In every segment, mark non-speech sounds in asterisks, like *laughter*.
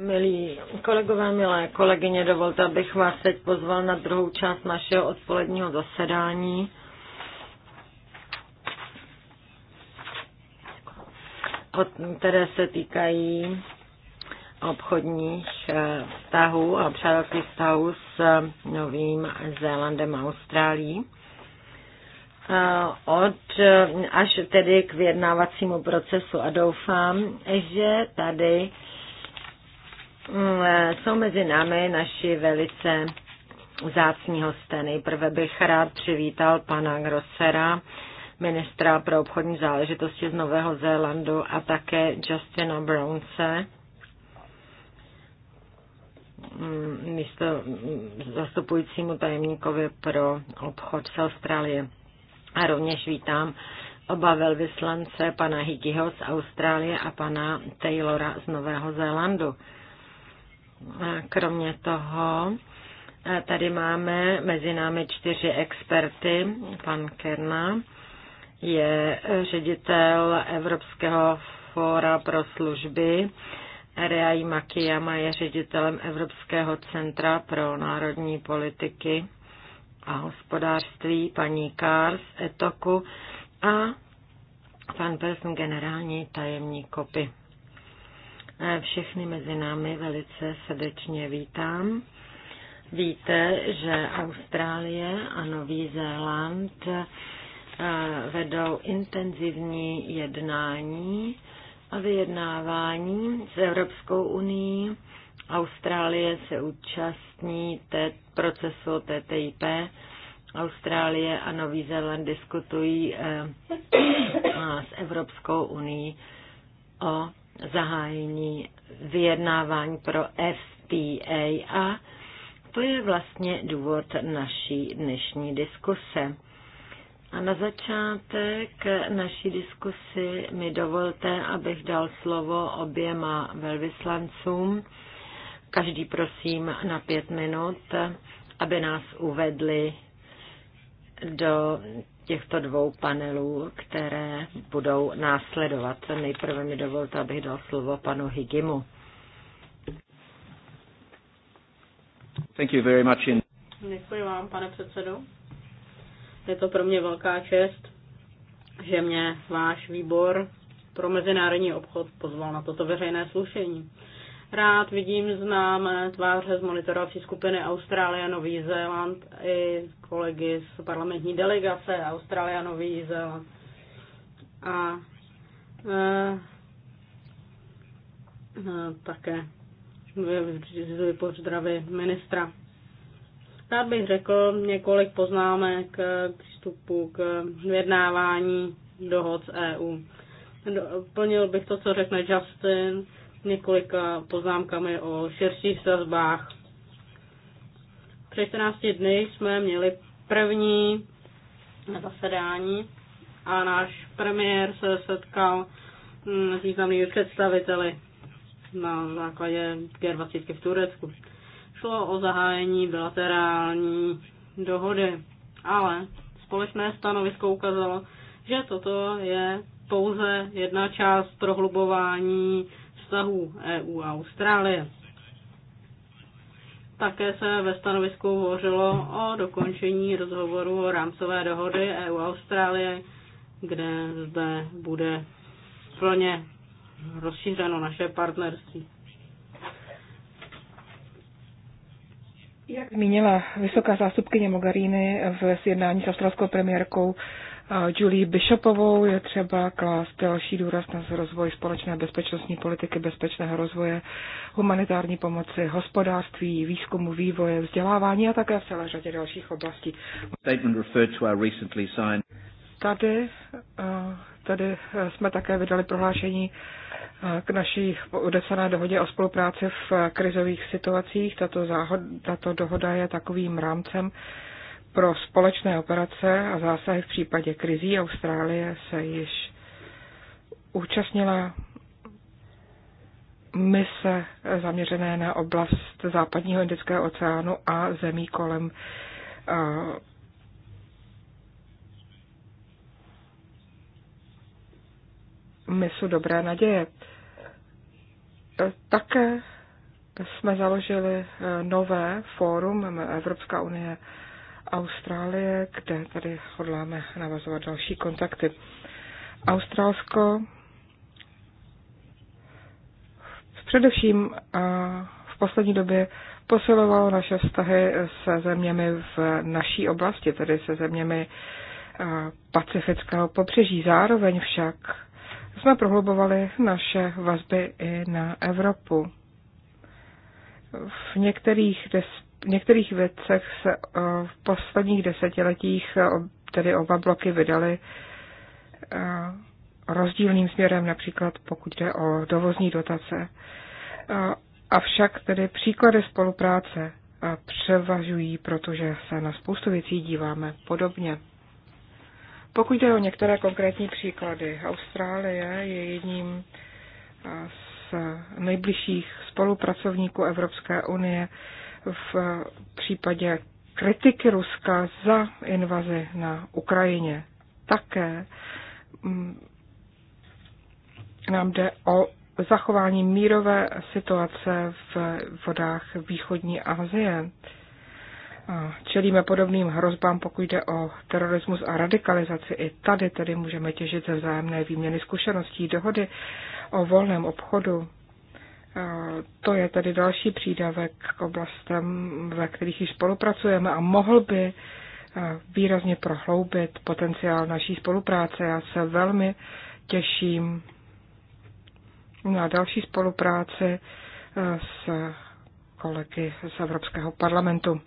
Milí kolegové, milé kolegyně, dovolte, abych vás teď pozval na druhou část našeho odpoledního zasedání. které se týkají obchodních eh, vztahů a přátelských vztahů s eh, Novým Zélandem a Austrálií eh, od, až tedy k vyjednávacímu procesu a doufám, že tady Mm, jsou mezi námi naši velice zácní hosté. Nejprve bych rád přivítal pana Grossera, ministra pro obchodní záležitosti z Nového Zélandu a také Justina Brownse, mm, místo mm, zastupujícímu tajemníkovi pro obchod z Austrálie. A rovněž vítám oba velvyslance, pana Higgyho z Austrálie a pana Taylora z Nového Zélandu. Kromě toho eh, tady máme mezi námi čtyři experty. Pan Kerna je eh, ředitel Evropského fóra pro služby. Reai Makiyama je ředitelem Evropského centra pro národní politiky a hospodářství, paní Kars Etoku a pan Pelsen, generální tajemník Kopy všechny mezi námi velice srdečně vítám. Víte, že Austrálie a Nový Zéland eh, vedou intenzivní jednání a vyjednávání s Evropskou unii. Austrálie se účastní té procesu TTIP. Austrálie a Nový Zéland diskutují eh, *clears throat* s Evropskou unii o zahájení vyjednávání pro FTA a to je vlastně důvod naší dnešní diskuse. A na začátek naší diskusy mi dovolte, abych dal slovo oběma velvyslancům. Každý prosím na pět minut, aby nás uvedli do těchto dvou panelů, které budou následovat. Nejprve mi dovolte, abych dal slovo panu Higimu. Thank you very much. In... Děkuji vám, pane předsedo. Je to pro mě velká čest, že mě váš výbor pro mezinárodní obchod pozval na toto veřejné slušení. Rád vidím známé tváře z monitorovací skupiny Austrálie a Nový Zéland i kolegy z parlamentní delegace Austrálie a Nový Zéland. A e, e, také pozdravy ministra. Rád bych řekl několik poznámek k přístupu k vyjednávání dohod z EU. Plnil bych to, co řekne Justin několika poznámkami o širších sazbách. Před 14 dny jsme měli první zasedání a náš premiér se setkal mm, s významnými představiteli na základě G20 v Turecku. Šlo o zahájení bilaterální dohody, ale společné stanovisko ukázalo, že toto je pouze jedna část prohlubování vztahů EU a Austrálie. Také se ve stanovisku hovořilo o dokončení rozhovoru o rámcové dohody EU-Austrálie, kde zde bude plně rozšířeno naše partnerství. Jak zmínila vysoká zástupkyně Mogherini v sjednání s australskou premiérkou, Julie Bishopovou je třeba klást další důraz na rozvoj společné bezpečnostní politiky, bezpečného rozvoje, humanitární pomoci, hospodářství, výzkumu, vývoje, vzdělávání a také v celé řadě dalších oblastí. Tady, eh, tady jsme také vydali prohlášení eh, k naší odesané dohodě o spolupráci v krizových situacích. Tato, záhod, tato dohoda je takovým rámcem, pro společné operace a zásahy v případě krizí Austrálie se již účastnila mise zaměřené na oblast západního Indického oceánu a zemí kolem uh, misu Dobré naděje. E, také jsme založili e, nové fórum Evropská unie Austrálie, kde tady hodláme navazovat další kontakty. Austrálsko především v poslední době posilovalo naše vztahy se zeměmi v naší oblasti, tedy se zeměmi pacifického pobřeží. Zároveň však jsme prohlubovali naše vazby i na Evropu. V některých některých věcech se eh, v posledních desetiletích eh, tedy oba bloky vydaly eh, rozdílným směrem, například pokud jde o dovozní dotace. Avšak tedy příklady spolupráce převažují, protože se na spoustu věcí díváme podobně. Pokud jde o některé konkrétní příklady, Austrálie je jedním z nejbližších spolupracovníků Evropské unie v případě kritiky Ruska za invazi na Ukrajině. Také mm, nám jde o zachování mírové situace v vodách východní Asie. Čelíme podobným hrozbám, pokud jde o terorismus a radikalizaci. I tady tedy můžeme těžit ze vzájemné výměny zkušeností, dohody o volném obchodu Eh, to je tedy další přídavek k oblastem, ve kterých již spolupracujeme a mohl by eh, výrazně prohloubit potenciál naší spolupráce. Já se velmi těším na další spolupráci eh, s kolegy z Evropského parlamentu.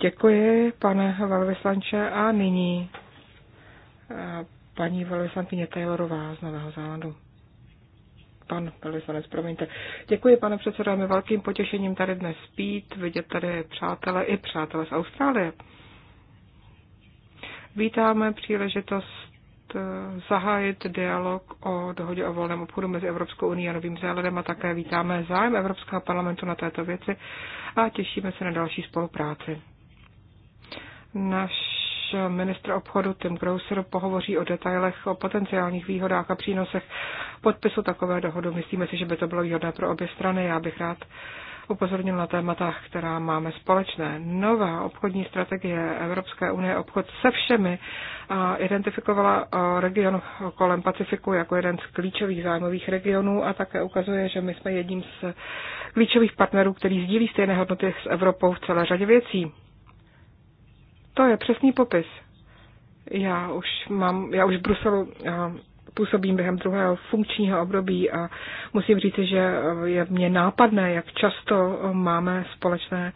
Děkuji, pane velvyslanče, a nyní paní velvyslankyně Taylorová z Nového Zélandu. Pan velvyslanec, promiňte. Děkuji, pane předsedo, je mi velkým potěšením tady dnes spít, vidět tady přátelé i přátelé z Austrálie. Vítáme příležitost eh, zahájit dialog o dohodě o volném obchodu mezi Evropskou unii a Novým Zélandem a také vítáme zájem Evropského parlamentu na této věci a těšíme se na další spolupráci. Naš ministr obchodu Tim Grosser pohovoří o detailech, o potenciálních výhodách a přínosech podpisu takové dohody. Myslíme si, že by to bylo výhodné pro obě strany. Já bych rád upozornil na témata, která máme společné. Nová obchodní strategie Evropské unie obchod se všemi identifikovala region kolem Pacifiku jako jeden z klíčových zájmových regionů a také ukazuje, že my jsme jedním z klíčových partnerů, který sdílí stejné hodnoty s Evropou v celé řadě věcí. To je přesný popis. Já už mám, já už v Bruselu působím během druhého funkčního období a musím říct, že je mě nápadné, jak často máme společné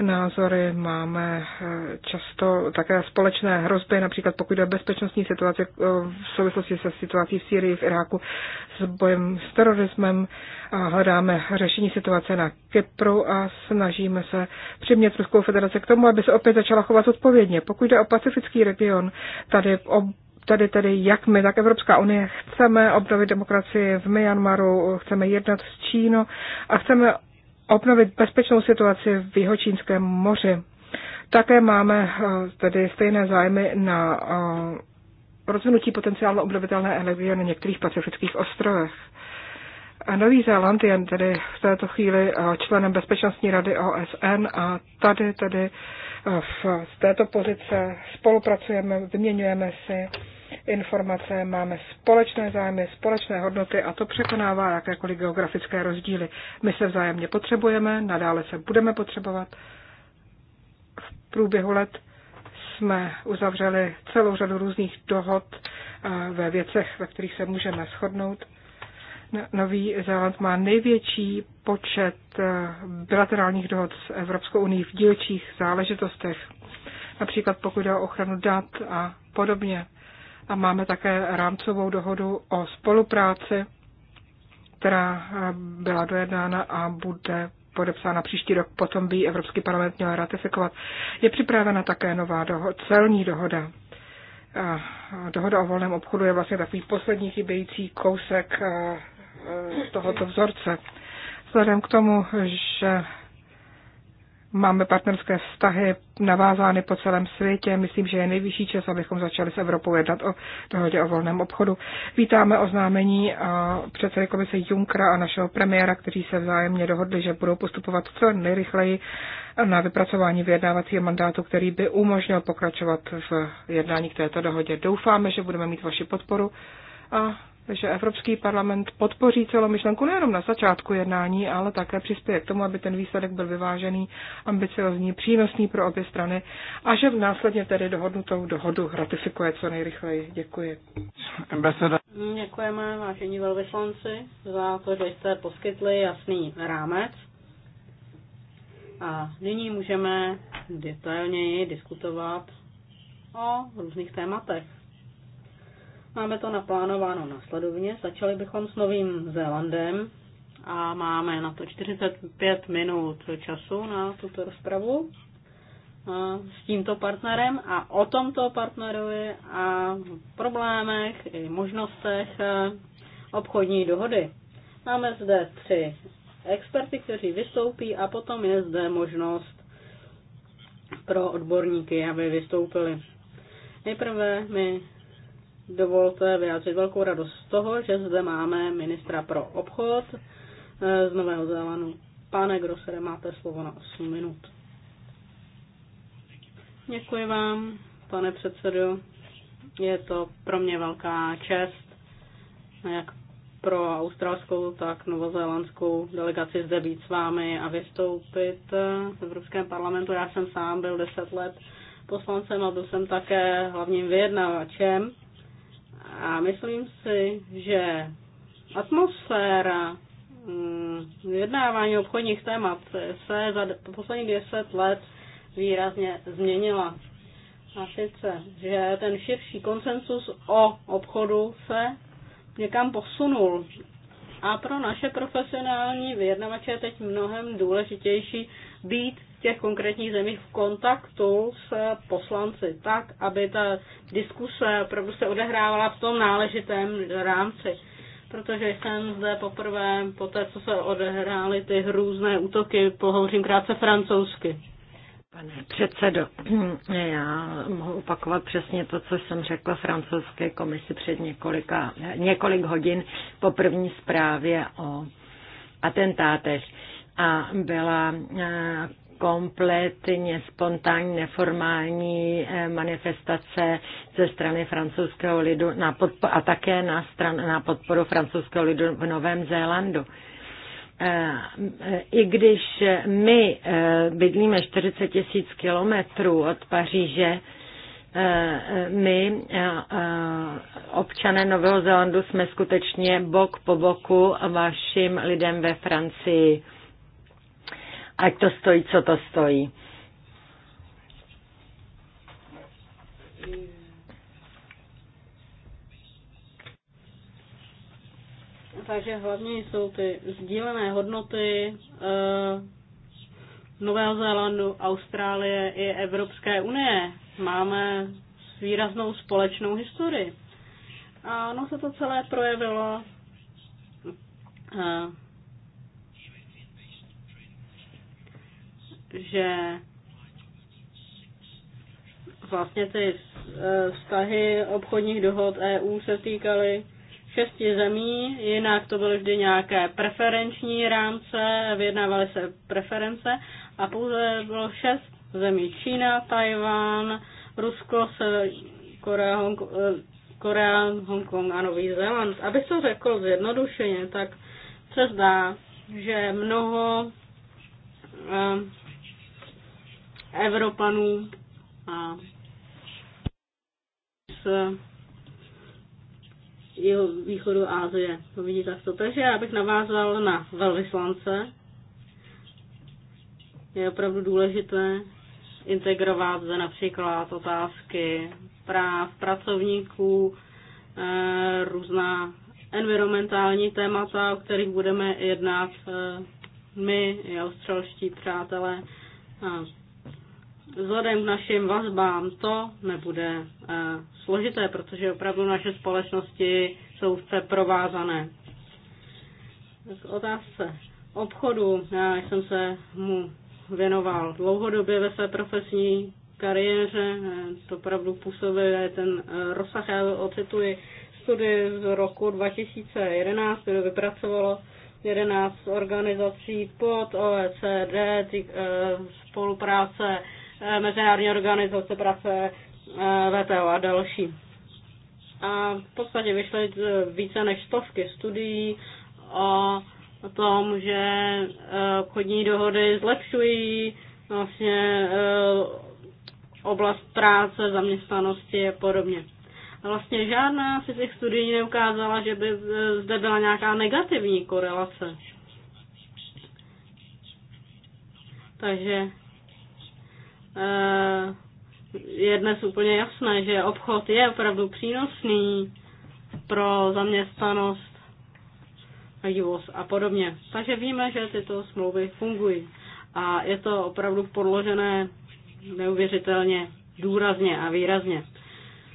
názory, máme eh, často také společné hrozby, například pokud jde o bezpečnostní situace, eh, v souvislosti se situací v Sýrii, v Iráku, s bojem s terorismem, a hledáme řešení situace na Kypru a snažíme se přimět Ruskou federaci k tomu, aby se opět začala chovat odpovědně. Pokud jde o pacifický region, tady ob tady tedy jak my, tak Evropská unie chceme obnovit demokracii v Myanmaru, chceme jednat s Čínou a chceme obnovit bezpečnou situaci v Jihočínském moři. Také máme eh, tedy stejné zájmy na eh, rozvinutí potenciálně obnovitelné energie na některých pacifických ostrovech. A Nový Zéland je tedy v této chvíli eh, členem Bezpečnostní rady OSN a tady tedy v této pozice spolupracujeme, vyměňujeme si informace, máme společné zájmy, společné hodnoty a to překonává jakékoliv geografické rozdíly. My se vzájemně potřebujeme, nadále se budeme potřebovat. V průběhu let jsme uzavřeli celou řadu různých dohod eh, ve věcech, ve kterých se můžeme shodnout. Nový Zéland má největší počet eh, bilaterálních dohod s Evropskou unii v dílčích záležitostech, například pokud jde o ochranu dat a podobně a máme také rámcovou dohodu o spolupráci, která eh, byla dojednána a bude podepsána příští rok, potom by Evropský parlament měl ratifikovat. Je připravena také nová doho- celní dohoda. A dohoda o volném obchodu je vlastně takový poslední chybějící kousek eh, eh, tohoto vzorce. Vzhledem k tomu, že Máme partnerské vztahy navázány po celém světě. Myslím, že je nejvyšší čas, abychom začali s Evropou jednat o dohodě o volném obchodu. Vítáme oznámení eh, předsedy komise Junkra a našeho premiéra, kteří se vzájemně dohodli, že budou postupovat co nejrychleji na vypracování vyjednávacího mandátu, který by umožnil pokračovat v jednání k této dohodě. Doufáme, že budeme mít vaši podporu a že Evropský parlament podpoří celou myšlenku nejenom na začátku jednání, ale také přispěje k tomu, aby ten výsledek byl vyvážený, ambiciozní, přínosný pro obě strany a že v následně tedy dohodnutou dohodu ratifikuje co nejrychleji. Děkuji. Děkujeme, vážení velvyslanci, za to, že jste poskytli jasný rámec. A nyní můžeme detailněji diskutovat o různých tématech. Máme to naplánováno následovně. Začali bychom s Novým Zélandem a máme na to 45 minut času na tuto rozpravu s tímto partnerem a o tomto partnerovi a problémech i možnostech e, obchodní dohody. Máme zde tři experty, kteří vystoupí a potom je zde možnost pro odborníky, aby vystoupili. Nejprve mi dovolte vyjádřit velkou radost z toho, že zde máme ministra pro obchod eh, z Nového Zélandu. Pane Grosere, máte slovo na 8 minut. Děkuji vám, pane předsedo. Je to pro mě velká čest, jak pro australskou, tak novozélandskou delegaci zde být s vámi a vystoupit eh, v Evropském parlamentu. Já jsem sám byl deset let poslancem a byl jsem také hlavním vyjednavačem a myslím si, že atmosféra mm, vyjednávání obchodních témat se za posledních 10 let výrazně změnila. A sice, že ten širší konsensus o obchodu se někam posunul. A pro naše profesionální vyjednavače je teď mnohem důležitější být těch konkrétních zemích v kontaktu s poslanci, tak, aby ta diskuse opravdu se odehrávala v tom náležitém rámci. Protože jsem zde poprvé, po té, co se odehrály ty hrůzné útoky, pohovořím krátce francouzsky. Pane předsedo, já mohu opakovat přesně to, co jsem řekla francouzské komisi před několika, několik hodin po první zprávě o atentátech. A byla eh, kompletně spontánní neformální eh, manifestace ze strany francouzského lidu na podpo- a také na, stran- na podporu francouzského lidu v Novém Zélandu. Eh, eh, I když my bydlíme 40 tisíc kilometrů od Paříže, my, občané Nového Zélandu, jsme skutečně bok po boku vašim lidem ve Francii ať to stojí, co to stojí. Takže hlavně jsou ty sdílené hodnoty eh, Nového Zélandu, Austrálie i Evropské unie. Máme výraznou společnou historii. A ono se to celé projevilo eh, že vlastně ty eh, vztahy obchodních dohod EU se týkaly šesti zemí, jinak to byly vždy nějaké preferenční rámce, vyjednávaly se preference a pouze bylo šest zemí. Čína, Tajván, Rusko, Korea, Hong, eh, Korea, Hongkong a Nový Zéland. Abych to řekl zjednodušeně, tak se zdá, že mnoho eh, Evropanů a z jeho východu Ázie. To vidí takto. Takže já bych navázal na velvyslance. Je opravdu důležité integrovat zde například otázky práv pracovníků, eh, různá environmentální témata, o kterých budeme jednat eh, my, australští přátelé, vzhledem k našim vazbám to nebude e, složité, protože opravdu naše společnosti jsou vce provázané. K otázce obchodu, já jsem se mu věnoval dlouhodobě ve své profesní kariéře, eh, to opravdu působuje ten eh, rozsah, já ocituji studie z roku 2011, které vypracovalo 11 organizací pod OECD, tý, e, spolupráce Eh, Mezinárodní organizace práce, eh, VTO a další. A v podstatě vyšly více než stovky studií o tom, že eh, obchodní dohody zlepšují vlastně oblast práce, zaměstnanosti a podobně. A vlastně žádná z těch studií neukázala, že by zde byla nějaká negativní korelace. Takže Eh, je dnes úplně jasné, že obchod je opravdu přínosný pro zaměstnanost, a vývoz a podobně. Takže víme, že tyto smlouvy fungují. A je to opravdu podložené neuvěřitelně důrazně a výrazně.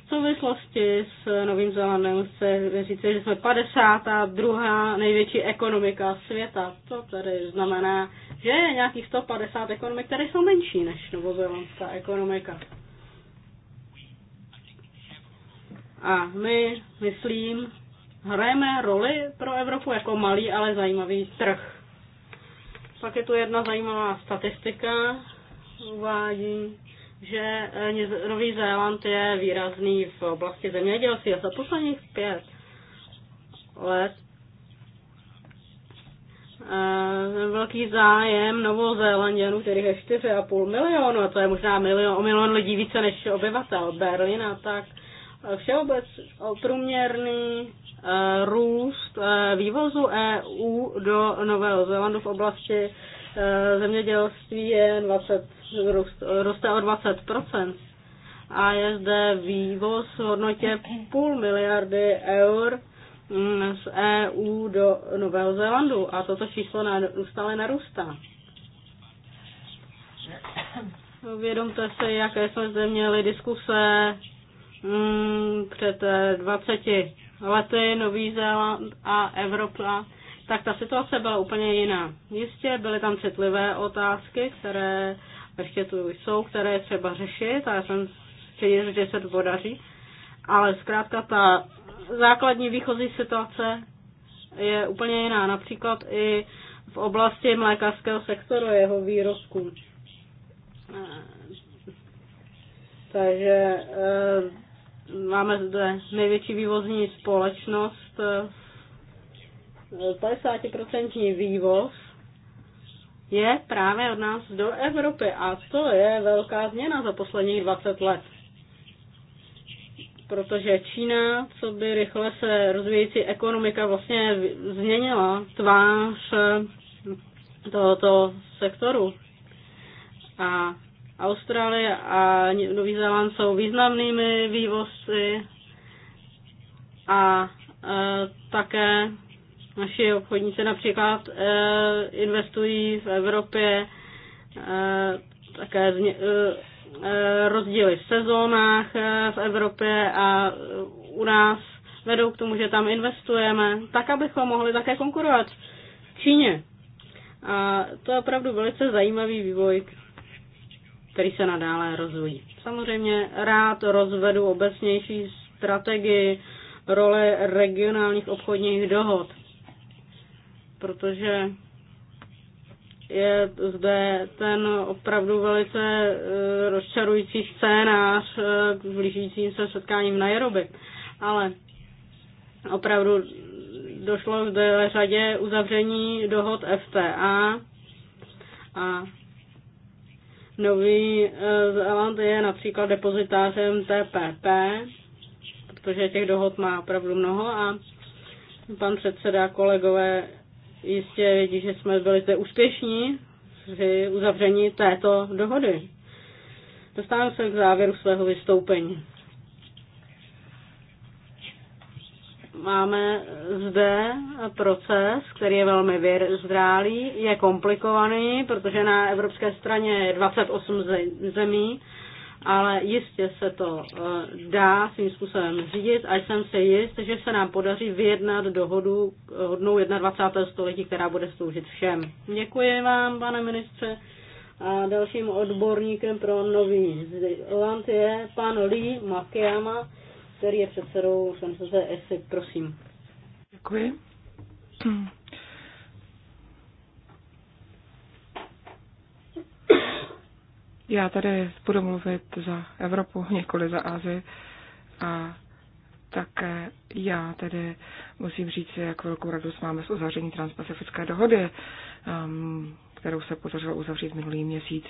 V souvislosti s Novým Zelandem se říct, že jsme 52. největší ekonomika světa. To tady znamená, že je nějakých 150 ekonomik, které jsou menší než novozélandská ekonomika. A my, myslím, hrajeme roli pro Evropu jako malý, ale zajímavý trh. Pak je tu jedna zajímavá statistika, uvádí, že Nový Zéland je výrazný v oblasti zemědělství a za posledních pět let Eh, velký zájem Novozélanděnů, kterých je 4,5 milionu, a to je možná milion, o milion lidí více než obyvatel Berlína, tak eh, všeobec průměrný eh, růst vývozu EU do Nového Zélandu v oblasti zemědělství je 20, roste o 20%. A je zde vývoz v hodnotě půl miliardy eur z EU do Nového Zélandu a toto číslo neustále narůstá. Uvědomte si, jaké jsme zde měli diskuse mm, před 20 eh, lety Nový Zéland a Evropa, tak ta situace byla úplně jiná. Jistě byly tam citlivé otázky, které ještě tu jsou, které třeba řešit a já jsem chtěl, že se to podaří. Ale zkrátka ta základní výchozí situace je úplně jiná. Například i v oblasti mlékařského sektoru jeho výrobků. Takže eh, máme zde největší vývozní společnost, 50% eh, vývoz je právě od nás do Evropy a to je velká změna za posledních 20 let protože Čína, co by rychle se rozvíjící ekonomika vlastně změnila tvář tohoto sektoru. A Austrálie a Nový Zéland jsou významnými vývozci a e, také naši obchodníci například e, investují v Evropě e, také e, Eh, rozdíly v sezónách eh, v Evropě a eh, u nás vedou k tomu, že tam investujeme, tak abychom mohli také konkurovat v Číně. A to je opravdu velice zajímavý vývoj, který se nadále rozvíjí. Samozřejmě rád rozvedu obecnější strategii role regionálních obchodních dohod, protože je zde ten opravdu velice eh, rozčarující scénář k eh, blížícím se setkáním na Jeroby. Ale opravdu došlo zde řadě uzavření dohod FTA a Nový eh, Zéland je například depozitářem TPP, protože těch dohod má opravdu mnoho a pan předseda, kolegové jistě vědí, že jsme byli zde úspěšní při uzavření této dohody. Dostávám se k závěru svého vystoupení. Máme zde proces, který je velmi zdrálý, je komplikovaný, protože na evropské straně je 28 zemí ale jistě se to eh, dá svým způsobem řídit a jsem se jist, že se nám podaří vyjednat dohodu eh, hodnou 21. století, která bude sloužit všem. Děkuji vám, pane ministře. A dalším odborníkem pro Nový Zeland je pan Lee Makiama, který je předsedou konference ESIC. Prosím. Děkuji. Já tady budu mluvit za Evropu, nikoli za Azii a také já tedy musím říct, jak velkou radost máme z uzavření transpacifické dohody, um, kterou se podařilo uzavřít minulý měsíc.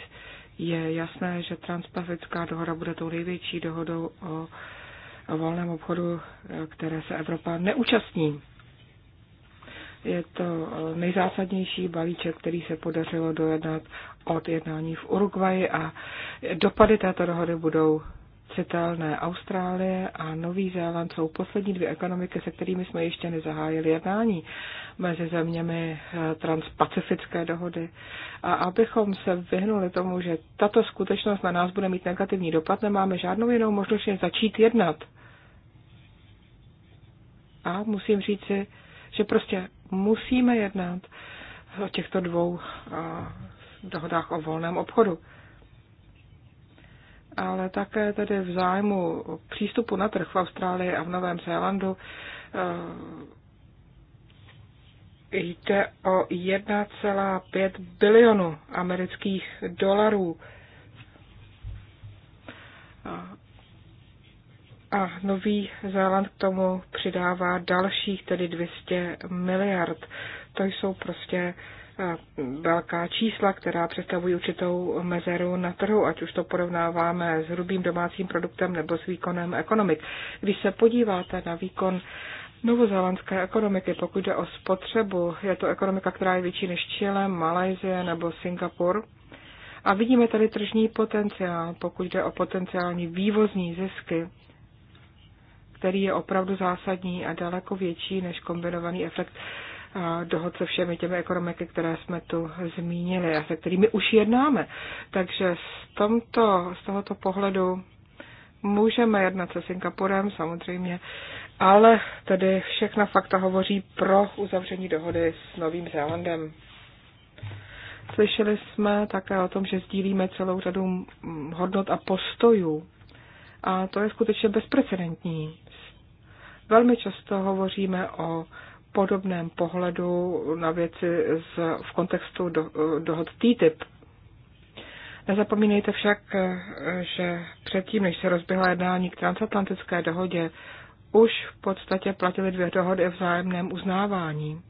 Je jasné, že transpacifická dohoda bude tou největší dohodou o, o volném obchodu, které se Evropa neúčastní. Je to nejzásadnější balíček, který se podařilo dojednat od jednání v Uruguayi a dopady této dohody budou citelné. Austrálie a Nový Zéland jsou poslední dvě ekonomiky, se kterými jsme ještě nezahájili jednání mezi zeměmi eh, transpacifické dohody. A abychom se vyhnuli tomu, že tato skutečnost na nás bude mít negativní dopad, nemáme žádnou jinou možnost, než začít jednat. A musím říci, že prostě musíme jednat o těchto dvou eh, dohodách o volném obchodu. Ale také tedy v zájmu přístupu na trh v Austrálii a v Novém Zélandu eh, jde o 1,5 bilionu amerických dolarů. A Nový Zéland k tomu přidává dalších tedy 200 miliard. To jsou prostě velká čísla, která představují určitou mezeru na trhu, ať už to porovnáváme s hrubým domácím produktem nebo s výkonem ekonomik. Když se podíváte na výkon novozélandské ekonomiky, pokud jde o spotřebu, je to ekonomika, která je větší než Chile, Malajzie nebo Singapur. A vidíme tady tržní potenciál, pokud jde o potenciální vývozní zisky, který je opravdu zásadní a daleko větší než kombinovaný efekt dohod se všemi těmi ekonomiky, které jsme tu zmínili a se kterými už jednáme. Takže z, tomto, z tohoto pohledu můžeme jednat se Singapurem samozřejmě, ale tedy všechna fakta hovoří pro uzavření dohody s Novým Zélandem. Slyšeli jsme také o tom, že sdílíme celou řadu hodnot a postojů. A to je skutečně bezprecedentní. Velmi často hovoříme o podobném pohledu na věci z, v kontextu do, dohod TTIP. Nezapomínejte však, že předtím, než se rozběhla jednání k transatlantické dohodě, už v podstatě platily dvě dohody v vzájemném uznávání.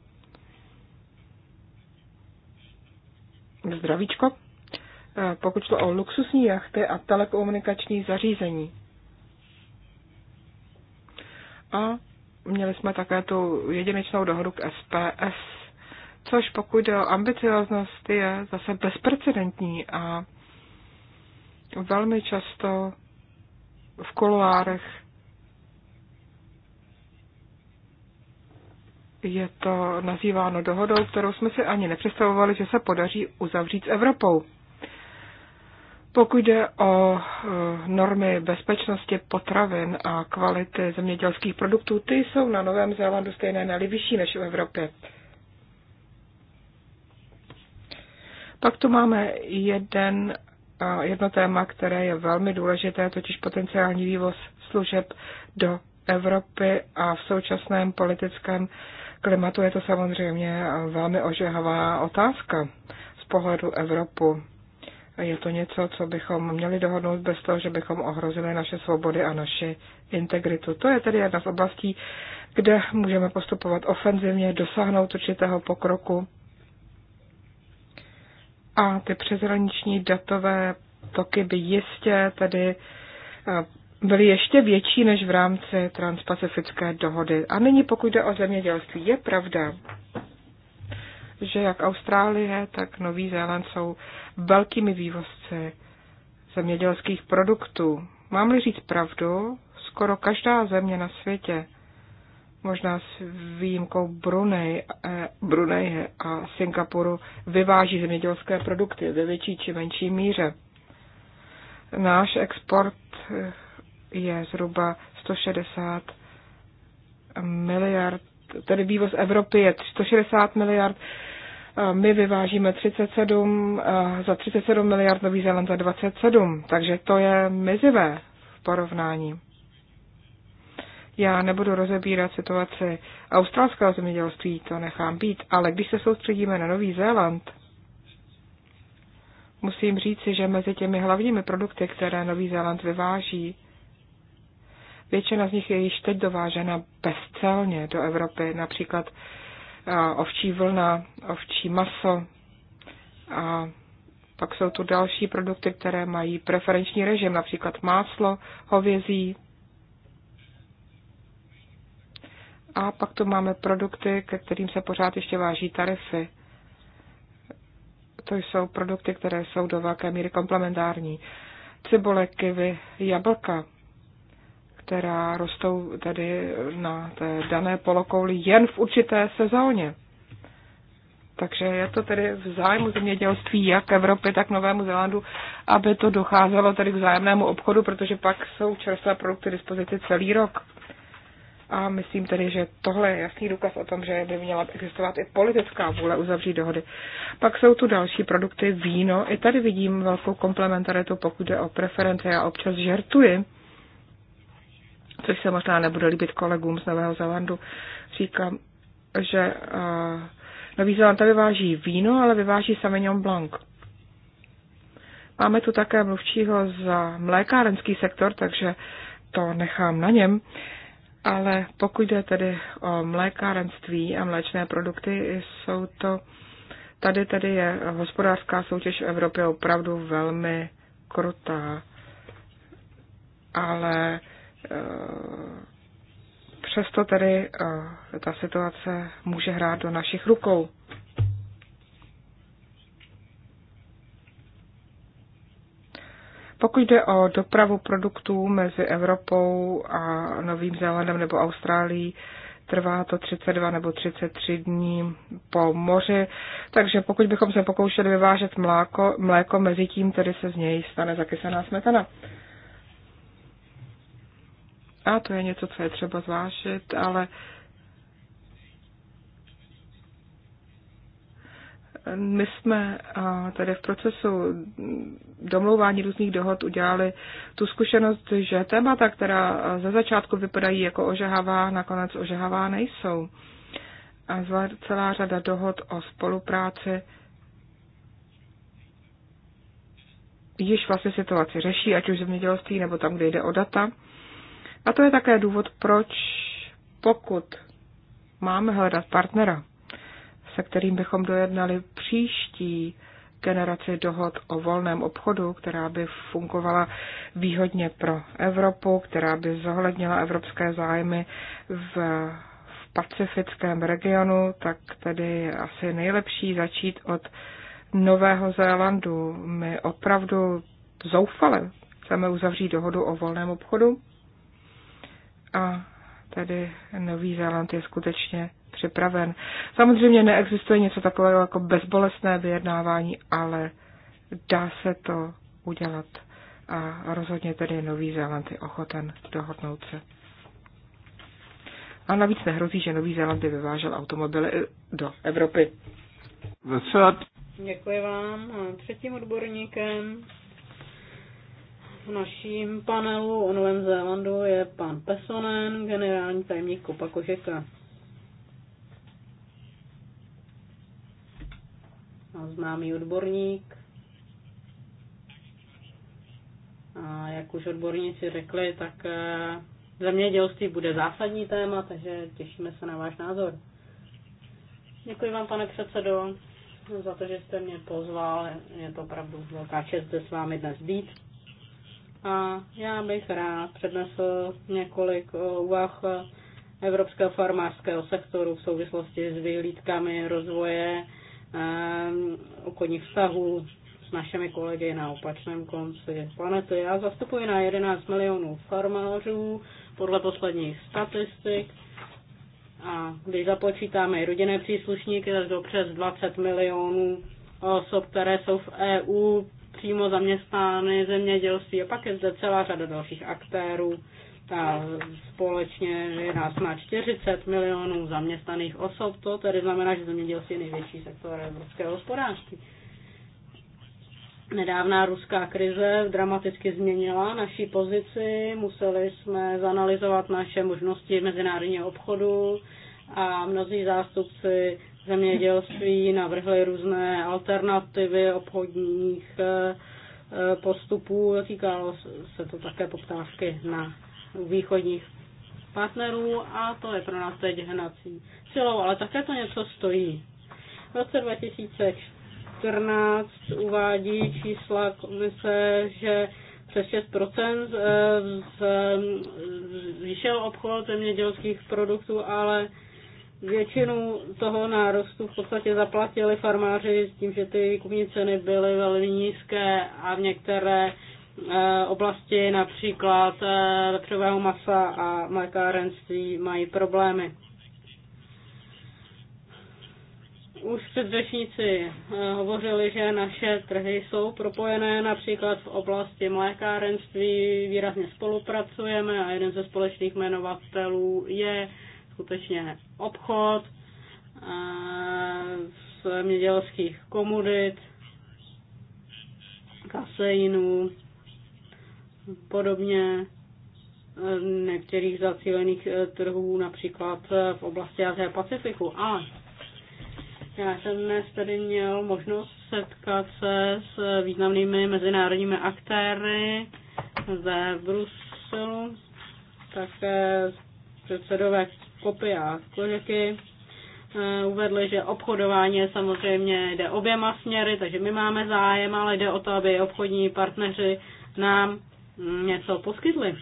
Zdravíčko, pokud šlo o luxusní jachty a telekomunikační zařízení. A Měli jsme také tu jedinečnou dohodu k SPS, což pokud jde o ambicioznost je zase bezprecedentní a velmi často v koloárech je to nazýváno dohodou, kterou jsme si ani nepředstavovali, že se podaří uzavřít s Evropou. Pokud jde o e, normy bezpečnosti potravin a kvality zemědělských produktů, ty jsou na Novém Zélandu stejné, ne vyšší než v Evropě. Pak tu máme jeden, e, jedno téma, které je velmi důležité, totiž potenciální vývoz služeb do Evropy a v současném politickém klimatu je to samozřejmě velmi ožehavá otázka z pohledu Evropu. Je to něco, co bychom měli dohodnout bez toho, že bychom ohrozili naše svobody a naši integritu. To je tedy jedna z oblastí, kde můžeme postupovat ofenzivně, dosáhnout určitého pokroku. A ty přeshraniční datové toky by jistě tedy eh, byly ještě větší než v rámci transpacifické dohody. A nyní pokud jde o zemědělství, je pravda, že jak Austrálie, tak Nový Zéland jsou velkými vývozci zemědělských produktů. Mám-li říct pravdu, skoro každá země na světě, možná s výjimkou Brunei, eh, Brunei a Singapuru, vyváží zemědělské produkty ve větší či menší míře. Náš export eh, je zhruba 160 miliard, tedy vývoz Evropy je 160 miliard, my vyvážíme 37, za 37 miliard, Nový Zéland za 27, takže to je mizivé v porovnání. Já nebudu rozebírat situaci australského zemědělství, to nechám být, ale když se soustředíme na Nový Zéland, musím říci, že mezi těmi hlavními produkty, které Nový Zéland vyváží, většina z nich je již teď dovážena bezcelně do Evropy, například ovčí vlna, ovčí maso a pak jsou tu další produkty, které mají preferenční režim, například máslo, hovězí. A pak tu máme produkty, ke kterým se pořád ještě váží tarify. To jsou produkty, které jsou do velké míry komplementární. Cibule, kivy, jablka která rostou tady na té dané polokouli jen v určité sezóně. Takže je to tedy v zájmu zemědělství jak Evropy, tak Novému Zélandu, aby to docházelo tedy k vzájemnému obchodu, protože pak jsou čerstvé produkty dispozici celý rok. A myslím tedy, že tohle je jasný důkaz o tom, že by měla existovat i politická vůle uzavřít dohody. Pak jsou tu další produkty, víno. I tady vidím velkou komplementaritu, pokud jde o preference. Já občas žertuji, což se možná nebude líbit kolegům z Nového Zelandu, říkám, že uh, Nový tady vyváží víno, ale vyváží Sauvignon Blanc. Máme tu také mluvčího za mlékárenský sektor, takže to nechám na něm. Ale pokud jde tedy o mlékárenství a mléčné produkty, jsou to tady tedy je hospodářská soutěž v Evropě opravdu velmi krutá. Ale Eh, přesto tedy eh, ta situace může hrát do našich rukou. Pokud jde o dopravu produktů mezi Evropou a Novým Zélandem nebo Austrálií, trvá to 32 nebo 33 dní po moři, takže pokud bychom se pokoušeli vyvážet mléko, mléko mezi tím tedy se z něj stane zakysaná smetana. A to je něco, co je třeba zvážit, ale my jsme tady v procesu domlouvání různých dohod udělali tu zkušenost, že témata, která ze začátku vypadají jako ožehavá, nakonec ožehavá nejsou. A celá řada dohod o spolupráci již vlastně situaci řeší, ať už v zemědělství nebo tam, kde jde o data. A to je také důvod, proč pokud máme hledat partnera, se kterým bychom dojednali příští generaci dohod o volném obchodu, která by fungovala výhodně pro Evropu, která by zohlednila evropské zájmy v, v pacifickém regionu, tak tedy je asi nejlepší začít od Nového Zélandu. My opravdu zoufale chceme uzavřít dohodu o volném obchodu a tady Nový Zéland je skutečně připraven. Samozřejmě neexistuje něco takového jako bezbolestné vyjednávání, ale dá se to udělat a rozhodně tedy Nový Zéland je ochoten dohodnout se. A navíc nehrozí, že Nový Zéland by vyvážel automobily do Evropy. Děkuji vám. Třetím odborníkem v naším panelu o Novém Zélandu je pan Pesonen, generální tajemník Kopa Kožeka. A známý odborník. A jak už odborníci řekli, tak eh, zemědělství bude zásadní téma, takže těšíme se na váš názor. Děkuji vám, pane předsedo, za to, že jste mě pozval. Je to opravdu velká čest se s vámi dnes být. A já bych rád přednesl několik eh, úvah eh, evropského farmářského sektoru v souvislosti s vyhlídkami rozvoje eh, okolních vztahů s našimi kolegy na opačném konci planety. Já zastupuji na 11 milionů farmářů podle posledních statistik a když započítáme i rodinné příslušníky, tak do přes 20 milionů osob, které jsou v EU přímo zaměstnány zemědělství a pak je zde celá řada dalších aktérů. A společně je nás má 40 milionů zaměstnaných osob, to tedy znamená, že zemědělství je největší sektor evropského hospodářství. Nedávná ruská krize dramaticky změnila naší pozici, museli jsme zanalizovat naše možnosti mezinárodního obchodu a mnozí zástupci zemědělství navrhli různé alternativy obchodních eh, eh, postupů. Týkalo se to také poptávky na východních partnerů a to je pro nás teď hnací silou, ale také to něco stojí. V roce 2014 uvádí čísla komise, že přes 6% eh, zvýšil obchod zemědělských produktů, ale Většinu toho nárostu v podstatě zaplatili farmáři s tím, že ty kupní ceny byly velmi nízké a v některé eh, oblasti, například eh, vepřového masa a mlékárenství, mají problémy. Už předřečníci eh, hovořili, že naše trhy jsou propojené například v oblasti mlékárenství, výrazně spolupracujeme a jeden ze společných jmenovatelů je skutečně obchod z mědělských komodit, kaseinů, podobně e, některých zacílených e, trhů, například e, v oblasti Azie Pacifiku. A já jsem dnes tedy měl možnost setkat se s významnými mezinárodními aktéry zde Bruselu, také předsedové kopiách kožeky eh, uvedli, že obchodování samozřejmě jde oběma směry, takže my máme zájem, ale jde o to, aby obchodní partneři nám mm, něco poskytli.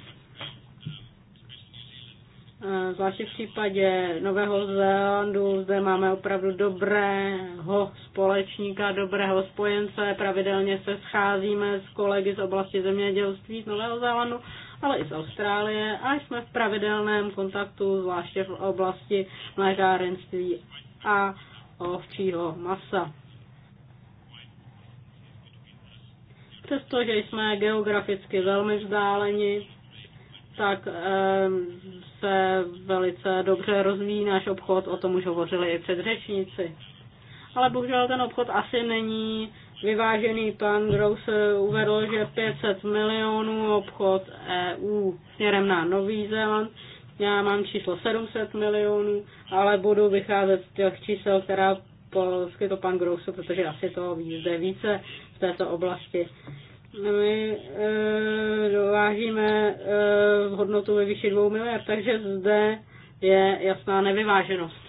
Eh, zvláště v případě Nového Zélandu zde máme opravdu dobrého společníka, dobrého spojence. Pravidelně se scházíme s kolegy z oblasti zemědělství z Nového Zélandu ale i z Austrálie a jsme v pravidelném kontaktu, zvláště v oblasti mlékárenství a ovčího masa. Přestože jsme geograficky velmi vzdáleni, tak ehm, se velice dobře rozvíjí náš obchod, o tom už hovořili i předřečníci. Ale bohužel ten obchod asi není vyvážený pan Gross uvedl, že 500 milionů obchod EU směrem na Nový Zéland. Já mám číslo 700 milionů, ale budu vycházet z těch čísel, která poskytl pan Gross, protože asi toho ví zde více v této oblasti. My e, dovážíme e, hodnotu ve výši 2 miliard, takže zde je jasná nevyváženost.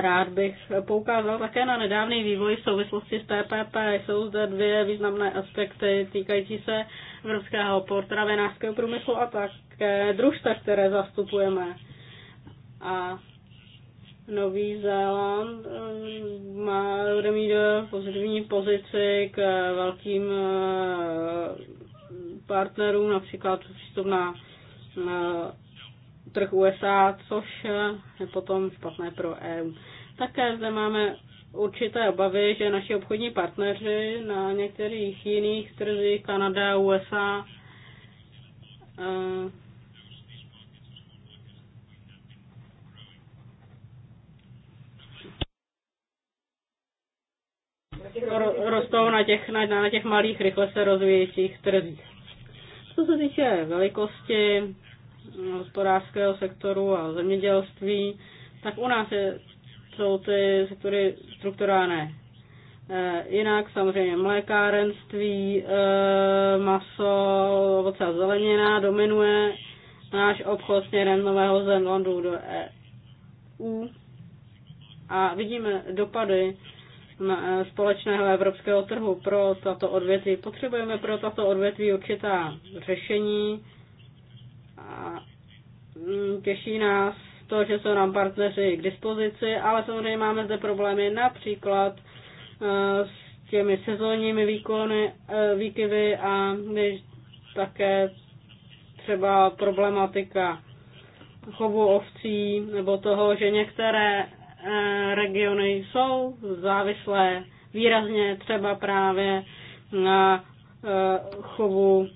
Rád bych poukázal také na nedávný vývoj v souvislosti s PPP. Jsou zde dvě významné aspekty týkající se evropského potravinářského průmyslu a také družstev, které zastupujeme. A Nový Zéland eh, má, bude mít eh, pozitivní pozici k eh, velkým partnerům, například přístup na trh USA, což je potom špatné pro EU. Také zde máme určité obavy, že naši obchodní partneři na některých jiných trzích, Kanada, USA, eh, rostou na těch, na, na těch malých, rychle se rozvíjejících trzích. Co se týče velikosti, hospodářského sektoru a zemědělství, tak u nás je, jsou ty sektory strukturálné. E, jinak samozřejmě mlékárenství, e, maso, ovoce a zelenina dominuje náš obchod směrem Nového Zélandu do EU a vidíme dopady e, společného evropského trhu pro tato odvětví. Potřebujeme pro tato odvětví určitá řešení, a mm, těší nás to, že jsou nám partneři k dispozici, ale samozřejmě máme zde problémy například e, s těmi sezónními výkony, e, výkyvy a také třeba problematika chovu ovcí nebo toho, že některé e, regiony jsou závislé výrazně třeba právě na chovu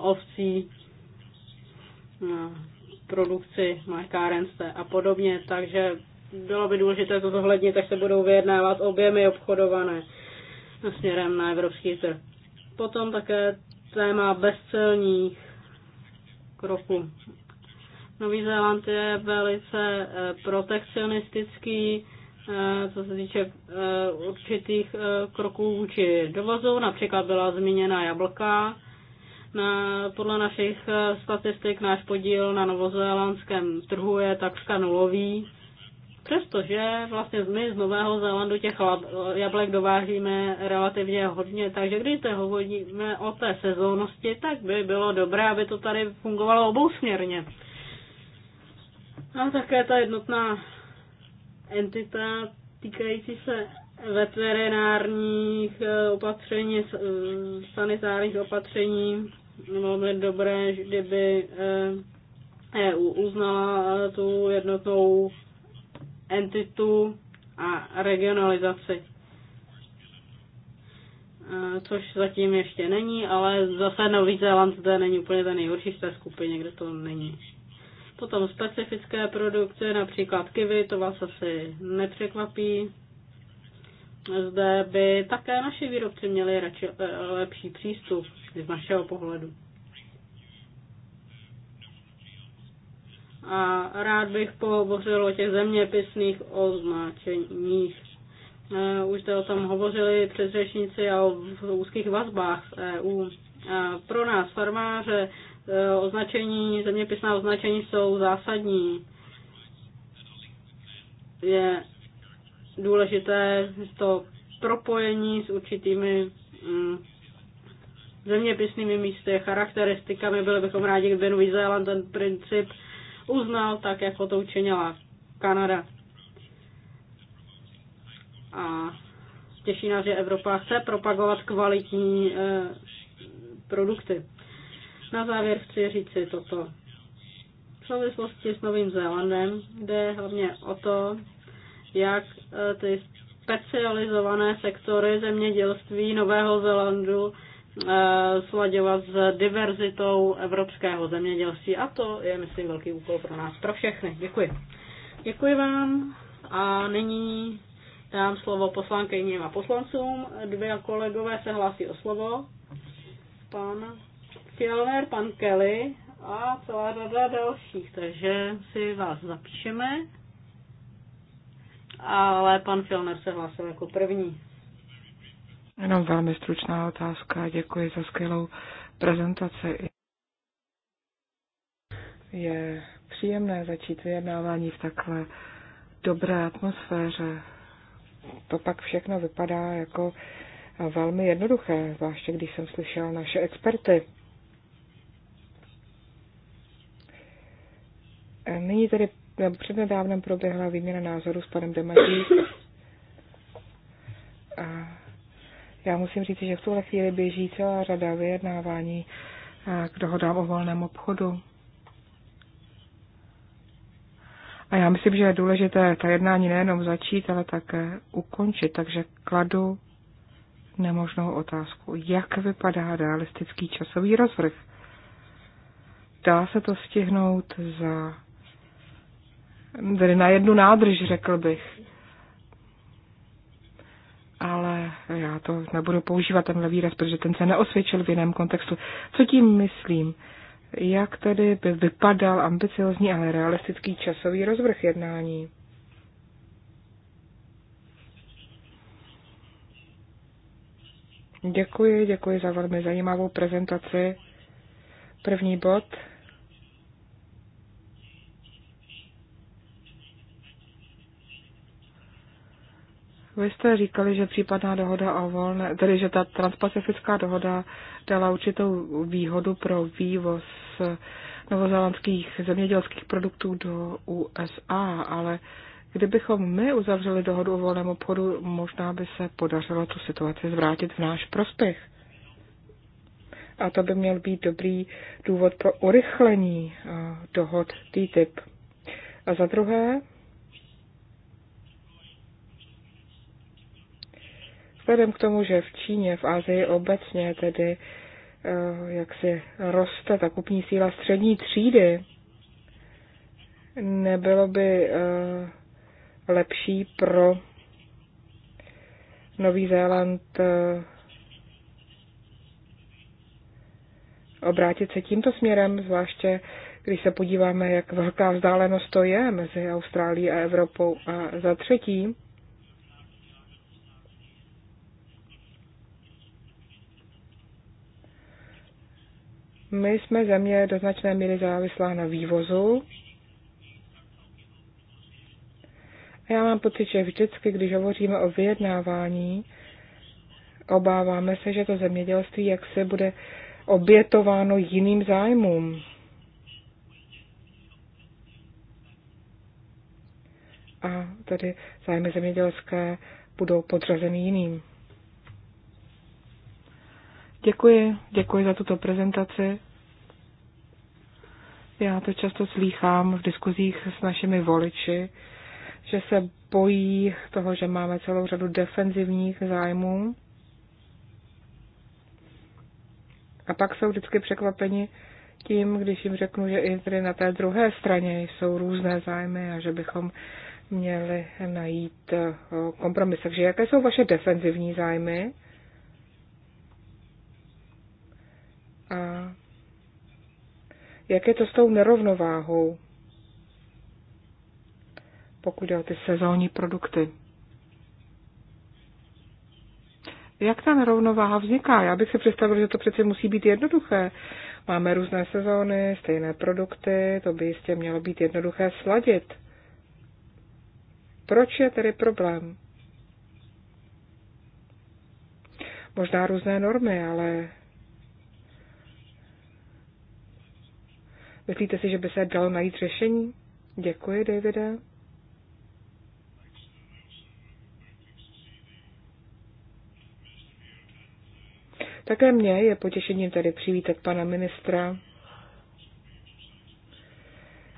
ovcí produkci mlékárenství a podobně, takže bylo by důležité to zohlednit, tak se budou vyjednávat objemy obchodované směrem na evropský trh. Potom také téma bezcelních kroků. Nový Zéland je velice eh, protekcionistický, eh, co se týče eh, určitých kroků vůči dovozu. Například byla zmíněna jablka, na, podle našich eh, statistik náš podíl na novozélandském trhu je takřka nulový. Přestože vlastně my z Nového Zélandu těch jablek dovážíme relativně hodně, takže když to hovoříme o té sezónnosti, tak by bylo dobré, aby to tady fungovalo obousměrně. A také ta jednotná entita týkající se veterinárních eh, opatření, eh, sanitárních opatření, bylo no, by dobré, kdyby eh, EU uznala eh, tu jednotnou entitu a regionalizaci. Eh, což zatím ještě není, ale zase Nový Zéland zde není úplně ten nejhorší v té skupině, kde to není. Potom specifické produkce, například kivy, to vás asi nepřekvapí zde by také naši výrobci měli radši, eh, lepší přístup z našeho pohledu. A rád bych pohovořil o těch zeměpisných označeních. Eh, už jste o tom hovořili předřečníci a o úzkých vazbách s EU. A pro nás farmáře eh, označení, zeměpisná označení jsou zásadní. Je důležité to propojení s určitými mm, zeměpisnými místy, charakteristikami. Byli bychom rádi, kdyby Nový Zéland ten princip uznal tak, jako to učinila Kanada. A těší nás, že Evropa chce propagovat kvalitní eh, produkty. Na závěr chci říci toto. V souvislosti s Novým Zélandem jde hlavně o to, jak e, ty specializované sektory zemědělství Nového Zelandu e, sladěvat s diverzitou evropského zemědělství. A to je, myslím, velký úkol pro nás, pro všechny. Děkuji. Děkuji vám a nyní dám slovo poslankyním a poslancům. Dvě kolegové se hlásí o slovo. Pan Fjellner, pan Kelly a celá řada dalších, takže si vás zapíšeme ale pan Filner se hlásil jako první. Jenom velmi stručná otázka. Děkuji za skvělou prezentaci. Je příjemné začít vyjednávání v takhle dobré atmosféře. To pak všechno vypadá jako velmi jednoduché, zvláště když jsem slyšel naše experty. Nyní tedy Přednedávnem proběhla výměna názorů s panem Demadí. a já musím říct, že v tuhle chvíli běží celá řada vyjednávání k dohodám o volném obchodu. A já myslím, že je důležité ta jednání nejenom začít, ale také ukončit. Takže kladu nemožnou otázku. Jak vypadá realistický časový rozvrh? Dá se to stihnout za tedy na jednu nádrž, řekl bych. Ale já to nebudu používat tenhle výraz, protože ten se neosvědčil v jiném kontextu. Co tím myslím? Jak tedy by vypadal ambiciozní, ale realistický časový rozvrh jednání? Děkuji, děkuji za velmi zajímavou prezentaci. První bod Vy jste říkali, že případná dohoda o volné, tedy že ta transpacifická dohoda dala určitou výhodu pro vývoz novozélandských zemědělských produktů do USA, ale kdybychom my uzavřeli dohodu o volném obchodu, možná by se podařilo tu situaci zvrátit v náš prospěch. A to by měl být dobrý důvod pro urychlení eh, dohod TTIP. A za druhé, Vzhledem k tomu, že v Číně, v Asii obecně tedy eh, jak si roste ta kupní síla střední třídy, nebylo by eh, lepší pro Nový Zéland eh, obrátit se tímto směrem, zvláště když se podíváme, jak velká vzdálenost to je mezi Austrálií a Evropou. A za třetí, My jsme země do značné míry závislá na vývozu. A já mám pocit, že vždycky, když hovoříme o vyjednávání, obáváme se, že to zemědělství jak se bude obětováno jiným zájmům. A tady zájmy zemědělské budou podřazeny jiným. Děkuji, děkuji za tuto prezentaci. Já to často slýchám v diskuzích s našimi voliči, že se bojí toho, že máme celou řadu defenzivních zájmů. A pak jsou vždycky překvapeni tím, když jim řeknu, že i tady na té druhé straně jsou různé zájmy a že bychom měli najít eh, kompromis. Takže jaké jsou vaše defenzivní zájmy? A jak je to s tou nerovnováhou, pokud jde o ty sezónní produkty? Jak ta nerovnováha vzniká? Já bych si představil, že to přece musí být jednoduché. Máme různé sezóny, stejné produkty, to by jistě mělo být jednoduché sladit. Proč je tedy problém? Možná různé normy, ale Myslíte si, že by se dalo najít řešení? Děkuji, Davide. Také mě je potěšením tady přivítat pana ministra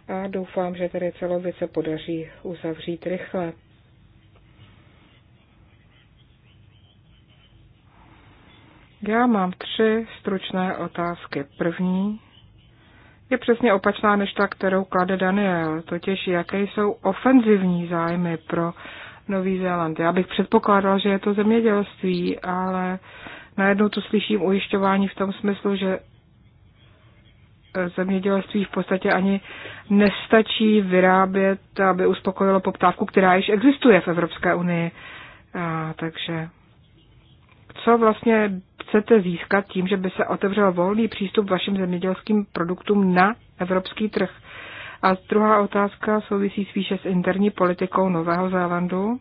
a doufám, že tady celou věc se podaří uzavřít rychle. Já mám tři stručné otázky. První je přesně opačná než ta, kterou klade Daniel, totiž jaké jsou ofenzivní zájmy pro Nový Zéland. Já bych předpokládal, že je to zemědělství, ale najednou tu slyším ujišťování v tom smyslu, že e, zemědělství v podstatě ani nestačí vyrábět, aby uspokojilo poptávku, která již existuje v Evropské unii. A, takže co vlastně chcete získat tím, že by se otevřel volný přístup vašim zemědělským produktům na evropský trh? A druhá otázka souvisí spíše s interní politikou Nového Zélandu.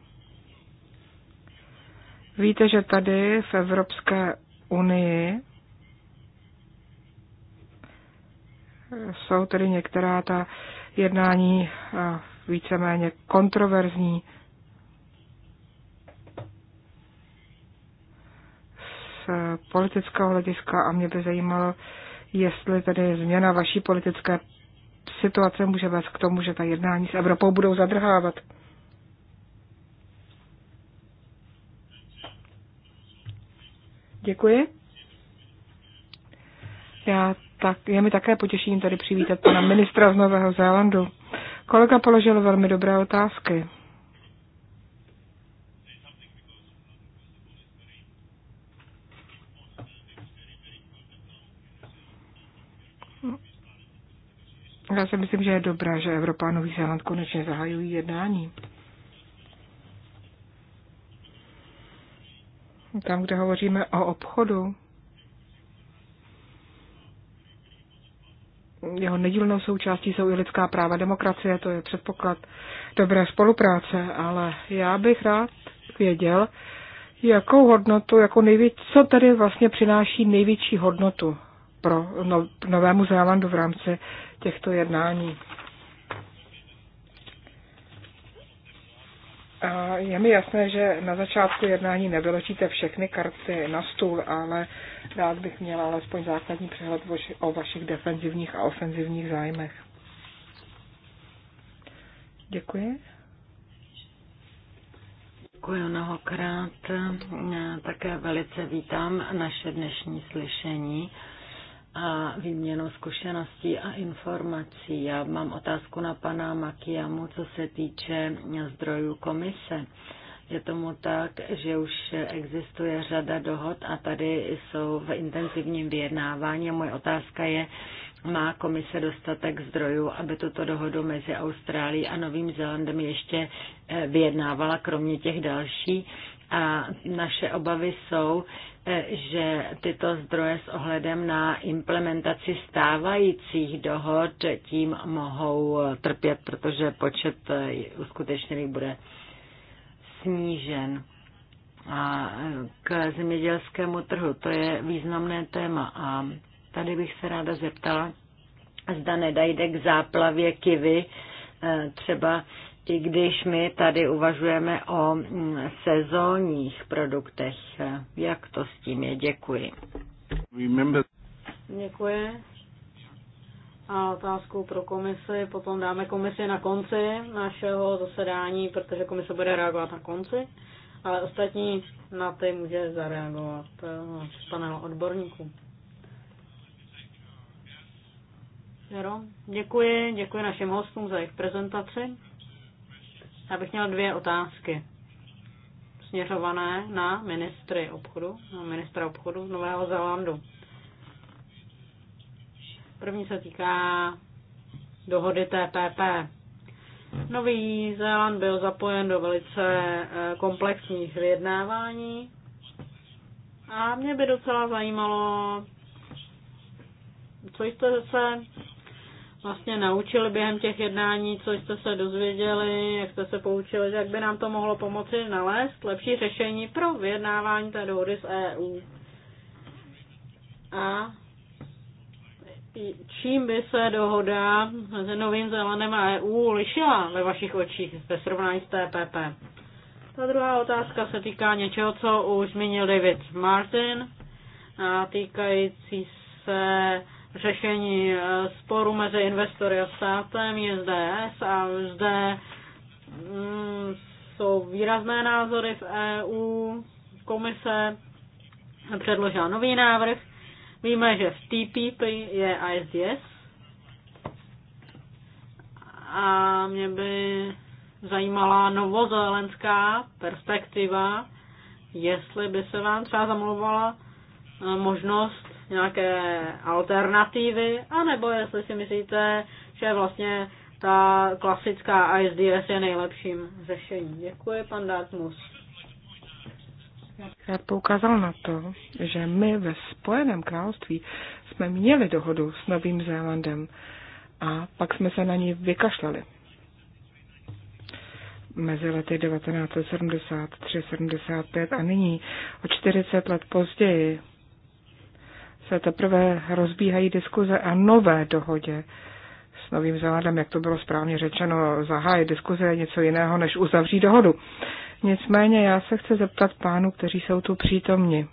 Víte, že tady v Evropské unii jsou tedy některá ta jednání eh, víceméně kontroverzní politického hlediska a mě by zajímalo, jestli tedy změna vaší politické situace může vést k tomu, že ta jednání s Evropou budou zadrhávat. Děkuji. Já tak, je mi také potěšením tady přivítat pana ministra z Nového Zélandu. Kolega položil velmi dobré otázky. Já si myslím, že je dobré, že Evropa a Nový Zéland konečně zahajují jednání. Tam, kde hovoříme o obchodu, jeho nedílnou součástí jsou i lidská práva demokracie, to je předpoklad dobré spolupráce, ale já bych rád věděl, jakou hodnotu, jako největ, co tady vlastně přináší největší hodnotu pro no, Novému Zélandu v rámci těchto jednání. A je mi jasné, že na začátku jednání nevyložíte všechny karty na stůl, ale rád bych měla alespoň základní přehled o vašich defenzivních a ofenzivních zájmech. Děkuji. Děkuji mnohokrát. Také velice vítám naše dnešní slyšení a výměnu zkušeností a informací. Já mám otázku na pana Makiamu, co se týče zdrojů komise. Je tomu tak, že už existuje řada dohod a tady jsou v intenzivním vyjednávání. Moje otázka je, má komise dostatek zdrojů, aby tuto dohodu mezi Austrálií a Novým Zélandem ještě eh, vyjednávala, kromě těch dalších. A naše obavy jsou, že tyto zdroje s ohledem na implementaci stávajících dohod tím mohou trpět, protože počet eh, uskutečněných bude snížen. A eh, k zemědělskému trhu, to je významné téma a tady bych se ráda zeptala, zda nedajde k záplavě kivy, eh, třeba i když my tady uvažujeme o sezónních produktech. Jak to s tím je? Děkuji. Remember. Děkuji. A otázku pro komisi potom dáme komisi na konci našeho zasedání, protože komise bude reagovat na konci, ale ostatní na ty může zareagovat eh, panel odborníků. Jero, děkuji, děkuji našim hostům za jejich prezentaci. Já bych měla dvě otázky směřované na ministry obchodu, na ministra obchodu Nového Zélandu. První se týká dohody TPP. Nový Zéland byl zapojen do velice eh, komplexních vyjednávání a mě by docela zajímalo, co jste se vlastně naučili během těch jednání, co jste se dozvěděli, jak jste se poučili, jak by nám to mohlo pomoci nalézt lepší řešení pro vyjednávání té dohody s EU. A čím by se dohoda mezi Novým Zélandem a EU lišila ve vašich očích ve srovnání s TPP? Ta druhá otázka se týká něčeho, co už zmínil David Martin, a týkající se řešení eh, sporu mezi investory a státem je SDS a zde mm, jsou výrazné názory v EU, komise předložila nový návrh. Víme, že v TPP je ISDS a mě by zajímala novozélandská perspektiva, jestli by se vám třeba zamluvala eh, možnost nějaké alternativy, anebo jestli si myslíte, že vlastně ta klasická ISDS je nejlepším řešením. Děkuji, pan Dartmus. Já poukázal na to, že my ve Spojeném království jsme měli dohodu s Novým Zélandem a pak jsme se na ní vykašlali. Mezi lety 1973-75 a nyní o 40 let později se teprve rozbíhají diskuze a nové dohodě s Novým Zélandem, jak to bylo správně řečeno, zahájí diskuze je něco jiného, než uzavří dohodu. Nicméně já se chci zeptat pánů, kteří jsou tu přítomni.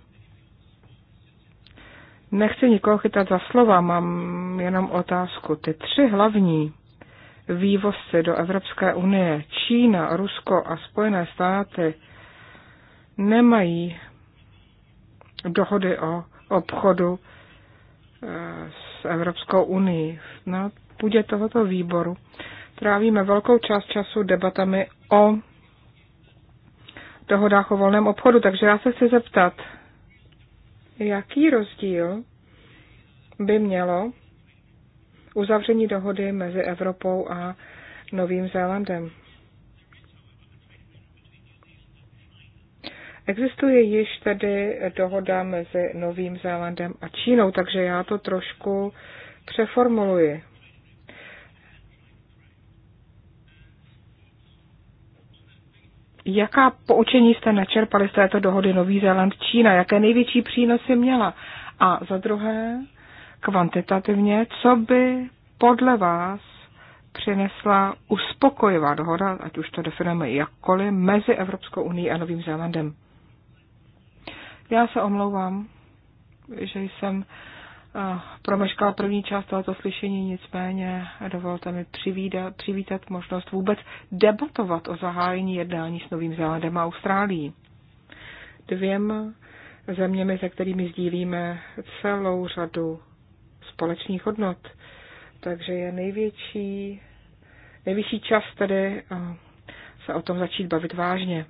Nechci nikoho chytat za slova, mám jenom otázku. Ty tři hlavní vývozce do Evropské unie, Čína, Rusko a Spojené státy, nemají dohody o obchodu eh, s Evropskou unii. Na půdě tohoto výboru trávíme velkou část času debatami o dohodách o volném obchodu, takže já se chci zeptat, jaký rozdíl by mělo uzavření dohody mezi Evropou a Novým Zélandem. Existuje již tedy dohoda mezi Novým Zélandem a Čínou, takže já to trošku přeformuluji. Jaká poučení jste načerpali z této dohody Nový Zéland Čína? Jaké největší přínosy měla? A za druhé, kvantitativně, co by podle vás přinesla uspokojivá dohoda, ať už to definujeme jakkoliv, mezi Evropskou unii a Novým Zélandem? Já se omlouvám, že jsem eh, promeškal první část tohoto slyšení, nicméně dovolte mi přivídat, přivítat možnost vůbec debatovat o zahájení jednání s Novým Zélandem a Austrálií. Dvěm zeměmi, se kterými sdílíme celou řadu společných hodnot. Takže je největší, nejvyšší čas tedy eh, se o tom začít bavit vážně.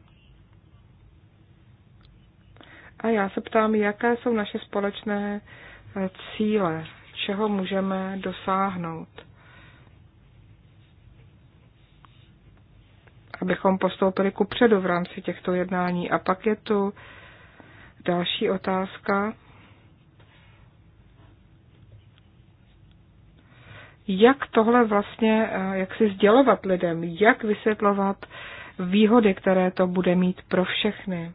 A já se ptám, jaké jsou naše společné eh, cíle, čeho můžeme dosáhnout, abychom postoupili ku předu v rámci těchto jednání. A pak je tu další otázka. Jak tohle vlastně, eh, jak si sdělovat lidem, jak vysvětlovat výhody, které to bude mít pro všechny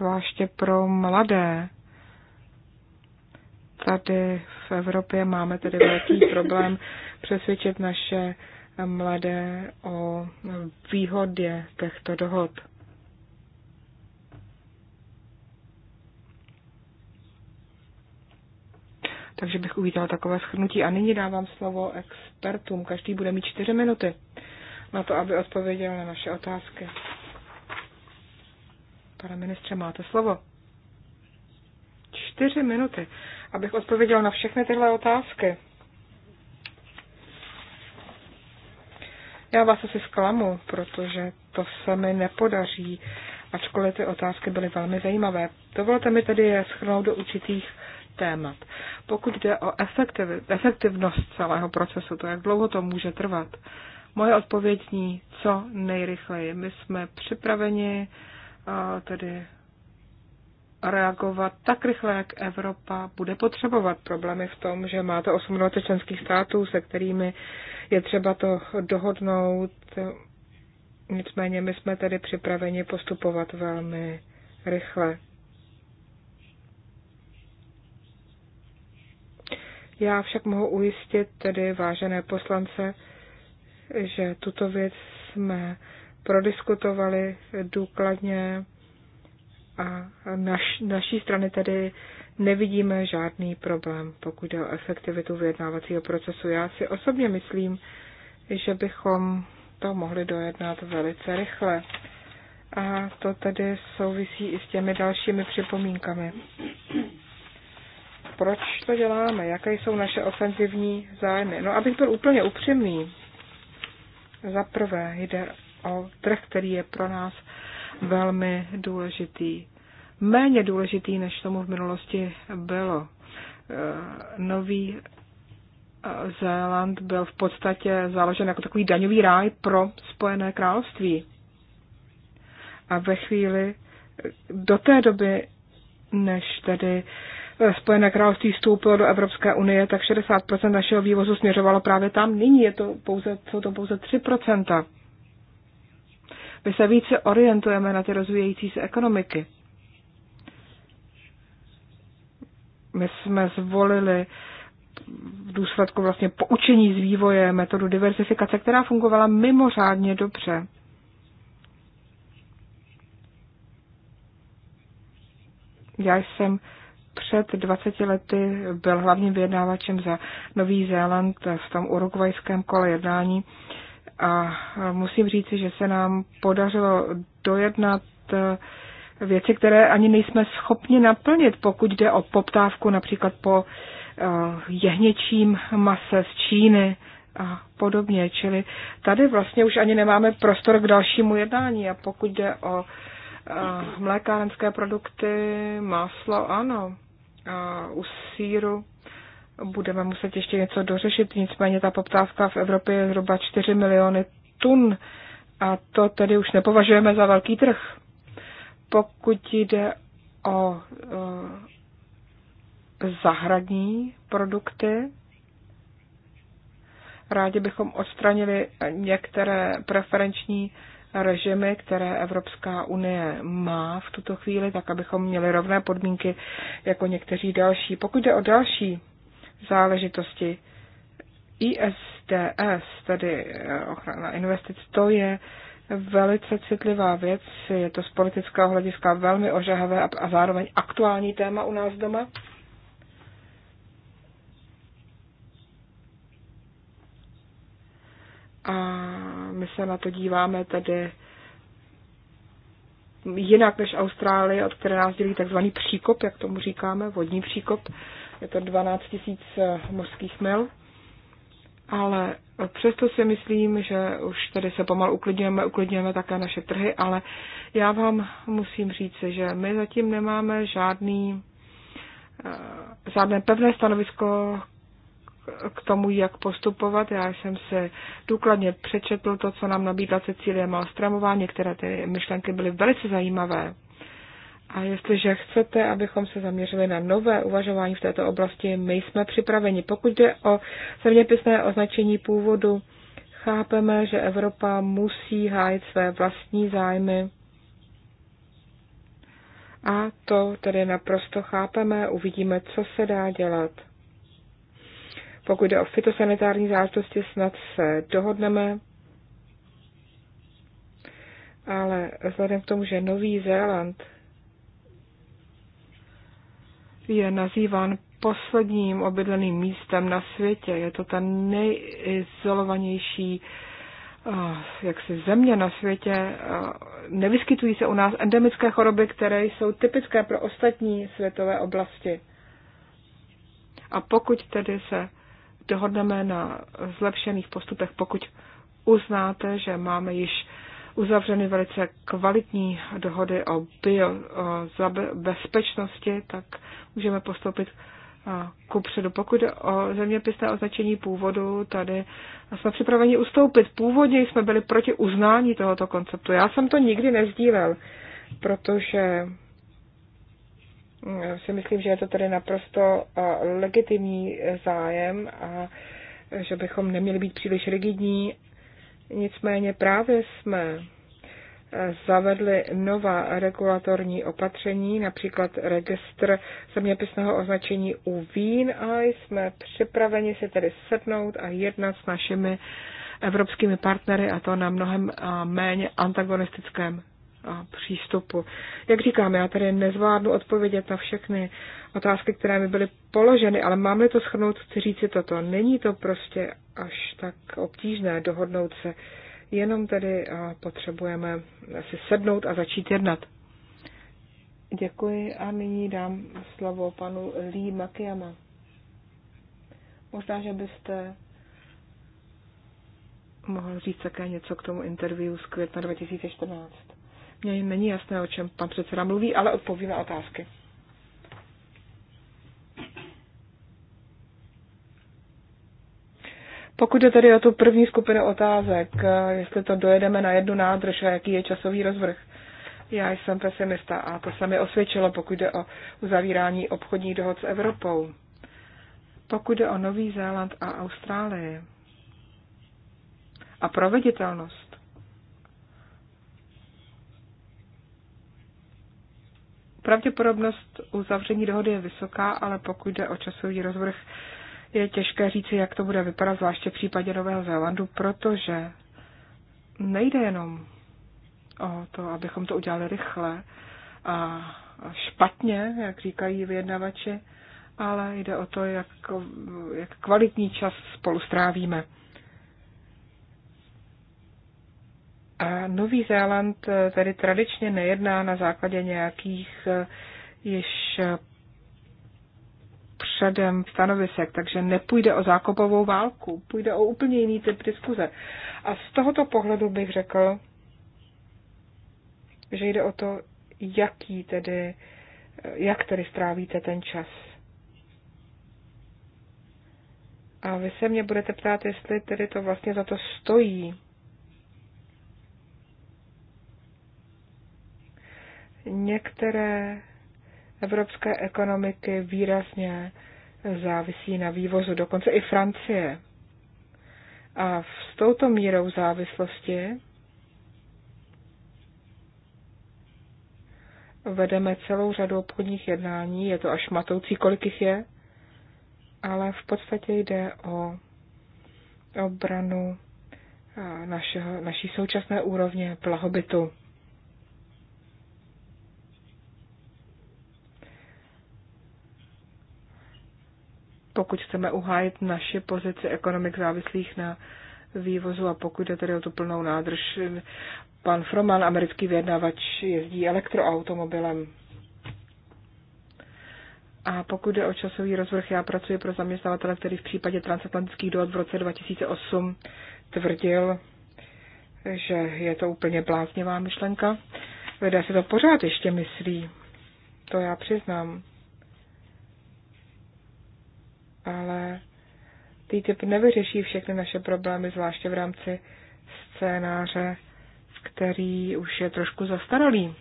zvláště pro mladé. Tady v Evropě máme tedy velký problém přesvědčit naše mladé o výhodě těchto dohod. Takže bych uvítala takové schrnutí. A nyní dávám slovo expertům. Každý bude mít čtyři minuty na to, aby odpověděl na naše otázky. Pane ministře, máte slovo. Čtyři minuty, abych odpověděl na všechny tyhle otázky. Já vás asi zklamu, protože to se mi nepodaří, ačkoliv ty otázky byly velmi zajímavé. Dovolte mi tedy je schrnout do určitých témat. Pokud jde o efektiv, efektivnost celého procesu, to jak dlouho to může trvat, moje odpověď zní co nejrychleji. My jsme připraveni tedy reagovat tak rychle, jak Evropa bude potřebovat. Problémy v tom, že máte 28 členských států, se kterými je třeba to dohodnout. Nicméně my jsme tedy připraveni postupovat velmi rychle. Já však mohu ujistit tedy vážené poslance, že tuto věc jsme prodiskutovali důkladně a naš, naší strany tedy nevidíme žádný problém, pokud jde o efektivitu vyjednávacího procesu. Já si osobně myslím, že bychom to mohli dojednat velice rychle. A to tedy souvisí i s těmi dalšími připomínkami. Proč to děláme? Jaké jsou naše ofenzivní zájmy? No, abych byl úplně upřímný. Za prvé jde o trh, který je pro nás velmi důležitý. Méně důležitý, než tomu v minulosti bylo. E, Nový e, Zéland byl v podstatě založen jako takový daňový ráj pro Spojené království. A ve chvíli, do té doby, než tedy e, Spojené království vstoupilo do Evropské unie, tak 60% našeho vývozu směřovalo právě tam. Nyní je to pouze, jsou to pouze 3% my se více orientujeme na ty rozvíjející se ekonomiky. My jsme zvolili v důsledku vlastně poučení z vývoje metodu diversifikace, která fungovala mimořádně dobře. Já jsem před 20 lety byl hlavním vyjednávačem za Nový Zéland v tom urugvajském kole jednání. Uh, a musím říci, že se nám podařilo dojednat eh, věci, které ani nejsme schopni naplnit, pokud jde o poptávku například po eh, jehněčím mase z Číny a podobně. Čili tady vlastně už ani nemáme prostor k dalšímu jednání. A pokud jde o eh, mlékárenské produkty, máslo, ano, u síru budeme muset ještě něco dořešit, nicméně ta poptávka v Evropě je zhruba 4 miliony tun a to tedy už nepovažujeme za velký trh. Pokud jde o e, zahradní produkty, rádi bychom odstranili některé preferenční režimy, které Evropská unie má v tuto chvíli, tak abychom měli rovné podmínky jako někteří další. Pokud jde o další záležitosti. ISDS, tedy eh, ochrana investic, to je velice citlivá věc, je to z politického hlediska velmi ožahavé a zároveň aktuální téma u nás doma. A my se na to díváme tedy jinak než Austrálie, od které nás dělí takzvaný příkop, jak tomu říkáme, vodní příkop je to 12 tisíc eh, mořských mil, ale eh, přesto si myslím, že už tady se pomalu uklidňujeme, uklidňujeme také naše trhy, ale já vám musím říct, že my zatím nemáme žádný, eh, žádné pevné stanovisko k tomu, jak postupovat. Já jsem se důkladně přečetl to, co nám nabídla Cecílie Malstramová. Některé ty myšlenky byly velice zajímavé. A jestliže chcete, abychom se zaměřili na nové uvažování v této oblasti, my jsme připraveni. Pokud jde o zeměpisné označení původu, chápeme, že Evropa musí hájit své vlastní zájmy. A to tedy naprosto chápeme, uvidíme, co se dá dělat. Pokud jde o fitosanitární záležitosti, snad se dohodneme. Ale vzhledem k tomu, že Nový Zéland je nazýván posledním obydleným místem na světě. Je to ta nejizolovanější eh, jaksi země na světě. Eh, nevyskytují se u nás endemické choroby, které jsou typické pro ostatní světové oblasti. A pokud tedy se dohodneme na zlepšených postupech, pokud uznáte, že máme již uzavřeny velice kvalitní dohody o bio o bezpečnosti, tak můžeme postoupit ku předu. Pokud o zeměpisné označení původu, tady jsme připraveni ustoupit. Původně jsme byli proti uznání tohoto konceptu. Já jsem to nikdy nezdílel, protože mm, si myslím, že je to tady naprosto legitimní zájem a že bychom neměli být příliš rigidní Nicméně právě jsme eh, zavedli nová regulatorní opatření, například registr zeměpisného označení u vín a jsme připraveni se tedy sednout a jednat s našimi evropskými partnery a to na mnohem eh, méně antagonistickém a přístupu. Jak říkám, já tady nezvládnu odpovědět na všechny otázky, které mi byly položeny, ale máme to schrnout, chci říct si toto. Není to prostě až tak obtížné dohodnout se, jenom tedy potřebujeme si sednout a začít jednat. Děkuji a nyní dám slovo panu Lee Makiama. Možná, že byste mohl říct také něco k tomu interview z května 2014. Mně není jasné, o čem pan předseda mluví, ale odpovíme na otázky. Pokud je tedy o tu první skupinu otázek, jestli to dojedeme na jednu nádrž a jaký je časový rozvrh, já jsem pesimista a to se mi osvědčilo, pokud jde o uzavírání obchodních dohod s Evropou. Pokud jde o Nový Zéland a Austrálii a proveditelnost, Pravděpodobnost uzavření dohody je vysoká, ale pokud jde o časový rozvrh, je těžké říci, jak to bude vypadat, zvláště v případě Nového Zélandu, protože nejde jenom o to, abychom to udělali rychle a špatně, jak říkají vyjednavači, ale jde o to, jak, jak kvalitní čas spolu strávíme. A Nový Zéland eh, tedy tradičně nejedná na základě nějakých eh, již eh, předem stanovisek, takže nepůjde o zákopovou válku, půjde o úplně jiný typ diskuze. A z tohoto pohledu bych řekl, že jde o to, jaký tedy, jak tedy strávíte ten čas. A vy se mě budete ptát, jestli tedy to vlastně za to stojí. Některé evropské ekonomiky výrazně závisí na vývozu, dokonce i Francie. A s touto mírou závislosti vedeme celou řadu obchodních jednání, je to až matoucí, kolik jich je, ale v podstatě jde o obranu našeho, naší současné úrovně plahobytu. pokud chceme uhájit naše pozici ekonomik závislých na vývozu a pokud jde tedy o tu plnou nádrž. Pan Froman, americký vyjednavač, jezdí elektroautomobilem. A pokud jde o časový rozvrh, já pracuji pro zaměstnavatele, který v případě transatlantických dohod v roce 2008 tvrdil, že je to úplně bláznivá myšlenka. Lidé se to pořád ještě myslí. To já přiznám ale TTIP nevyřeší všechny naše problémy, zvláště v rámci scénáře, který už je trošku zastaralý.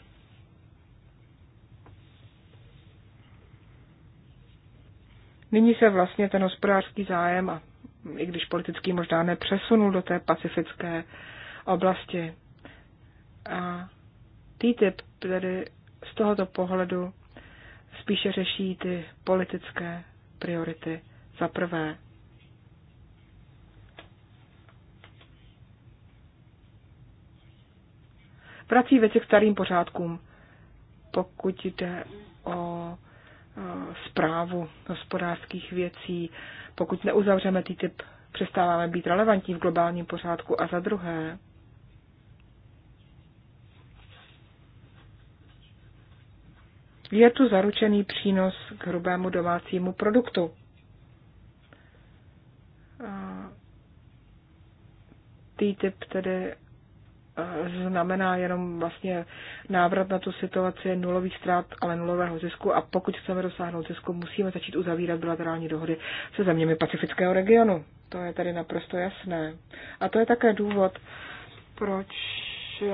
Nyní se vlastně ten hospodářský zájem, a i když politický možná nepřesunul do té pacifické oblasti. A TTIP tedy z tohoto pohledu spíše řeší ty politické priority za prvé, vrací věci k starým pořádkům, pokud jde o zprávu e, hospodářských věcí. Pokud neuzavřeme ty typ přestáváme být relevantní v globálním pořádku. A za druhé, je tu zaručený přínos k hrubému domácímu produktu. typ tedy eh, znamená jenom vlastně návrat na tu situaci nulových ztrát, ale nulového zisku a pokud chceme dosáhnout zisku, musíme začít uzavírat bilaterální dohody se zeměmi pacifického regionu. To je tady naprosto jasné. A to je také důvod, proč eh,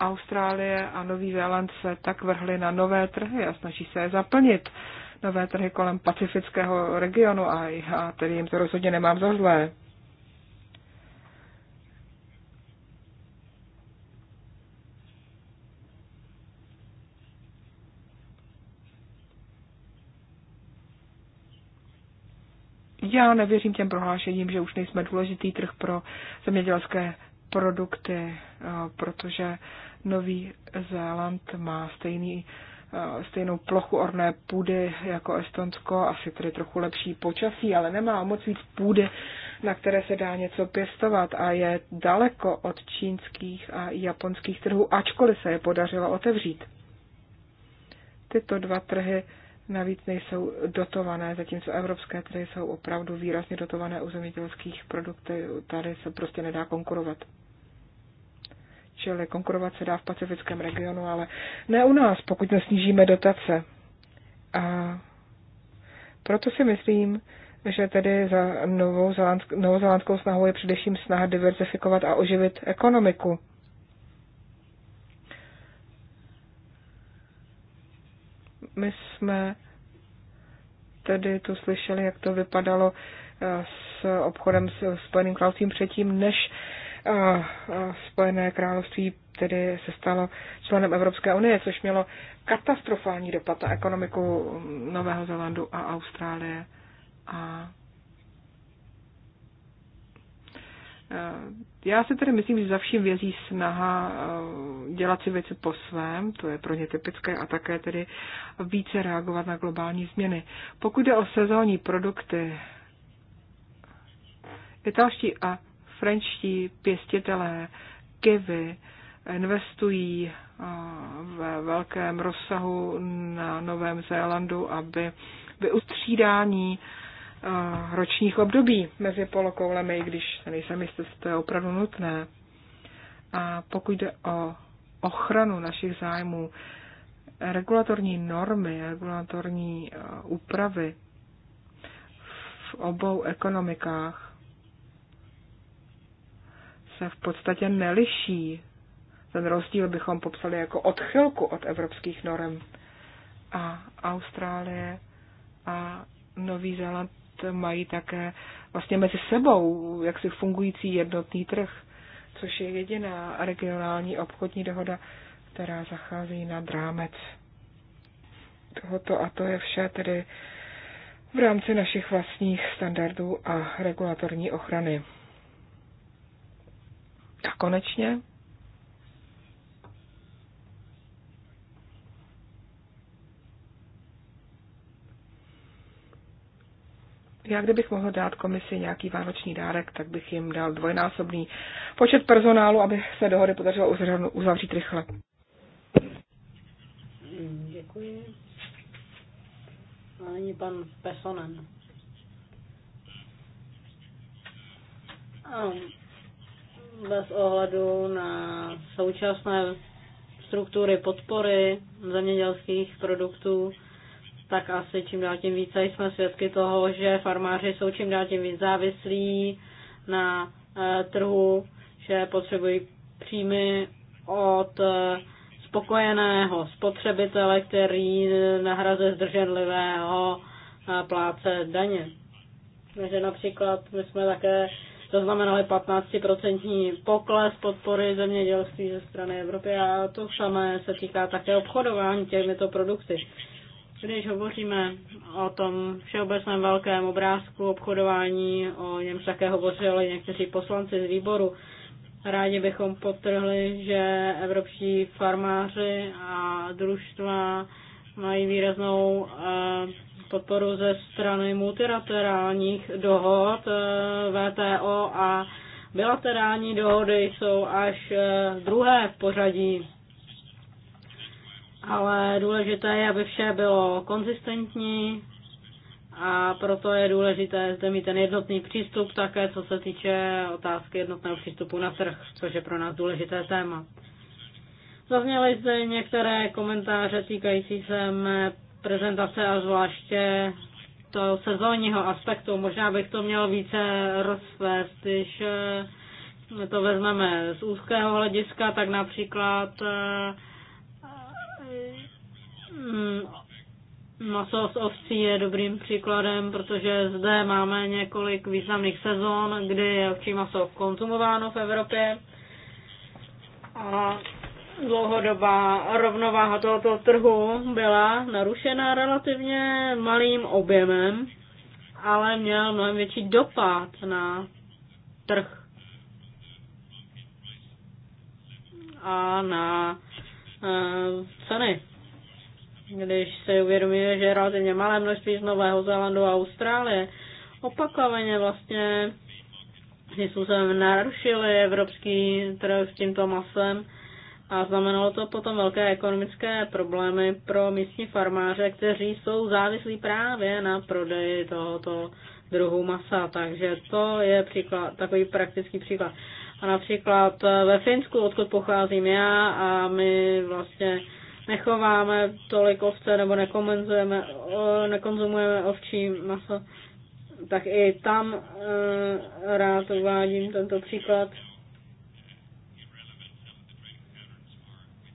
Austrálie a Nový Zéland se tak vrhly na nové trhy a snaží se je zaplnit. Nové trhy kolem pacifického regionu a já tedy jim to rozhodně nemám za zlé. Já nevěřím těm prohlášením, že už nejsme důležitý trh pro zemědělské produkty, eh, protože Nový Zéland má stejný, eh, stejnou plochu orné půdy jako Estonsko, asi tedy trochu lepší počasí, ale nemá moc víc půdy, na které se dá něco pěstovat a je daleko od čínských a japonských trhů, ačkoliv se je podařilo otevřít. Tyto dva trhy navíc nejsou dotované, zatímco evropské trhy jsou opravdu výrazně dotované u zemědělských produktů, tady se prostě nedá konkurovat. Čili konkurovat se dá v pacifickém regionu, ale ne u nás, pokud nesnížíme dotace. A proto si myslím, že tedy za novou zelandskou snahou je především snaha diverzifikovat a oživit ekonomiku. My jsme tedy tu slyšeli, jak to vypadalo eh, s obchodem s Spojeným královstvím předtím, než eh, eh, Spojené království tedy se stalo členem Evropské unie, což mělo katastrofální dopad na ekonomiku mm, Nového Zélandu a Austrálie. A já si tedy myslím, že za vším vězí snaha eh, dělat si věci po svém, to je pro ně typické, a také tedy více reagovat na globální změny. Pokud jde o sezónní produkty, italští a frenští pěstitelé kivy investují eh, ve velkém rozsahu na Novém Zélandu, aby vyustřídání ročních období mezi polokoulemi, i když se nejsem jistý, to je opravdu nutné. A pokud jde o ochranu našich zájmů, regulatorní normy, regulatorní úpravy v obou ekonomikách se v podstatě neliší. Ten rozdíl bychom popsali jako odchylku od evropských norm. A Austrálie a Nový Zéland mají také vlastně mezi sebou jaksi fungující jednotný trh, což je jediná regionální obchodní dohoda, která zachází na drámec tohoto a to je vše tedy v rámci našich vlastních standardů a regulatorní ochrany. A konečně Já kdybych mohl dát komisi nějaký vánoční dárek, tak bych jim dal dvojnásobný počet personálu, aby se dohody podařilo uzavřít rychle. Děkuji. A nyní pan Pesonen. Bez ohledu na současné struktury podpory zemědělských produktů tak asi čím dál tím více jsme svědky toho, že farmáři jsou čím dál tím víc závislí na eh, trhu, že potřebují příjmy od eh, spokojeného spotřebitele, který nahrazuje zdrženlivého eh, pláce daně. Takže například my jsme také zaznamenali 15% pokles podpory zemědělství ze strany Evropy a to samé se týká také obchodování těmito produkty. Když hovoříme o tom všeobecném velkém obrázku obchodování, o němž také hovořili někteří poslanci z výboru, rádi bychom potrhli, že evropští farmáři a družstva mají výraznou eh, podporu ze strany multilaterálních dohod eh, VTO a bilaterální dohody jsou až eh, druhé v pořadí ale důležité je, aby vše bylo konzistentní a proto je důležité zde mít ten jednotný přístup také, co se týče otázky jednotného přístupu na trh, což je pro nás důležité téma. Zazněly zde některé komentáře týkající se mé prezentace a zvláště toho sezónního aspektu. Možná bych to měl více rozvést, když eh, to vezmeme z úzkého hlediska, tak například eh, Mm, maso z ovcí je dobrým příkladem, protože zde máme několik významných sezon, kdy je ovčí maso konzumováno v Evropě. A dlouhodobá rovnováha tohoto trhu byla narušena relativně malým objemem, ale měl mnohem větší dopad na trh a na e, ceny když se uvědomuje, že je relativně malé množství z Nového Zélandu a Austrálie, opakovaně vlastně nějakým způsobem narušili evropský trh s tímto masem a znamenalo to potom velké ekonomické problémy pro místní farmáře, kteří jsou závislí právě na prodeji tohoto druhu masa. Takže to je příklad, takový praktický příklad. A například ve Finsku, odkud pocházím já a my vlastně nechováme tolik ovce nebo nekomenzujeme, nekonzumujeme ovčí maso, tak i tam uh, rád uvádím tento příklad.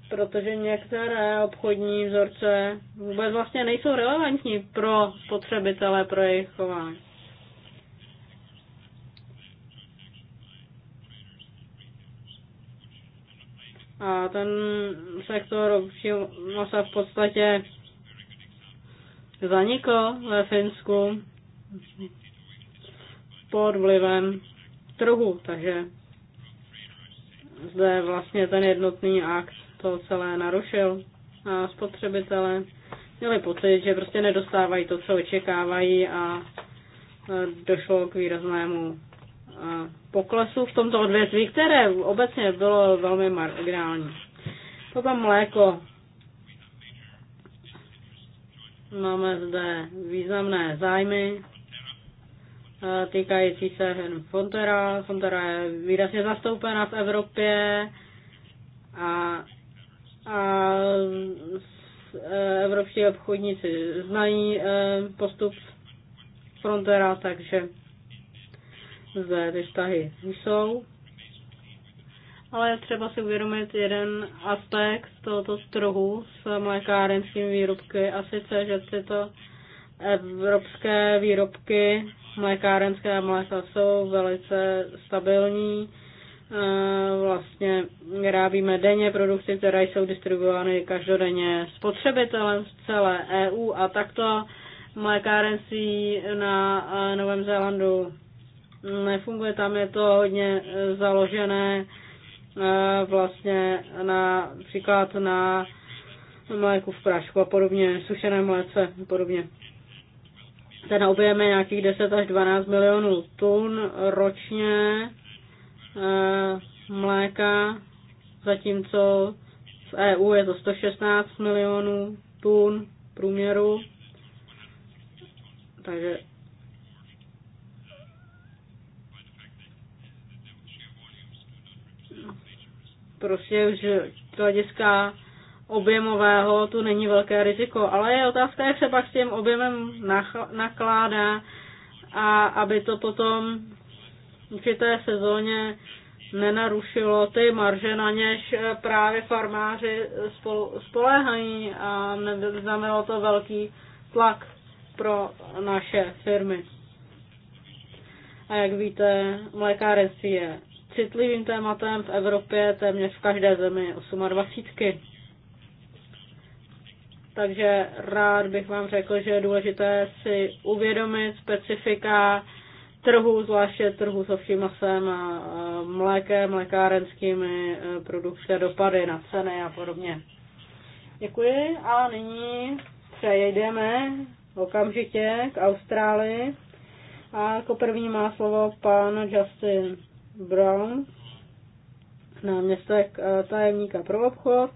Protože některé obchodní vzorce vůbec vlastně nejsou relevantní pro spotřebitele, pro jejich chování. A ten sektor se v podstatě zanikl ve Finsku pod vlivem trhu, takže zde vlastně ten jednotný akt to celé narušil a spotřebitele měli pocit, že prostě nedostávají to, co očekávají a došlo k výraznému poklesu v tomto odvětví, které obecně bylo velmi marginální. Potom mléko. Máme zde významné zájmy eh, týkající se Fontera. Fontera je výrazně zastoupena v Evropě a, a evropští obchodníci znají eh, postup Frontera, takže zde ty vztahy jsou. Ale je třeba si uvědomit jeden aspekt tohoto trhu s mlékárenskými výrobky a sice, že tyto evropské výrobky mlékárenské mléka jsou velice stabilní. E, vlastně vyrábíme denně produkty, které jsou distribuovány každodenně spotřebitelem z celé EU a takto mlékárenství na e, Novém Zélandu nefunguje. Tam je to hodně eh, založené eh, vlastně na, příklad na mléku v prášku a podobně, sušené mléce a podobně. Ten objem je nějakých 10 až 12 milionů tun ročně eh, mléka, zatímco v EU je to 116 milionů tun průměru. Takže prostě z hlediska objemového tu není velké riziko, ale je otázka, jak se pak s tím objemem nakládá a aby to potom v určité sezóně nenarušilo ty marže, na něž eh, právě farmáři spoléhají a znamenalo to velký tlak pro naše firmy. A jak víte, mlékárenství je citlivým tématem v Evropě, téměř v každé zemi 28. Takže rád bych vám řekl, že je důležité si uvědomit specifika trhu, zvláště trhu s ovším masem a mlékem, mlékárenskými e, produkty, dopady na ceny a podobně. Děkuji a nyní přejdeme okamžitě k Austrálii a jako první má slovo pan Justin. Brown, náměstek eh, tajemníka pro obchod.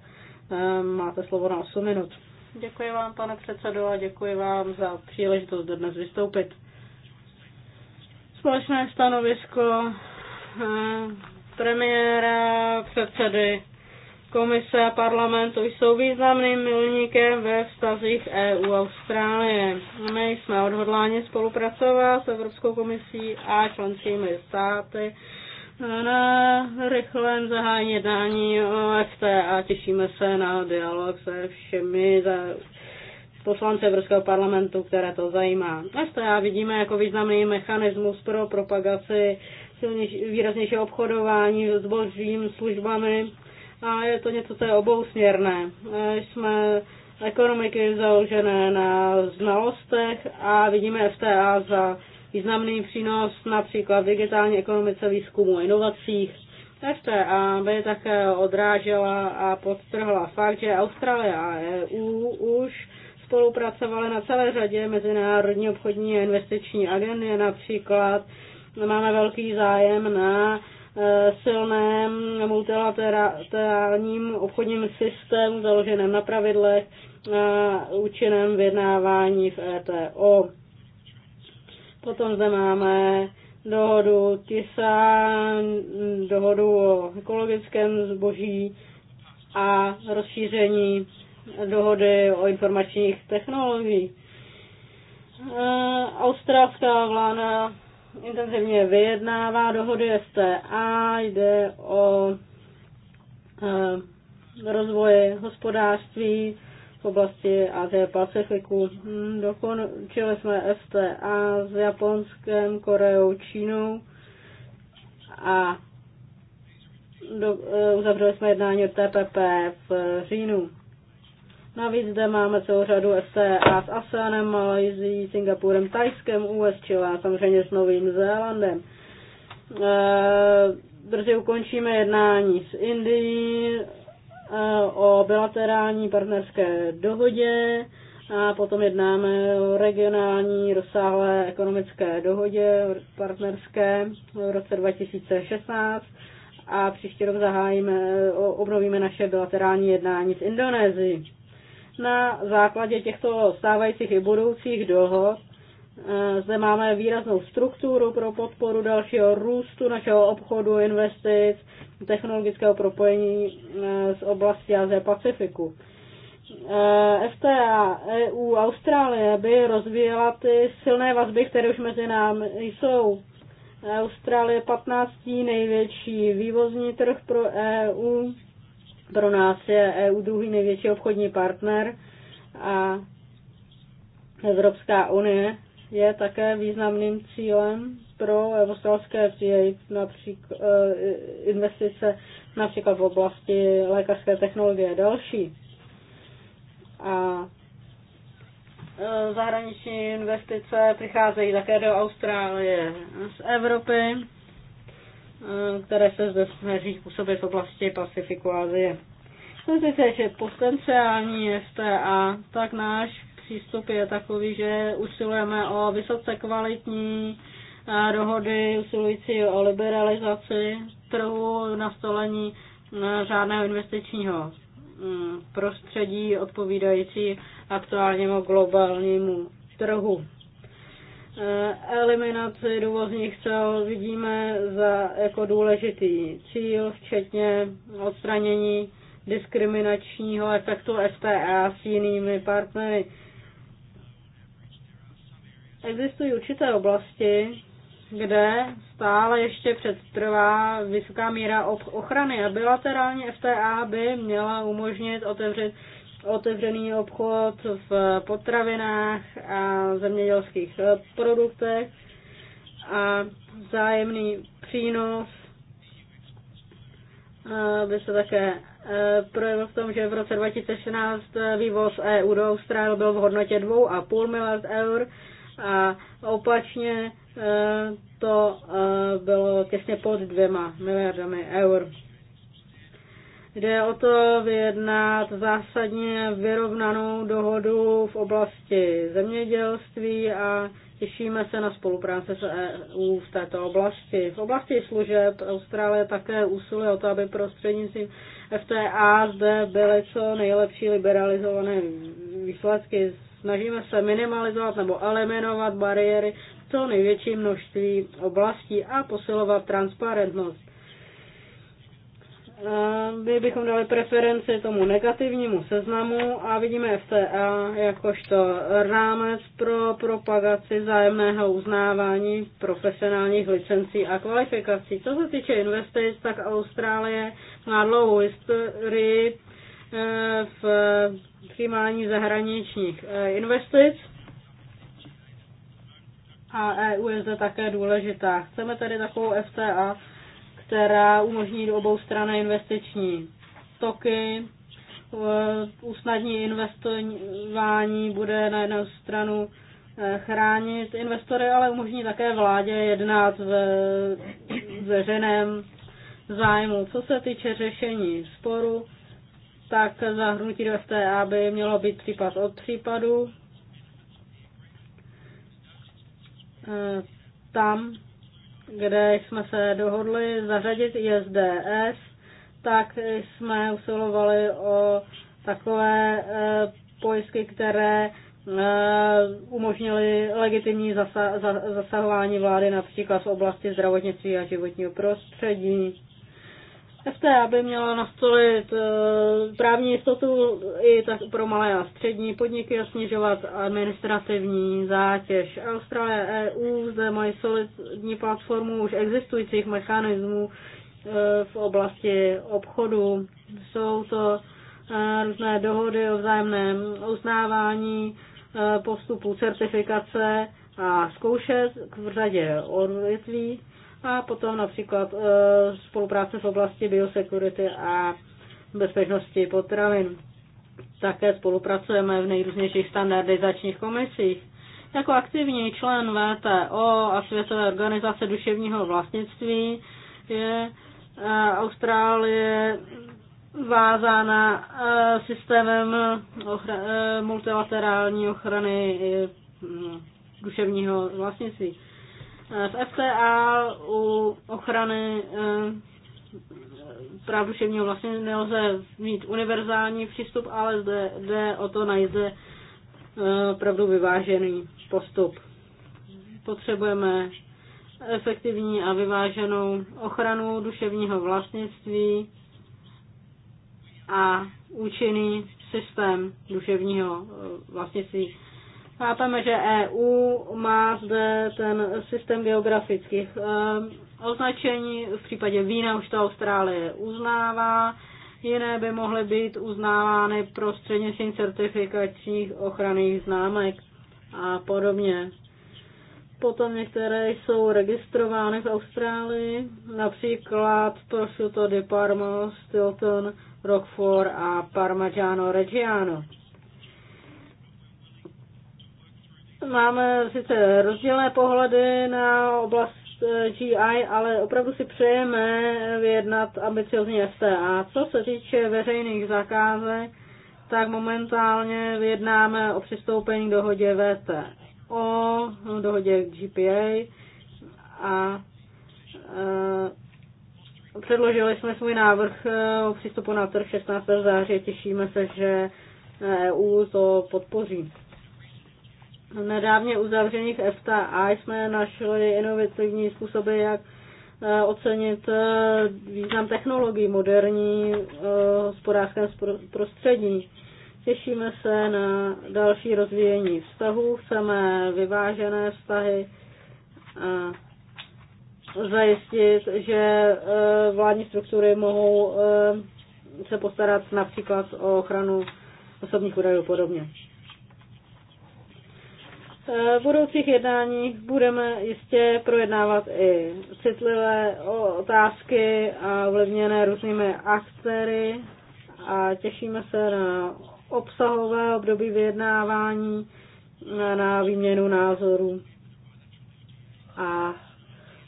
Ehm, máte slovo na 8 minut. Děkuji vám, pane předsedo, a děkuji vám za příležitost dnes vystoupit. Společné stanovisko eh, premiéra, předsedy komise a parlamentu jsou významným milníkem ve vztazích EU-Austrálie. My jsme odhodláni spolupracovat s Evropskou komisí a členskými státy na rychlém zahájení jednání o FTA. Těšíme se na dialog se všemi za poslance Evropského parlamentu, které to zajímá. já vidíme jako významný mechanismus pro propagaci výraznějšího obchodování s božím službami a je to něco, co je obousměrné. E, jsme ekonomiky založené na znalostech a vidíme FTA za významný přínos například v digitální ekonomice výzkumu inovacích. FTA by také odrážela a podtrhla fakt, že Austrálie a EU už spolupracovaly na celé řadě mezinárodní obchodní a investiční agendy, například máme velký zájem na e, silném multilaterálním obchodním systému založeném na pravidlech e, účinném vyjednávání v ETO. Potom zde máme dohodu TISA, dohodu o ekologickém zboží a rozšíření dohody o informačních technologií. Eh, australská vláda intenzivně vyjednává dohody STA, jde o eh, rozvoje hospodářství, oblasti Azie Pacifiku. Hmm, dokončili jsme FTA s Japonskem, Koreou, Čínou a do, e, uzavřeli jsme jednání o TPP v říjnu. Navíc zde máme celou řadu FTA s ASEANem, Malajzí, Singapurem, Tajskem, US, Chile a samozřejmě s Novým Zélandem. E, brzy ukončíme jednání s Indií, o bilaterální partnerské dohodě a potom jednáme o regionální rozsáhlé ekonomické dohodě partnerské v roce 2016 a příští rok zahájíme, obnovíme naše bilaterální jednání s Indonésií. Na základě těchto stávajících i budoucích dohod e, zde máme výraznou strukturu pro podporu dalšího růstu našeho obchodu, investic, technologického propojení eh, z oblasti Azie Pacifiku. Eh, FTA EU Austrálie by rozvíjela ty silné vazby, které už mezi námi jsou. Austrálie 15. největší vývozní trh pro EU. Pro nás je EU druhý největší obchodní partner a Evropská unie je také významným cílem pro australské FTA, například eh, investice například v oblasti lékařské technologie a další. A eh, zahraniční investice přicházejí také do Austrálie z Evropy, eh, které se zde snaží působit v oblasti Pacifiku a Azie. Myslím že potenciální STA, tak náš přístup je takový, že usilujeme o vysoce kvalitní dohody usilující o liberalizaci trhu, nastolení žádného mm, investičního mm, prostředí odpovídající aktuálnímu globálnímu trhu. E, eliminaci důvozních cel vidíme za jako důležitý cíl, včetně odstranění diskriminačního efektu STA s jinými partnery. Existují určité oblasti, kde stále ještě předtrvá vysoká míra ochrany a bilaterálně FTA by měla umožnit otevřet otevřený obchod v potravinách a zemědělských eh, produktech a vzájemný přínos eh, by se také eh, projevil v tom, že v roce 2016 vývoz EU do Austrálie byl v hodnotě 2,5 miliard eur a opačně Eh, to eh, bylo těsně pod dvěma miliardami eur. Jde o to vyjednat zásadně vyrovnanou dohodu v oblasti zemědělství a těšíme se na spolupráce s EU v této oblasti. V oblasti služeb Austrálie také usiluje o to, aby prostřednictvím FTA zde byly co nejlepší liberalizované výsledky. Snažíme se minimalizovat nebo eliminovat bariéry co největší množství oblastí a posilovat transparentnost. My bychom dali preferenci tomu negativnímu seznamu a vidíme FTA jakožto rámec pro propagaci zájemného uznávání profesionálních licencí a kvalifikací. Co se týče investic, tak Austrálie má dlouhou historii eh, v přijímání zahraničních eh, investic a EU je zde také důležitá. Chceme tedy takovou FTA, která umožní do obou strany investiční toky, usnadní investování, bude na jednu stranu eh, chránit investory, ale umožní také vládě jednat ve veřejném zájmu. Co se týče řešení sporu, tak zahrnutí do FTA by mělo být případ od případu. tam, kde jsme se dohodli zařadit ISDS, tak jsme usilovali o takové eh, pojistky, které eh, umožnily legitimní zasahování vlády například v oblasti zdravotnictví a životního prostředí. FTA by měla nastolit eh, právní jistotu i tak pro malé a střední podniky a snižovat administrativní zátěž. Austrálie a e EU zde mají solidní platformu už existujících mechanismů eh, v oblasti obchodu. Jsou to eh, různé dohody o vzájemném uznávání postupu certifikace a zkoušet v řadě odvětví a potom například e, spolupráce v oblasti biosecurity a bezpečnosti potravin. Také spolupracujeme v nejrůznějších standardizačních komisích. Jako aktivní člen VTO a Světové organizace duševního vlastnictví je e, Austrálie vázána e, systémem ochra- multilaterální ochrany mm, duševního vlastnictví. Eh, v FTA u ochrany eh, práv duševního vlastně nelze mít univerzální přístup, ale zde jde o to najít zde opravdu eh, vyvážený postup. Potřebujeme efektivní a vyváženou ochranu duševního vlastnictví a účinný systém duševního vlastnictví. Chápeme, že EU má zde ten systém geografických eh, označení, v případě vína už to Austrálie uznává, jiné by mohly být uznávány prostřednictvím certifikačních ochranných známek a podobně. Potom některé jsou registrovány v Austrálii, například prosciutto di Parma, Stilton, Roquefort a Parmigiano Reggiano. Máme sice rozdílné pohledy na oblast eh, GI, ale opravdu si přejeme vyjednat ambiciozní STA. Co se týče veřejných zakázek, tak momentálně vyjednáme o přistoupení k dohodě VTO, dohodě GPA a e, předložili jsme svůj návrh eh, o přístupu na trh 16. září. Těšíme se, že EU e to podpoří nedávně uzavřených a jsme našli inovativní způsoby, jak eh, ocenit eh, význam technologií moderní eh, hospodářském prostředí. Těšíme se na další rozvíjení vztahů, chceme vyvážené vztahy a zajistit, že vládní struktury mohou se postarat například o ochranu osobních údajů podobně. V budoucích jednáních budeme jistě projednávat i citlivé otázky a ovlivněné různými aktéry a těšíme se na obsahové období vyjednávání, na výměnu názorů a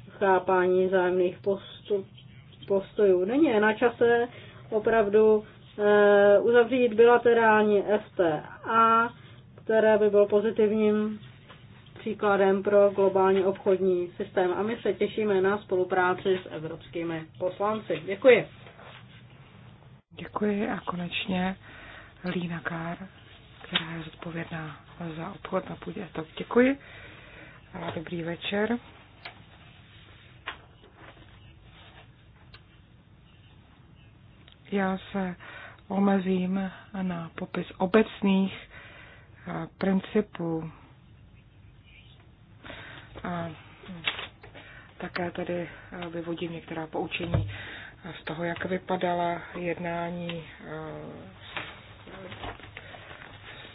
chápání zájemných postojů. Není na čase opravdu eh, uzavřít bilaterální FTA, které by bylo pozitivním příkladem pro globální obchodní systém a my se těšíme na spolupráci s evropskými poslanci. Děkuji. Děkuji a konečně Lína Kár, která je zodpovědná za obchod na půdě. Tak děkuji a dobrý večer. Já se omezím na popis obecných eh, principů a hm, také tady eh, vyvodím některá poučení z toho, jak vypadala jednání eh,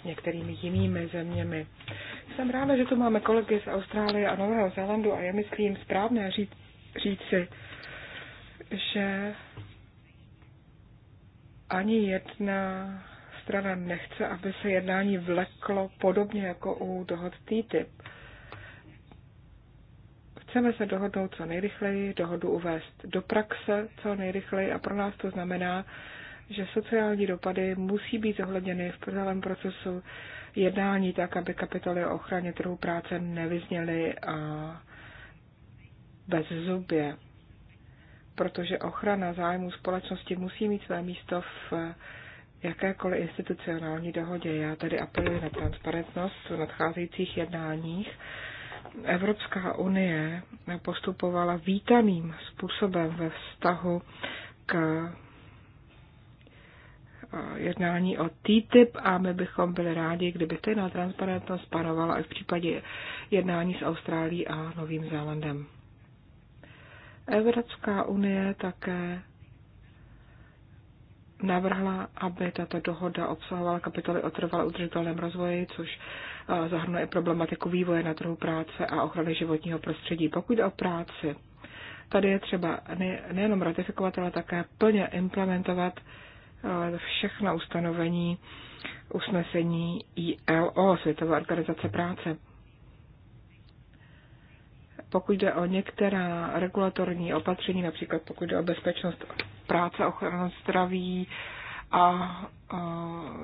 s některými jinými zeměmi. Jsem ráda, že tu máme kolegy z Austrálie a Nového Zélandu a je, myslím, správné říct, říci, že ani jedna strana nechce, aby se jednání vleklo podobně jako u dohod TTIP. Chceme se dohodnout co nejrychleji, dohodu uvést do praxe co nejrychleji a pro nás to znamená, že sociální dopady musí být zohledněny v celém procesu jednání tak, aby kapitoly o ochraně trhu práce nevyzněly a bez zubě, protože ochrana zájmu společnosti musí mít své místo v jakékoliv institucionální dohodě. Já tedy apeluji na transparentnost v nadcházejících jednáních Evropská unie postupovala vítaným způsobem ve vztahu k eh, jednání o TTIP a my bychom byli rádi, kdyby stejná transparentnost panovala i v případě jednání s Austrálií a Novým Zélandem. Evropská unie také navrhla, aby tato dohoda obsahovala kapitoly o trvalém udržitelném rozvoji, což eh, zahrnuje problematiku vývoje na trhu práce a ochrany životního prostředí. Pokud jde o práci, tady je třeba nejenom ratifikovat, ale také plně implementovat eh, všechna ustanovení usnesení ILO, Světové organizace práce. Pokud jde o některá regulatorní opatření, například pokud jde o bezpečnost práce, ochrana zdraví a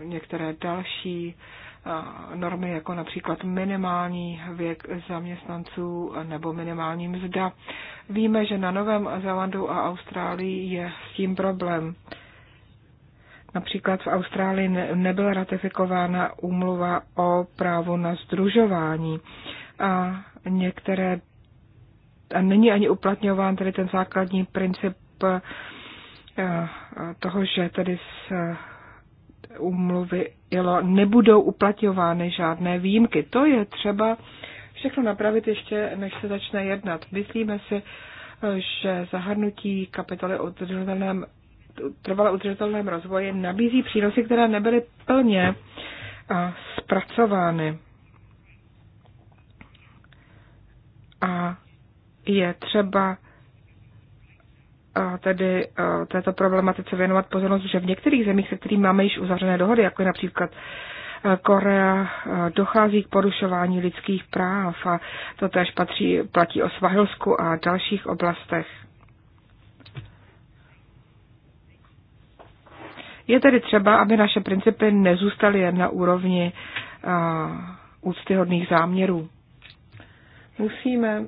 některé další normy, jako například minimální věk zaměstnanců nebo minimální mzda. Víme, že na Novém Zélandu a Austrálii je s tím problém. Například v Austrálii nebyla ratifikována úmluva o právu na združování a některé a není ani uplatňován tedy ten základní princip Eh, toho, že tedy z umluvy eh, ILO nebudou uplatňovány žádné výjimky. To je třeba všechno napravit ještě, než se začne jednat. Myslíme si, eh, že zahrnutí kapitoly o udržitelném, trvale udržitelném rozvoji nabízí přínosy, které nebyly plně zpracovány. A je třeba tedy této problematice věnovat pozornost, že v některých zemích, se kterými máme již uzavřené dohody, jako je například e, Korea, e, dochází k porušování lidských práv a to též patří, platí o Svahilsku a dalších oblastech. Je tedy třeba, aby naše principy nezůstaly jen na úrovni e, úctyhodných záměrů. Musíme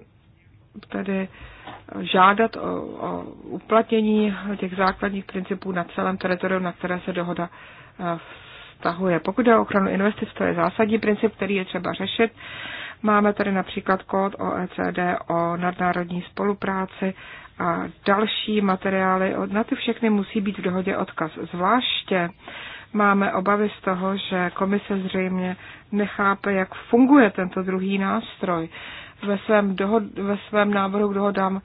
tedy uh, žádat o, o uplatnění těch základních principů na celém teritoriu, na které se dohoda e, vztahuje. Pokud je o ochranu investic, to je zásadní princip, který je třeba řešit. Máme tady například kód OECD o nadnárodní spolupráci a další materiály. Na ty všechny musí být v dohodě odkaz. Zvláště máme obavy z toho, že komise zřejmě nechápe, jak funguje tento druhý nástroj. Ve svém, dohod, ve svém návrhu dohodám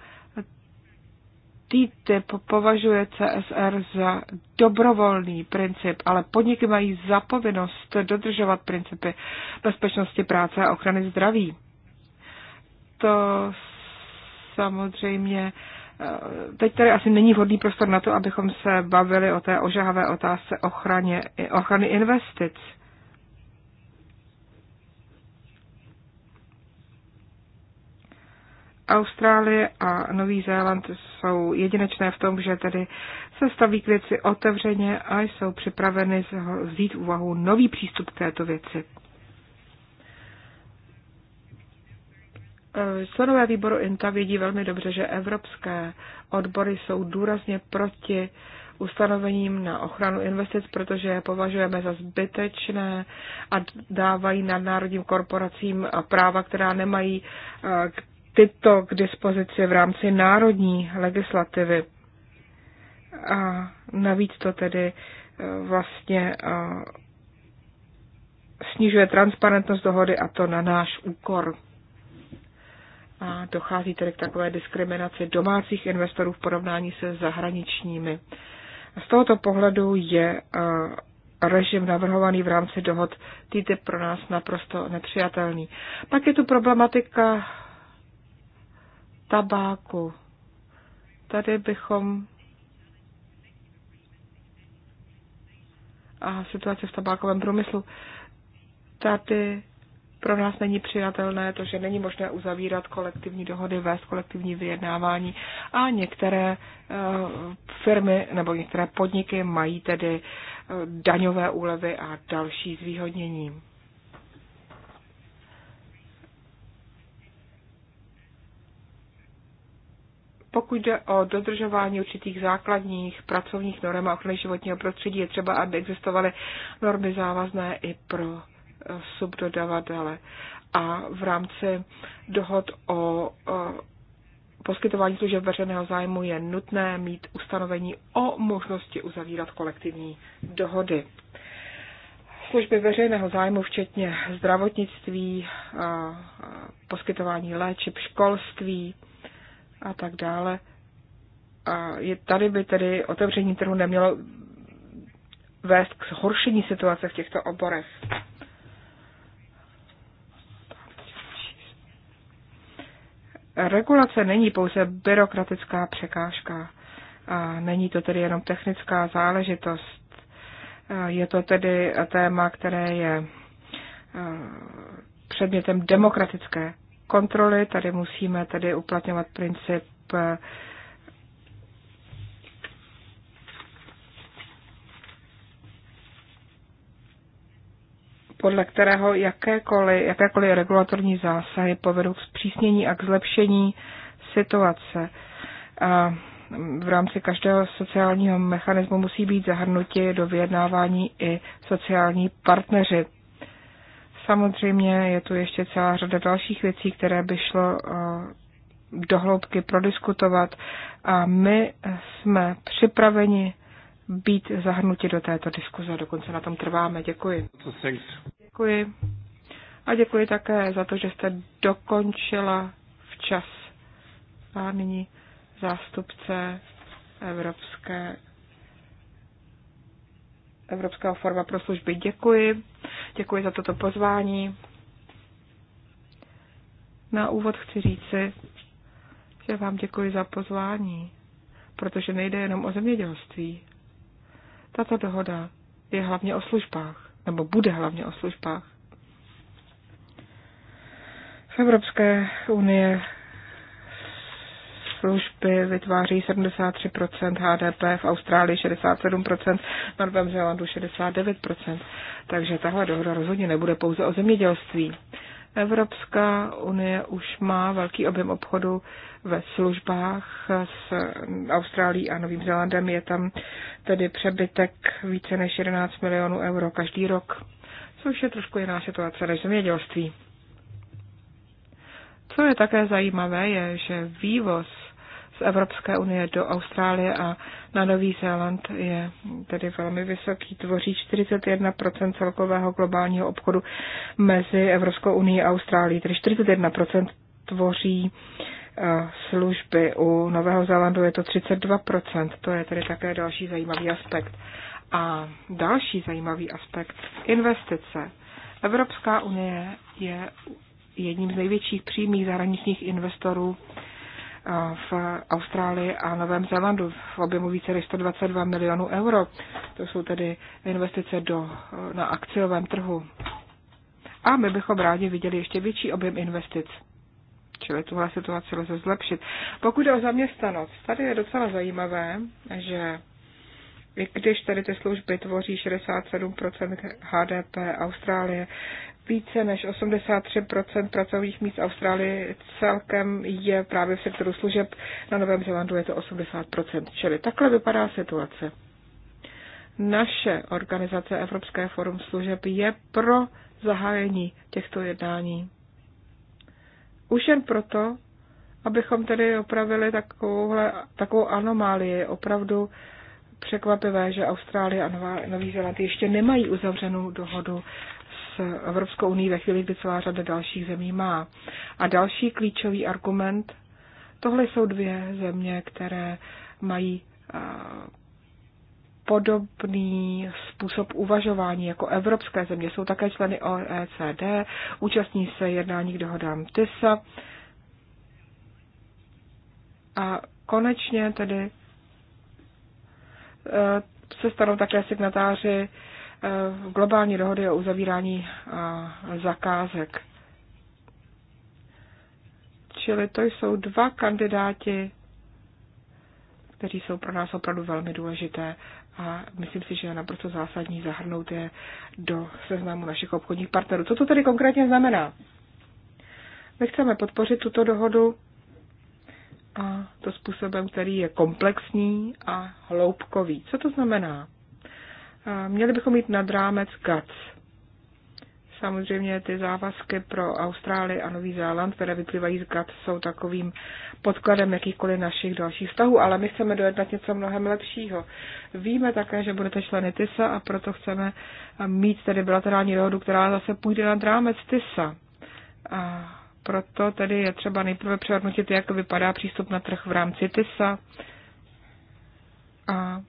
TTIP považuje CSR za dobrovolný princip, ale podniky mají zapovinnost dodržovat principy bezpečnosti práce a ochrany zdraví. To samozřejmě eh, teď tady asi není vhodný prostor na to, abychom se bavili o té ožahavé otázce ochraně, ochrany investic. Austrálie a Nový Zéland jsou jedinečné v tom, že tedy se staví k věci otevřeně a jsou připraveny vzít v úvahu nový přístup k této věci. Eh, členové výboru INTA vědí velmi dobře, že evropské odbory jsou důrazně proti ustanovením na ochranu investic, protože je považujeme za zbytečné a dávají nadnárodním korporacím práva, která nemají eh, k tyto k dispozici v rámci národní legislativy. A navíc to tedy eh, vlastně eh, snižuje transparentnost dohody a to na náš úkor. A dochází tedy k takové diskriminaci domácích investorů v porovnání se zahraničními. Z tohoto pohledu je eh, režim navrhovaný v rámci dohod TTIP pro nás naprosto nepřijatelný. Pak je tu problematika tabáku. Tady bychom a situace v tabákovém průmyslu. Tady pro nás není přijatelné to, že není možné uzavírat kolektivní dohody, vést kolektivní vyjednávání a některé eh, firmy nebo některé podniky mají tedy eh, daňové úlevy a další zvýhodnění. Pokud jde o dodržování určitých základních pracovních norm a ochrany životního prostředí, je třeba, aby existovaly normy závazné i pro eh, subdodavatele. A v rámci dohod o eh, poskytování služeb veřejného zájmu je nutné mít ustanovení o možnosti uzavírat kolektivní dohody. Služby veřejného zájmu, včetně zdravotnictví, eh, poskytování léčeb, školství, a tak dále. A je, tady by tedy otevření trhu nemělo vést k zhoršení situace v těchto oborech. Regulace není pouze byrokratická překážka. A není to tedy jenom technická záležitost. Je to tedy téma, které je předmětem demokratické kontroly. Tady musíme tedy uplatňovat princip podle kterého jakékoliv, jakékoliv regulatorní zásahy povedou k zpřísnění a k zlepšení situace. A v rámci každého sociálního mechanismu musí být zahrnuti do vyjednávání i sociální partneři. Samozřejmě je tu ještě celá řada dalších věcí, které by šlo eh, dohloubky prodiskutovat a my jsme připraveni být zahrnuti do této diskuze, dokonce na tom trváme. Děkuji. Děkuji. A děkuji také za to, že jste dokončila včas. A nyní zástupce Evropské, Evropského forma pro služby. Děkuji děkuji za toto pozvání. Na úvod chci říci, že vám děkuji za pozvání, protože nejde jenom o zemědělství. Tato dohoda je hlavně o službách, nebo bude hlavně o službách. V Evropské unie služby vytváří 73% HDP, v Austrálii 67%, v Novém Zélandu 69%. Takže tahle dohoda rozhodně nebude pouze o zemědělství. Evropská unie už má velký objem obchodu ve službách s Austrálií a Novým Zélandem. Je tam tedy přebytek více než 11 milionů euro každý rok, což je trošku jiná situace než zemědělství. Co je také zajímavé, je, že vývoz z Evropské unie do Austrálie a na Nový Zéland je tedy velmi vysoký, tvoří 41% celkového globálního obchodu mezi Evropskou unii a Austrálií, tedy 41% tvoří eh, služby. U Nového Zélandu je to 32%, to je tedy také další zajímavý aspekt. A další zajímavý aspekt, investice. Evropská unie je jedním z největších přímých zahraničních investorů v Austrálii a Novém Zélandu v objemu více než 122 milionů euro. To jsou tedy investice do, na akciovém trhu. A my bychom rádi viděli ještě větší objem investic. Čili tuhle situaci lze zlepšit. Pokud jde o zaměstnanost, tady je docela zajímavé, že i když tady ty služby tvoří 67% HDP Austrálie, více než 83% pracovních míst Austrálie celkem je právě v sektoru služeb, na Novém Zélandu je to 80%, čili takhle vypadá situace. Naše organizace Evropské forum služeb je pro zahájení těchto jednání. Už jen proto, abychom tedy opravili takovouhle, takovou anomálii, opravdu překvapivé, že Austrálie a Nová, Nový Zéland ještě nemají uzavřenou dohodu Evropskou unii ve chvíli, kdy celá řada dalších zemí má. A další klíčový argument, tohle jsou dvě země, které mají eh, podobný způsob uvažování jako evropské země. Jsou také členy OECD, účastní se jednání k dohodám TISA. A konečně tedy eh, se stanou také signatáři globální dohody o uzavírání zakázek. Čili to jsou dva kandidáti, kteří jsou pro nás opravdu velmi důležité a myslím si, že je naprosto zásadní zahrnout je do seznamu našich obchodních partnerů. Co to tedy konkrétně znamená? My chceme podpořit tuto dohodu a to způsobem, který je komplexní a hloubkový. Co to znamená? Měli bychom mít nad rámec GATS. Samozřejmě ty závazky pro Austrálii a Nový Zéland, které vyplývají z Gats, jsou takovým podkladem jakýchkoliv našich dalších vztahů, ale my chceme dojednat něco mnohem lepšího. Víme také, že budete členy TISA a proto chceme mít tedy bilaterální dohodu, která zase půjde nad rámec TISA. A proto tedy je třeba nejprve přehodnotit, jak vypadá přístup na trh v rámci TISA. A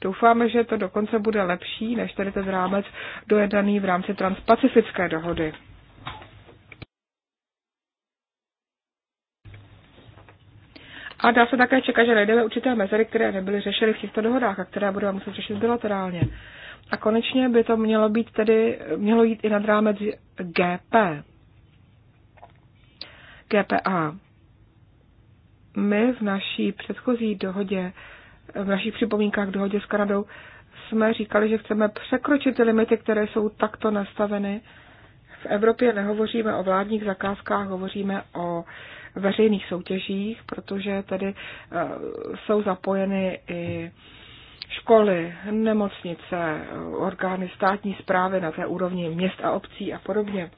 Doufáme, že to dokonce bude lepší než tady ten rámec dojednaný v rámci transpacifické dohody. A dá se také čekat, že najdeme určité mezery, které nebyly řešeny v těchto dohodách a které budeme muset řešit bilaterálně. A konečně by to mělo být tedy, mělo jít i nad rámec GP. GPA. My v naší předchozí dohodě v našich připomínkách k dohodě s Kanadou jsme říkali, že chceme překročit ty limity, které jsou takto nastaveny. V Evropě nehovoříme o vládních zakázkách, hovoříme o veřejných soutěžích, protože tedy eh, jsou zapojeny i školy, nemocnice, orgány státní zprávy na té úrovni měst a obcí a podobně.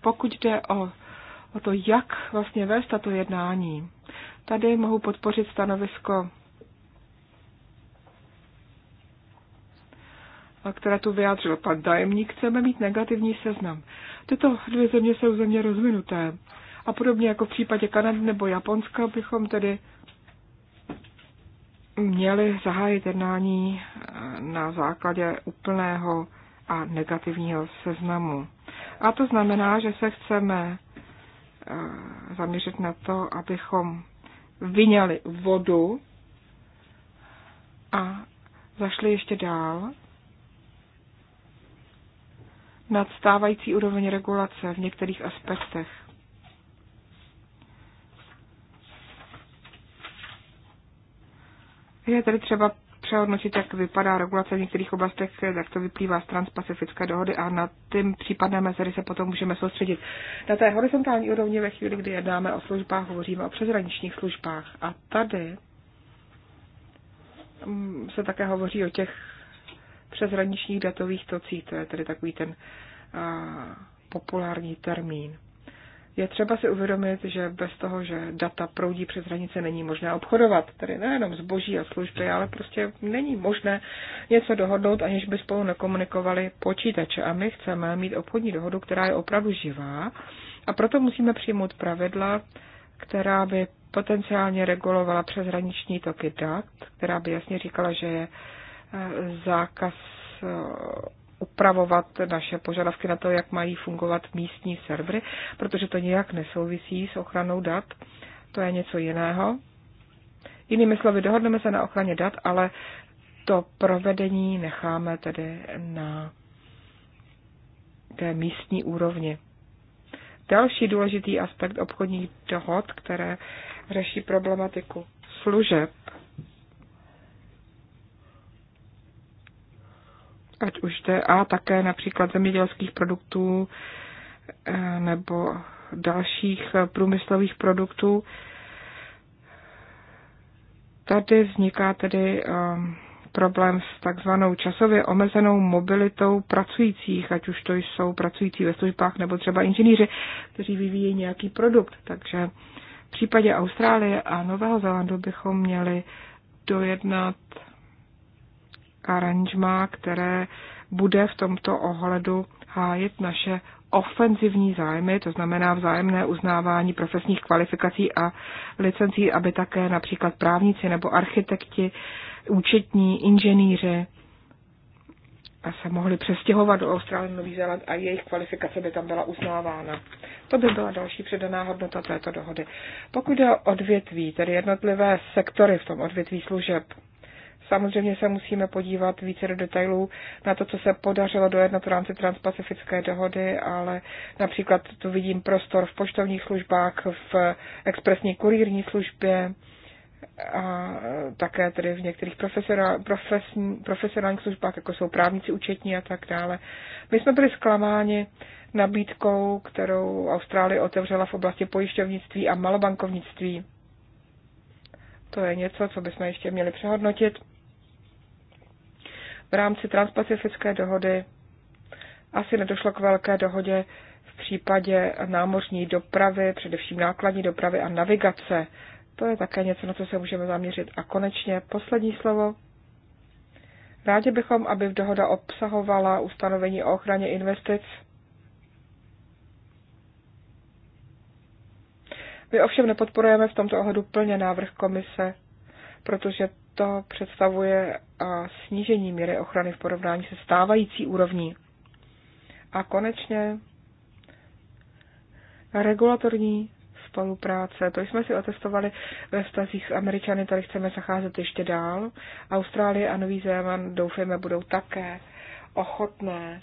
Pokud jde o, o to, jak vlastně vést tato jednání, Tady mohu podpořit stanovisko, které tu vyjádřil pan Dajemník, Chceme mít negativní seznam. Tyto dvě země jsou země rozvinuté. A podobně jako v případě Kanady nebo Japonska bychom tedy měli zahájit jednání eh, na základě úplného a negativního seznamu. A to znamená, že se chceme eh, zaměřit na to, abychom vyňali vodu a zašli ještě dál nad stávající úroveň regulace v některých aspektech. Je tedy třeba přehodnotit, jak vypadá regulace v některých oblastech, jak to vyplývá z transpacifické dohody a na tím případné mezery se potom můžeme soustředit. Na té horizontální úrovni ve chvíli, kdy jednáme o službách, hovoříme o přeshraničních službách a tady mm, se také hovoří o těch přeshraničních datových tocích, to je tedy takový ten a, populární termín je třeba si uvědomit, že bez toho, že data proudí přes hranice, není možné obchodovat. Tedy nejenom zboží a služby, ale prostě není možné něco dohodnout, aniž by spolu nekomunikovali počítače. A my chceme mít obchodní dohodu, která je opravdu živá. A proto musíme přijmout pravidla, která by potenciálně regulovala přeshraniční toky dat, která by jasně říkala, že je eh, zákaz eh, upravovat naše požadavky na to, jak mají fungovat místní servery, protože to nijak nesouvisí s ochranou dat. To je něco jiného. Jinými slovy, dohodneme se na ochraně dat, ale to provedení necháme tedy na té místní úrovni. Další důležitý aspekt obchodních dohod, které řeší problematiku služeb, ať už jde a také například zemědělských produktů eh, nebo dalších eh, průmyslových produktů. Tady vzniká tedy ehm, problém s takzvanou časově omezenou mobilitou pracujících, ať už to jsou pracující ve službách nebo třeba inženýři, kteří vyvíjí nějaký produkt. Takže v případě Austrálie a Nového Zélandu bychom měli dojednat aranžma, které bude v tomto ohledu hájit naše ofenzivní zájmy, to znamená vzájemné uznávání profesních kvalifikací a licencí, aby také například právníci nebo architekti, účetní, inženýři a se mohli přestěhovat do Austrálie, Nový Zéland a jejich kvalifikace by tam byla uznávána. To by byla další předaná hodnota této dohody. Pokud jde o odvětví, tedy jednotlivé sektory v tom odvětví služeb, Samozřejmě se musíme podívat více do detailů na to, co se podařilo dojednat v rámci transpacifické dohody, ale například tu vidím prostor v poštovních službách, v expresní kurírní službě a také tedy v některých profesionálních službách, jako jsou právníci, účetní a tak dále. My jsme byli zklamáni nabídkou, kterou Austrálie otevřela v oblasti pojišťovnictví a malobankovnictví. To je něco, co bychom ještě měli přehodnotit v rámci transpacifické dohody asi nedošlo k velké dohodě v případě námořní dopravy, především nákladní dopravy a navigace. To je také něco, na co se můžeme zaměřit. A konečně poslední slovo. Rádi bychom, aby v dohoda obsahovala ustanovení o ochraně investic. My ovšem nepodporujeme v tomto ohledu plně návrh komise, protože to představuje snížení míry ochrany v porovnání se stávající úrovní. A konečně regulatorní spolupráce. To jsme si otestovali ve vztazích s Američany, tady chceme zacházet ještě dál. Austrálie a Nový Zéman doufejme budou také ochotné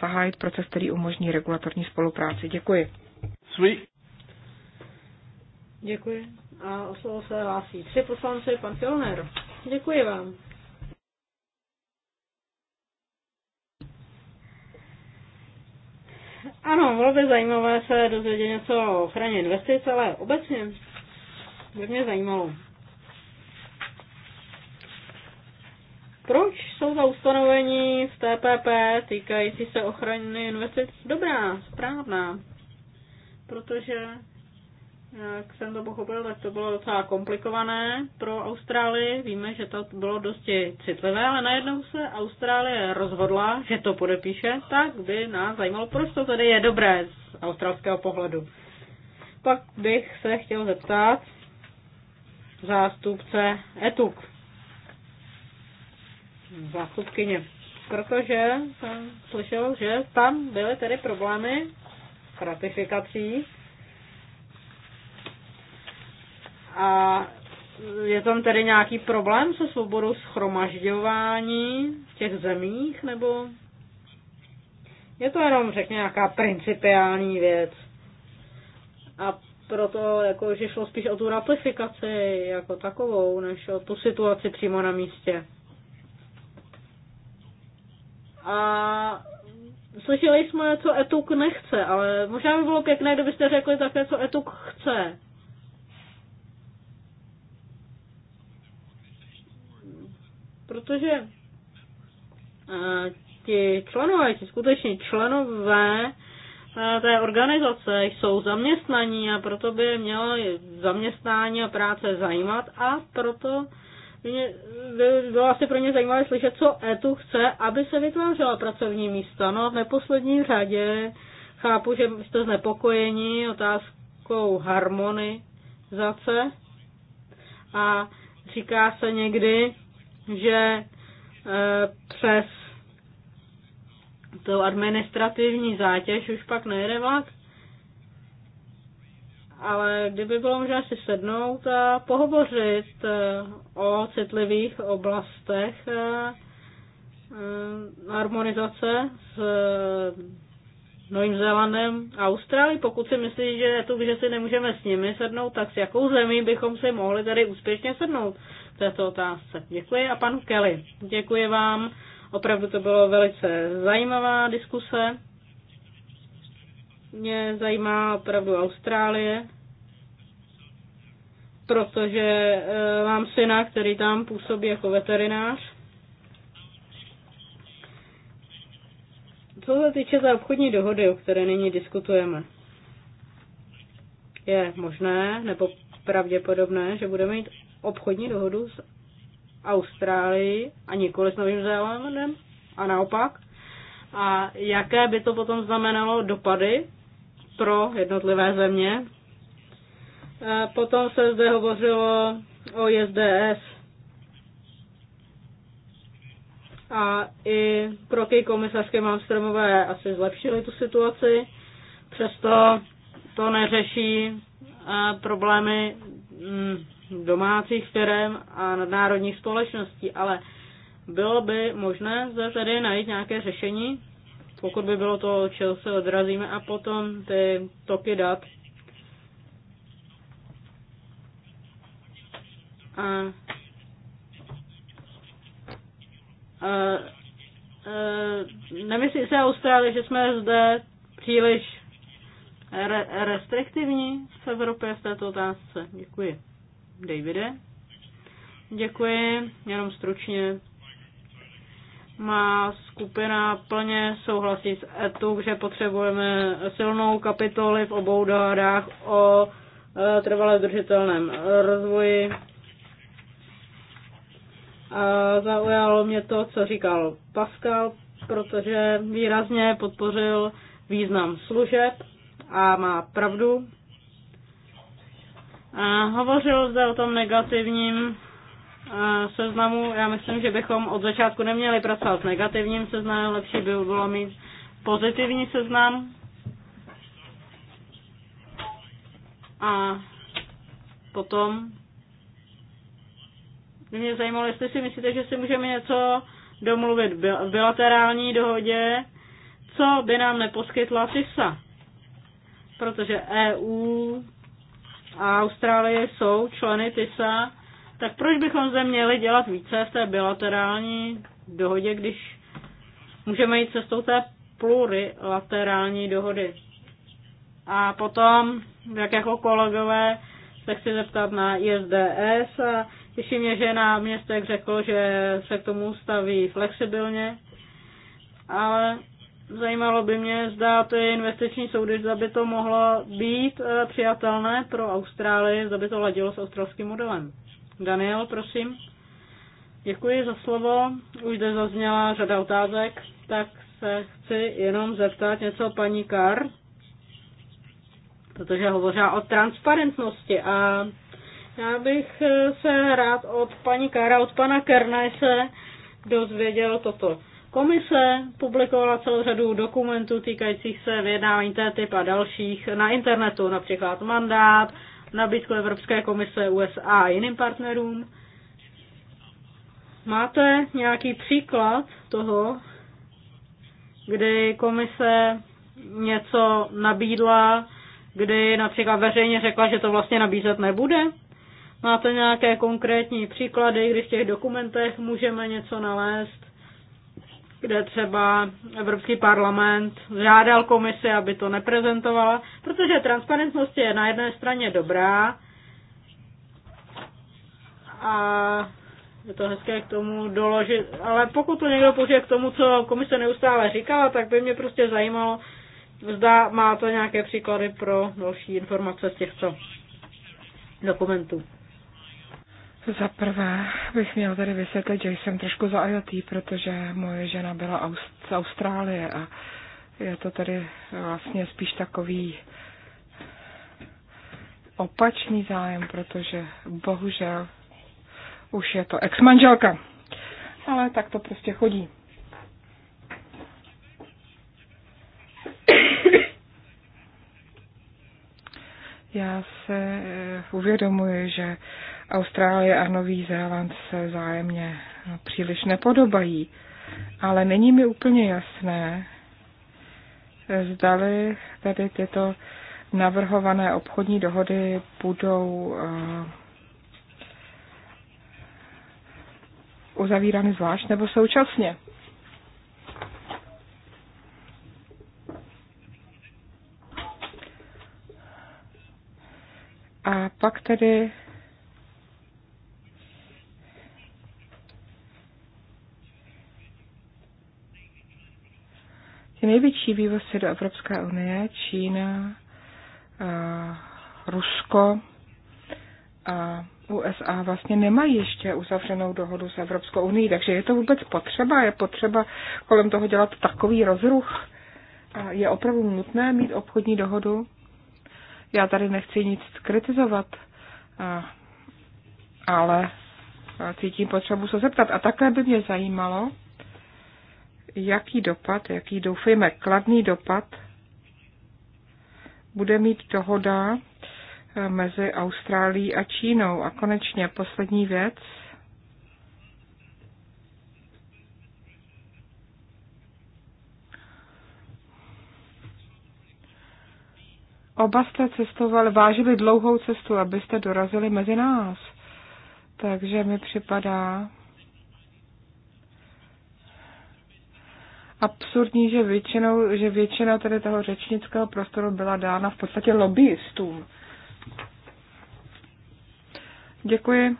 zahájit proces, který umožní regulatorní spolupráci. Děkuji. Sweet. Děkuji a o slovo se hlásí tři poslanci, pan Filner. Děkuji vám. Ano, bylo by zajímavé se dozvědět něco o ochraně investic, ale obecně by mě zajímalo. Proč jsou za ustanovení v TPP týkající se ochrany investic dobrá, správná? Protože jak jsem to pochopil, tak to bylo docela komplikované pro Austrálii. Víme, že to bylo dosti citlivé, ale najednou se Austrálie rozhodla, že to podepíše, tak by nás zajímalo, proč to tedy je dobré z australského pohledu. Pak bych se chtěl zeptat zástupce ETUK. Zástupkyně. Protože jsem slyšel, že tam byly tedy problémy s ratifikací A je tam tedy nějaký problém se svobodou schromažďování v těch zemích, nebo je to jenom, řekně, nějaká principiální věc? A proto, jako, že šlo spíš o tu ratifikaci jako takovou, než o tu situaci přímo na místě. A slyšeli jsme, co Etuk nechce, ale možná by bylo pěkné, kdybyste řekli také, co Etuk chce. protože eh, ti členové, ti skuteční členové eh, té organizace jsou zaměstnaní a proto by mělo zaměstnání a práce zajímat a proto by bylo asi pro ně zajímavé slyšet, co ETU chce, aby se vytvářela pracovní místa. No a v neposlední řadě chápu, že jste znepokojení otázkou harmonizace a říká se někdy, že eh, přes tu administrativní zátěž už pak nejde vlak. Ale kdyby bylo možné si sednout a pohovořit eh, o citlivých oblastech eh, harmonizace s Novým Zélandem a Austrálií, pokud si myslí, že, tu, že si nemůžeme s nimi sednout, tak s jakou zemí bychom si mohli tady úspěšně sednout této otázce. Děkuji a panu Kelly. Děkuji vám. Opravdu to bylo velice zajímavá diskuse. Mě zajímá opravdu Austrálie, protože eh, mám syna, který tam působí jako veterinář. Co se týče té obchodní dohody, o které nyní diskutujeme, je možné nebo pravděpodobné, že budeme mít obchodní dohodu s Austrálií a nikoli s Novým Zélandem a naopak. A jaké by to potom znamenalo dopady pro jednotlivé země. E, potom se zde hovořilo o JSDS a i kroky komisařské Malmströmové asi zlepšily tu situaci, přesto to neřeší e, problémy mm, domácích firm a nadnárodních společností, ale bylo by možné zde tedy najít nějaké řešení, pokud by bylo to, čeho se odrazíme a potom ty toky dat. A, a, a e, nemyslí se Austrálie, že jsme zde příliš re, restriktivní v Evropě v této otázce. Děkuji. Davide. Děkuji, jenom stručně. Má skupina plně souhlasí s ETU, že potřebujeme silnou kapitoli v obou dohodách o e, trvale držitelném rozvoji. A zaujalo mě to, co říkal Pascal, protože výrazně podpořil význam služeb a má pravdu. A hovořil zde o tom negativním eh, seznamu. Já myslím, že bychom od začátku neměli pracovat s negativním seznamem, lepší by bylo mít pozitivní seznam. A potom by mě zajímalo, jestli si myslíte, že si můžeme něco domluvit v bilaterální dohodě, co by nám neposkytla FISA. Protože EU a Austrálie jsou členy TISA, tak proč bychom zde měli dělat více v té bilaterální dohodě, když můžeme jít cestou té plurilaterální dohody? A potom, jak jako kolegové, se chci zeptat na ISDS a těší mě, že na městek řekl, že se k tomu staví flexibilně, ale zajímalo by mě, zda ty investiční soudy, zda by to mohlo být eh, přijatelné pro Austrálii, zda by to ladilo s australským modelem. Daniel, prosím. Děkuji za slovo. Už zde zazněla řada otázek, tak se chci jenom zeptat něco paní Kar, protože hovořila o transparentnosti a já bych eh, se rád od paní Kara, od pana se dozvěděl toto Komise publikovala celou řadu dokumentů týkajících se vyjednávání TTIP a dalších na internetu, například mandát, nabídku Evropské komise USA a jiným partnerům. Máte nějaký příklad toho, kdy komise něco nabídla, kdy například veřejně řekla, že to vlastně nabízet nebude? Máte nějaké konkrétní příklady, kdy v těch dokumentech můžeme něco nalézt? kde třeba Evropský parlament žádal komisi, aby to neprezentovala, protože transparentnost je na jedné straně dobrá a je to hezké k tomu doložit, ale pokud to někdo použije k tomu, co komise neustále říkala, tak by mě prostě zajímalo, zda má to nějaké příklady pro další informace z těchto dokumentů. Za prvé bych měl tady vysvětlit, že jsem trošku za IoT, protože moje žena byla z Austrálie a je to tady vlastně spíš takový opačný zájem, protože bohužel už je to ex-manželka. Ale tak to prostě chodí. Já se uvědomuji, že Austrálie a Nový Zéland se zájemně příliš nepodobají. Ale není mi úplně jasné, zdali tady tyto navrhované obchodní dohody budou eh, uzavírány zvlášť nebo současně. A pak tedy Ty největší vývozci do Evropské unie, Čína, Rusko a USA vlastně nemají ještě uzavřenou dohodu s Evropskou unii, takže je to vůbec potřeba, je potřeba kolem toho dělat takový rozruch. A je opravdu nutné mít obchodní dohodu. Já tady nechci nic kritizovat, ale cítím potřebu se zeptat. A také by mě zajímalo, jaký dopad, jaký doufejme kladný dopad bude mít dohoda eh, mezi Austrálií a Čínou. A konečně poslední věc. Oba jste cestovali, vážili dlouhou cestu, abyste dorazili mezi nás. Takže mi připadá, absurdní, že většinou, že většina tedy toho řečnického prostoru byla dána v podstatě lobbyistům. Děkuji.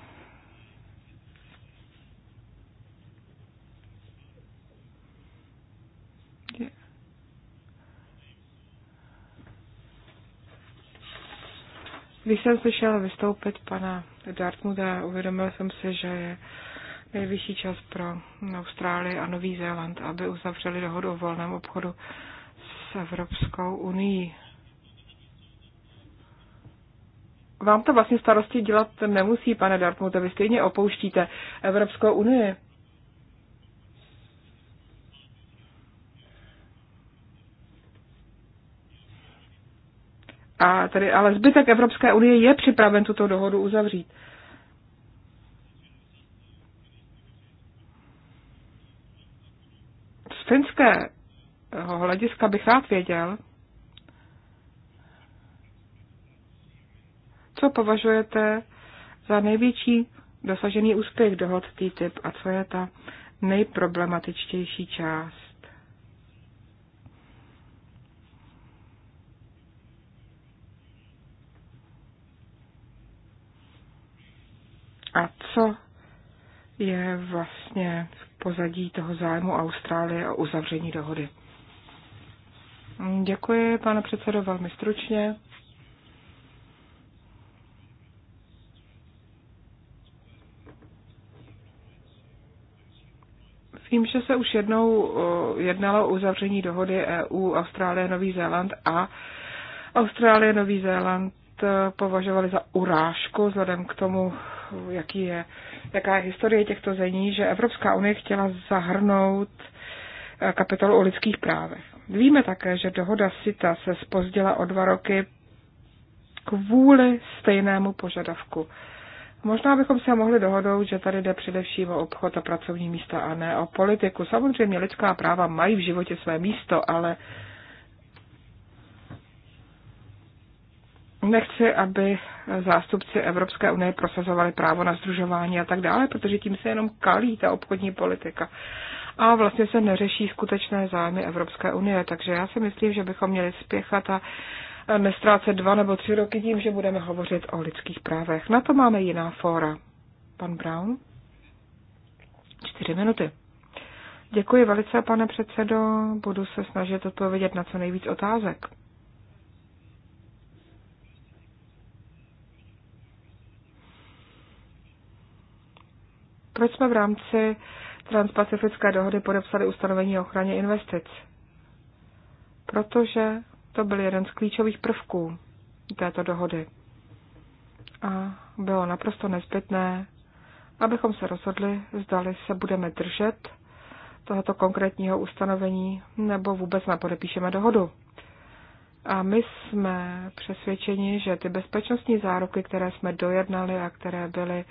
Když jsem slyšela vystoupit pana Dartmuda, uvědomil jsem si, že je uh, nejvyšší čas pro Austrálii a Nový Zéland, aby uzavřeli dohodu o volném obchodu s Evropskou unii. Vám to vlastně starosti dělat nemusí, pane Dartmouth, vy stejně opouštíte Evropskou unii. A tedy, ale zbytek Evropské unie je připraven tuto dohodu uzavřít. finského hlediska bych rád věděl, co považujete za největší dosažený úspěch dohod TTIP a co je ta nejproblematičtější část. A co je vlastně v pozadí toho zájmu Austrálie o uzavření dohody. Děkuji, pane předsedo, velmi stručně. Vím, že se už jednou jednalo o uzavření dohody EU, Austrálie, Nový Zéland a Austrálie, Nový Zéland považovali za urážku, vzhledem k tomu, jaký je, jaká je historie těchto zemí, že Evropská unie chtěla zahrnout eh, kapitolu o lidských právech. Víme také, že dohoda SITA se spozdila o dva roky kvůli stejnému požadavku. Možná bychom se mohli dohodnout, že tady jde především o obchod a pracovní místa a ne o politiku. Samozřejmě lidská práva mají v životě své místo, ale Nechci, aby zástupci Evropské unie prosazovali právo na združování a tak dále, protože tím se jenom kalí ta obchodní politika. A vlastně se neřeší skutečné zájmy Evropské unie, takže já si myslím, že bychom měli spěchat a nestrácet dva nebo tři roky tím, že budeme hovořit o lidských právech. Na to máme jiná fóra. Pan Brown? Čtyři minuty. Děkuji velice, pane předsedo. Budu se snažit odpovědět na co nejvíc otázek. Proč jsme v rámci transpacifické dohody podepsali ustanovení o ochraně investic? Protože to byl jeden z klíčových prvků této dohody. A bylo naprosto nezbytné, abychom se rozhodli, zdali se budeme držet tohoto konkrétního ustanovení nebo vůbec nepodepíšeme dohodu. A my jsme přesvědčeni, že ty bezpečnostní záruky, které jsme dojednali a které byly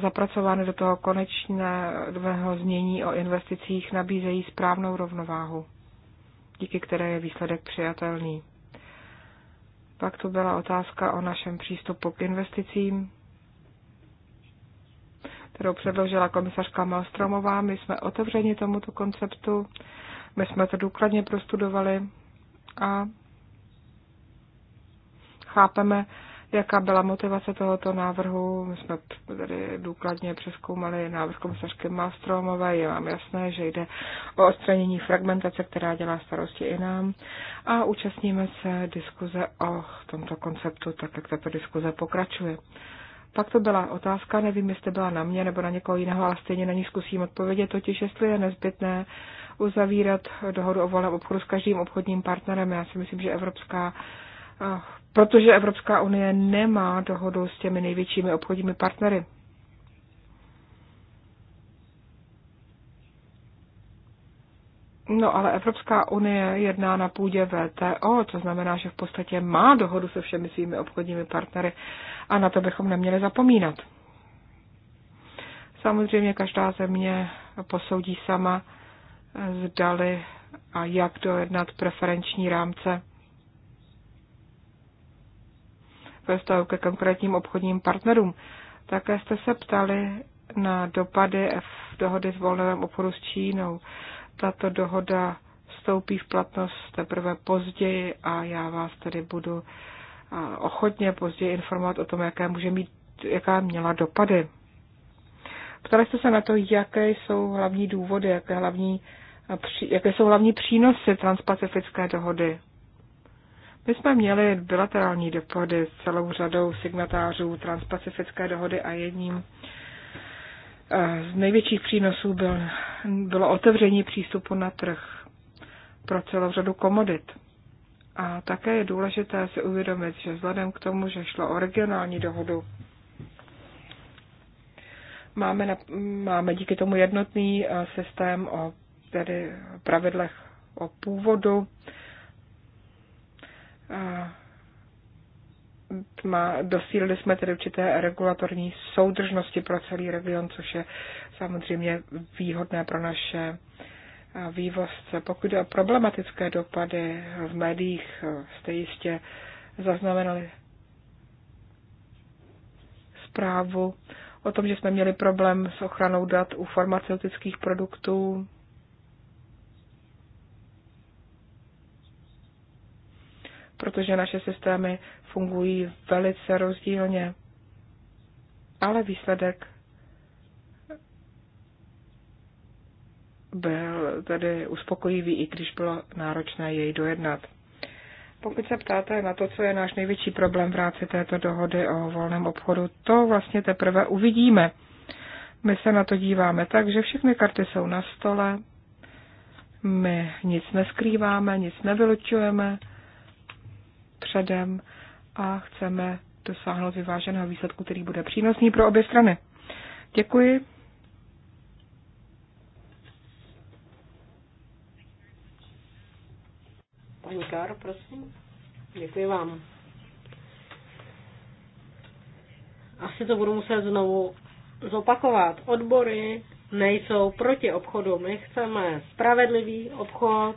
zapracovány do toho konečného znění o investicích, nabízejí správnou rovnováhu, díky které je výsledek přijatelný. Pak tu byla otázka o našem přístupu k investicím, kterou předložila komisařka Malstromová. My jsme otevřeni tomuto konceptu, my jsme to důkladně prostudovali a chápeme, jaká byla motivace tohoto návrhu. My jsme tady důkladně přeskoumali návrh komisařky Malstromové. Je vám jasné, že jde o odstranění fragmentace, která dělá starosti i nám. A účastníme se diskuze o tomto konceptu, tak jak tato diskuze pokračuje. Pak to byla otázka, nevím, jestli byla na mě nebo na někoho jiného, ale stejně na ní zkusím odpovědět, totiž jestli je nezbytné uzavírat dohodu o volném obchodu s každým obchodním partnerem. Já si myslím, že Evropská eh, protože Evropská unie nemá dohodu s těmi největšími obchodními partnery. No ale Evropská unie jedná na půdě VTO, to znamená, že v podstatě má dohodu se všemi svými obchodními partnery a na to bychom neměli zapomínat. Samozřejmě každá země posoudí sama, zdali a jak dojednat preferenční rámce ve vztahu ke konkrétním obchodním partnerům. Také jste se ptali na dopady F dohody s volném obchodu s Čínou. Tato dohoda vstoupí v platnost teprve později a já vás tedy budu ochotně později informovat o tom, jaké může mít, jaká měla dopady. Ptali jste se na to, jaké jsou hlavní důvody, jaké, hlavní, jaké jsou hlavní přínosy transpacifické dohody. My jsme měli bilaterální dohody s celou řadou signatářů Transpacifické dohody a jedním eh, z největších přínosů byl, bylo otevření přístupu na trh pro celou řadu komodit. A také je důležité si uvědomit, že vzhledem k tomu, že šlo o regionální dohodu, máme, na, máme díky tomu jednotný eh, systém o tedy pravidlech o původu, má, dosílili jsme tedy určité regulatorní soudržnosti pro celý region, což je samozřejmě výhodné pro naše vývozce. Pokud jde o problematické dopady v médiích, jste jistě zaznamenali zprávu o tom, že jsme měli problém s ochranou dat u farmaceutických produktů. protože naše systémy fungují velice rozdílně. Ale výsledek byl tedy uspokojivý, i když bylo náročné jej dojednat. Pokud se ptáte na to, co je náš největší problém v rámci této dohody o volném obchodu, to vlastně teprve uvidíme. My se na to díváme tak, že všechny karty jsou na stole, my nic neskrýváme, nic nevylučujeme, předem a chceme dosáhnout vyváženého výsledku, který bude přínosný pro obě strany. Děkuji. Paní Káro, prosím. Děkuji vám. Asi to budu muset znovu zopakovat. Odbory nejsou proti obchodu. My chceme spravedlivý obchod,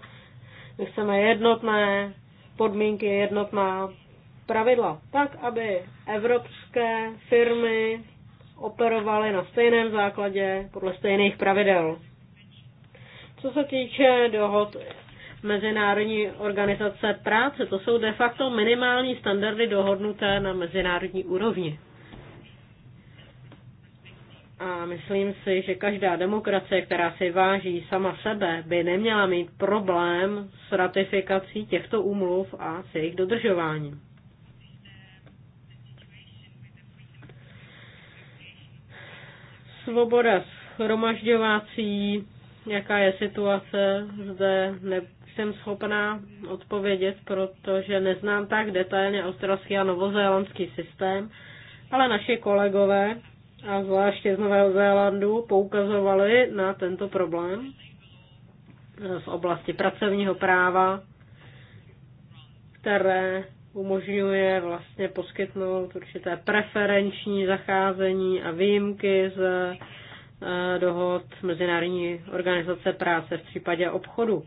my chceme jednotné podmínky, jednotná pravidla, tak aby evropské firmy operovaly na stejném základě podle stejných pravidel. Co se týče dohod Mezinárodní organizace práce, to jsou de facto minimální standardy dohodnuté na mezinárodní úrovni. A myslím si, že každá demokracie, která si váží sama sebe, by neměla mít problém s ratifikací těchto úmluv a s jejich dodržováním. Svoboda shromažďovací, jaká je situace, zde nejsem schopná odpovědět, protože neznám tak detailně australský a novozélandský systém, ale naši kolegové a zvláště z Nového Zélandu poukazovali na tento problém z oblasti pracovního práva, které umožňuje vlastně poskytnout určité preferenční zacházení a výjimky z eh, dohod Mezinárodní organizace práce v případě obchodu.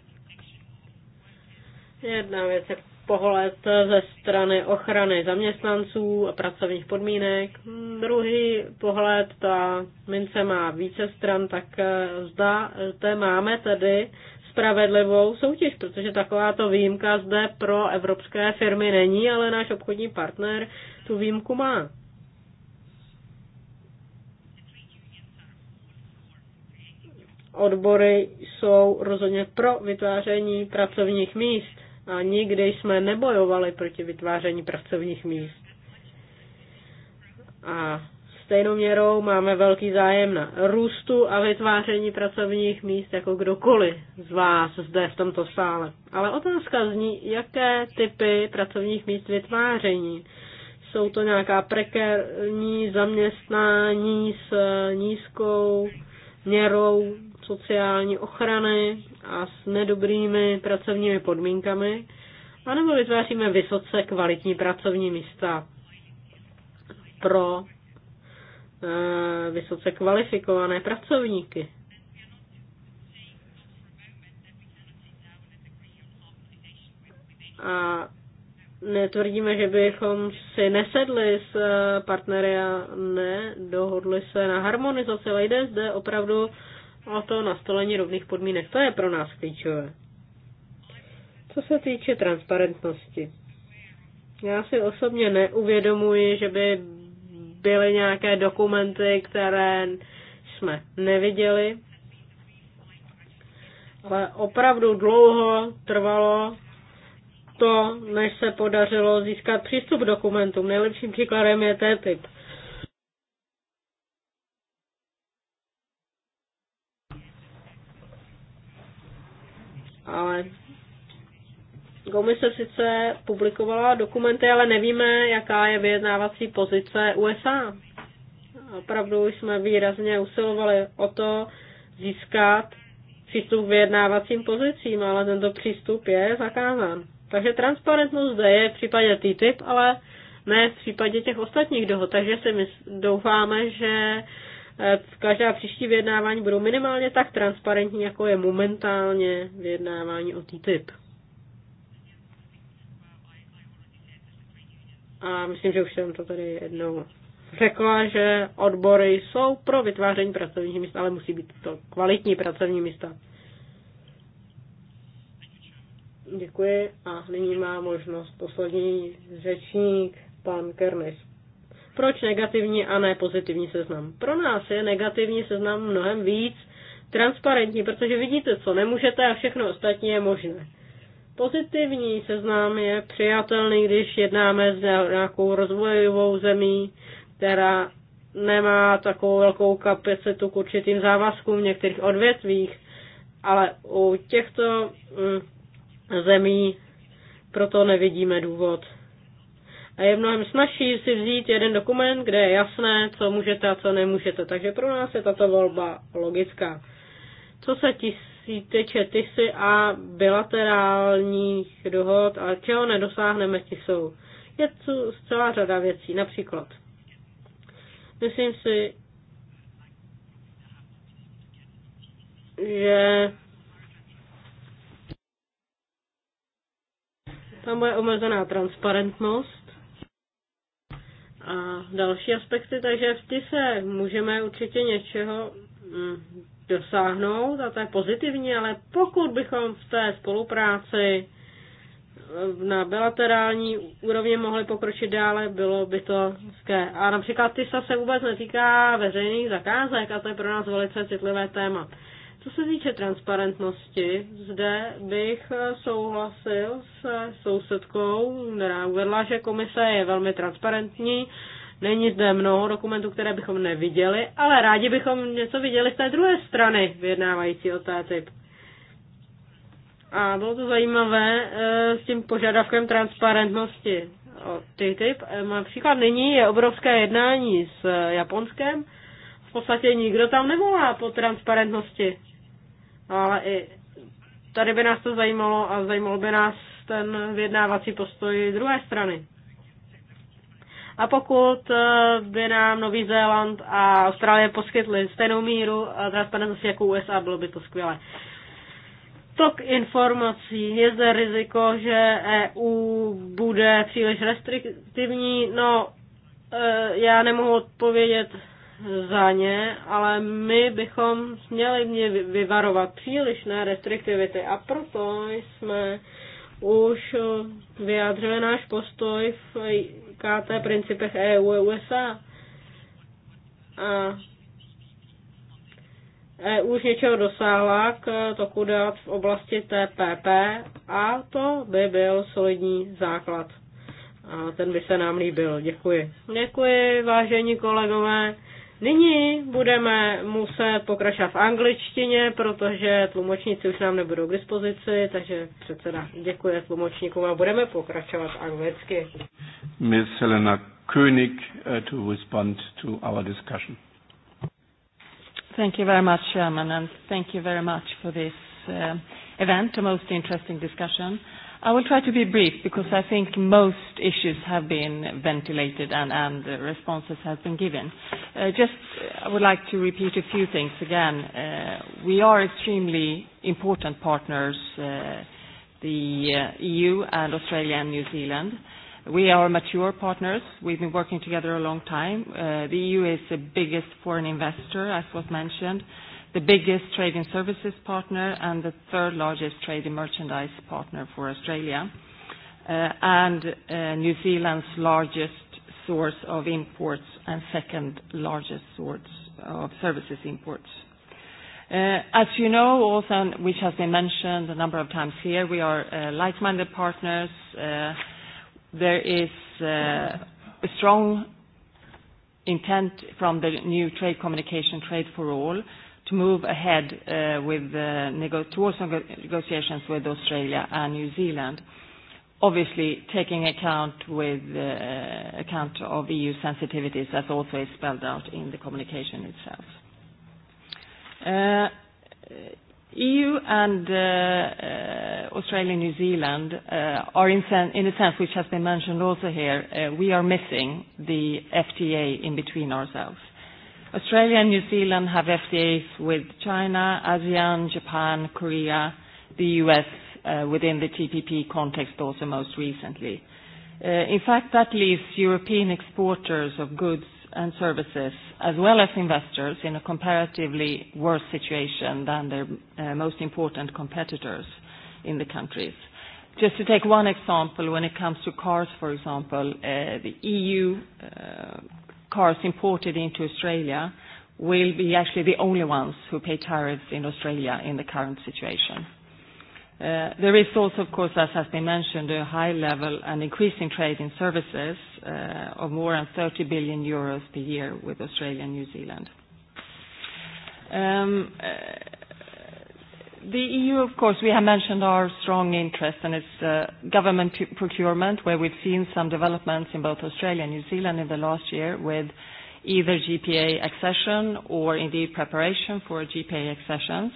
Jedna věc je pohled ze strany ochrany zaměstnanců a pracovních podmínek. Hmm, druhý pohled, ta mince má více stran, tak eh, zda zde máme tedy spravedlivou soutěž, protože takováto výjimka zde pro evropské firmy není, ale náš obchodní partner tu výjimku má. Odbory jsou rozhodně pro vytváření pracovních míst a nikdy jsme nebojovali proti vytváření pracovních míst. A stejnou měrou máme velký zájem na růstu a vytváření pracovních míst jako kdokoliv z vás zde v tomto sále. Ale otázka zní, jaké typy pracovních míst vytváření. Jsou to nějaká prekérní zaměstnání s nízkou měrou sociální ochrany a s nedobrými pracovními podmínkami, anebo vytváříme vysoce kvalitní pracovní místa pro e, vysoce kvalifikované pracovníky. A netvrdíme, že bychom si nesedli s eh, partnery a dohodli se na harmonizaci, ale jde zde opravdu a to nastolení rovných podmínek. To je pro nás klíčové. Co se týče transparentnosti, já si osobně neuvědomuji, že by byly nějaké dokumenty, které jsme neviděli, ale opravdu dlouho trvalo to, než se podařilo získat přístup k dokumentům. Nejlepším příkladem je TTIP. ale Komise sice publikovala dokumenty, ale nevíme, jaká je vyjednávací pozice USA. Opravdu jsme výrazně usilovali o to získat přístup k vyjednávacím pozicím, ale tento přístup je zakázán. Takže transparentnost zde je v případě TTIP, ale ne v případě těch ostatních dohod. Takže si doufáme, že v e, každá příští vyjednávání budou minimálně tak transparentní, jako je momentálně vyjednávání o TTIP. A myslím, že už jsem to tady jednou řekla, že odbory jsou pro vytváření pracovních míst, ale musí být to kvalitní pracovní místa. Děkuji a nyní má možnost poslední řečník, pan Kernis. Proč negativní a ne pozitivní seznam? Pro nás je negativní seznam mnohem víc transparentní, protože vidíte, co nemůžete a všechno ostatní je možné. Pozitivní seznam je přijatelný, když jednáme s nějakou rozvojovou zemí, která nemá takovou velkou kapacitu k určitým závazkům v některých odvětvích, ale u těchto mm, zemí proto nevidíme důvod a je mnohem snažší si vzít jeden dokument, kde je jasné, co můžete a co nemůžete. Takže pro nás je tato volba logická. Co se týče tisy a bilaterálních dohod a čeho nedosáhneme tisou, je tu celá řada věcí. Například, myslím si, že tam bude omezená transparentnost a další aspekty, takže v ty se můžeme určitě něčeho mm, dosáhnout a to je pozitivní, ale pokud bychom v té spolupráci mm, na bilaterální úrovni mohli pokročit dále, bylo by to hezké. A například TISA se vůbec netýká veřejných zakázek a to je pro nás velice citlivé téma. Co se týče transparentnosti, zde bych eh, souhlasil se eh, sousedkou, která uvedla, že komise je velmi transparentní. Není zde mnoho dokumentů, které bychom neviděli, ale rádi bychom něco viděli z té druhé strany vyjednávající o té typ. A bylo to zajímavé eh, s tím požadavkem transparentnosti. O TTIP například nyní je obrovské jednání s Japonskem, v podstatě nikdo tam nevolá po transparentnosti. No, ale i tady by nás to zajímalo a zajímalo by nás ten vyjednávací postoj druhé strany. A pokud eh, by nám Nový Zéland a Austrálie poskytly stejnou míru a transparentnosti jako USA, bylo by to skvělé. Tok informací. Je zde riziko, že EU bude příliš restriktivní? No, eh, já nemohu odpovědět za ně, ale my bychom měli mě vyvarovat přílišné restriktivity a proto jsme už vyjádřili náš postoj v KT principech EU a USA. A EU už něčeho dosáhla k toku dát v oblasti TPP a to by byl solidní základ. A ten by se nám líbil. Děkuji. Děkuji, vážení kolegové. Nyní budeme muset pokračovat v angličtině, protože tlumočníci už nám nebudou k dispozici, takže předseda děkuje tlumočníkům a budeme pokračovat anglicky. Miss Helena König uh, to respond to our discussion. Thank you very much, Chairman, and thank you very much for this uh, event, a most interesting discussion. Uh, i will try to be brief because I think most issues have been ventilated and, and the responses have been given. Uh, just I would like to repeat a few things again. Uh, we are extremely important partners, uh, the uh, EU and Australia and New Zealand. We are mature partners. We've been working together a long time. Uh, the EU is the biggest foreign investor, as was mentioned. Uh, the biggest trade and services partner and the third largest trade and merchandise partner for Australia, uh, and uh, New Zealand's largest source of imports and second largest source of services imports. Uh, as you know, also, which has been mentioned a number of times here, we are uh, like-minded partners. Uh, there is uh, a strong intent from the new trade communication, Trade for All, to move ahead uh, with the uh, nego towards negotiations with Australia and New Zealand, obviously taking account with uh, account of EU sensitivities, as also is spelled out in the communication itself. Uh, EU and uh, uh, Australia, and New Zealand uh, are in, sen- in a sense which has been mentioned also here, uh, we are missing the FTA in between ourselves. Australia and New Zealand have FTAs with China, ASEAN, Japan, Korea, the US uh, within the TPP context also most recently. Uh, in fact, that leaves European exporters of goods and services, as well as investors, in a comparatively worse situation than their uh, most important competitors in the countries. Just to take one example, when it comes to cars, for example, uh, the EU uh, cars imported into Australia will be actually the only ones who pay tariffs in Australia in the current situation. Uh, there is also, of course, as has been mentioned, a high level and increasing trade in services uh, of more than 30 billion euros per year with Australia and New Zealand. Um, uh, The EU, of course, we have mentioned our strong interest, and it's uh, government procurement, where we've seen some developments in both Australia and New Zealand in the last year with either GPA accession or indeed preparation for GPA accessions.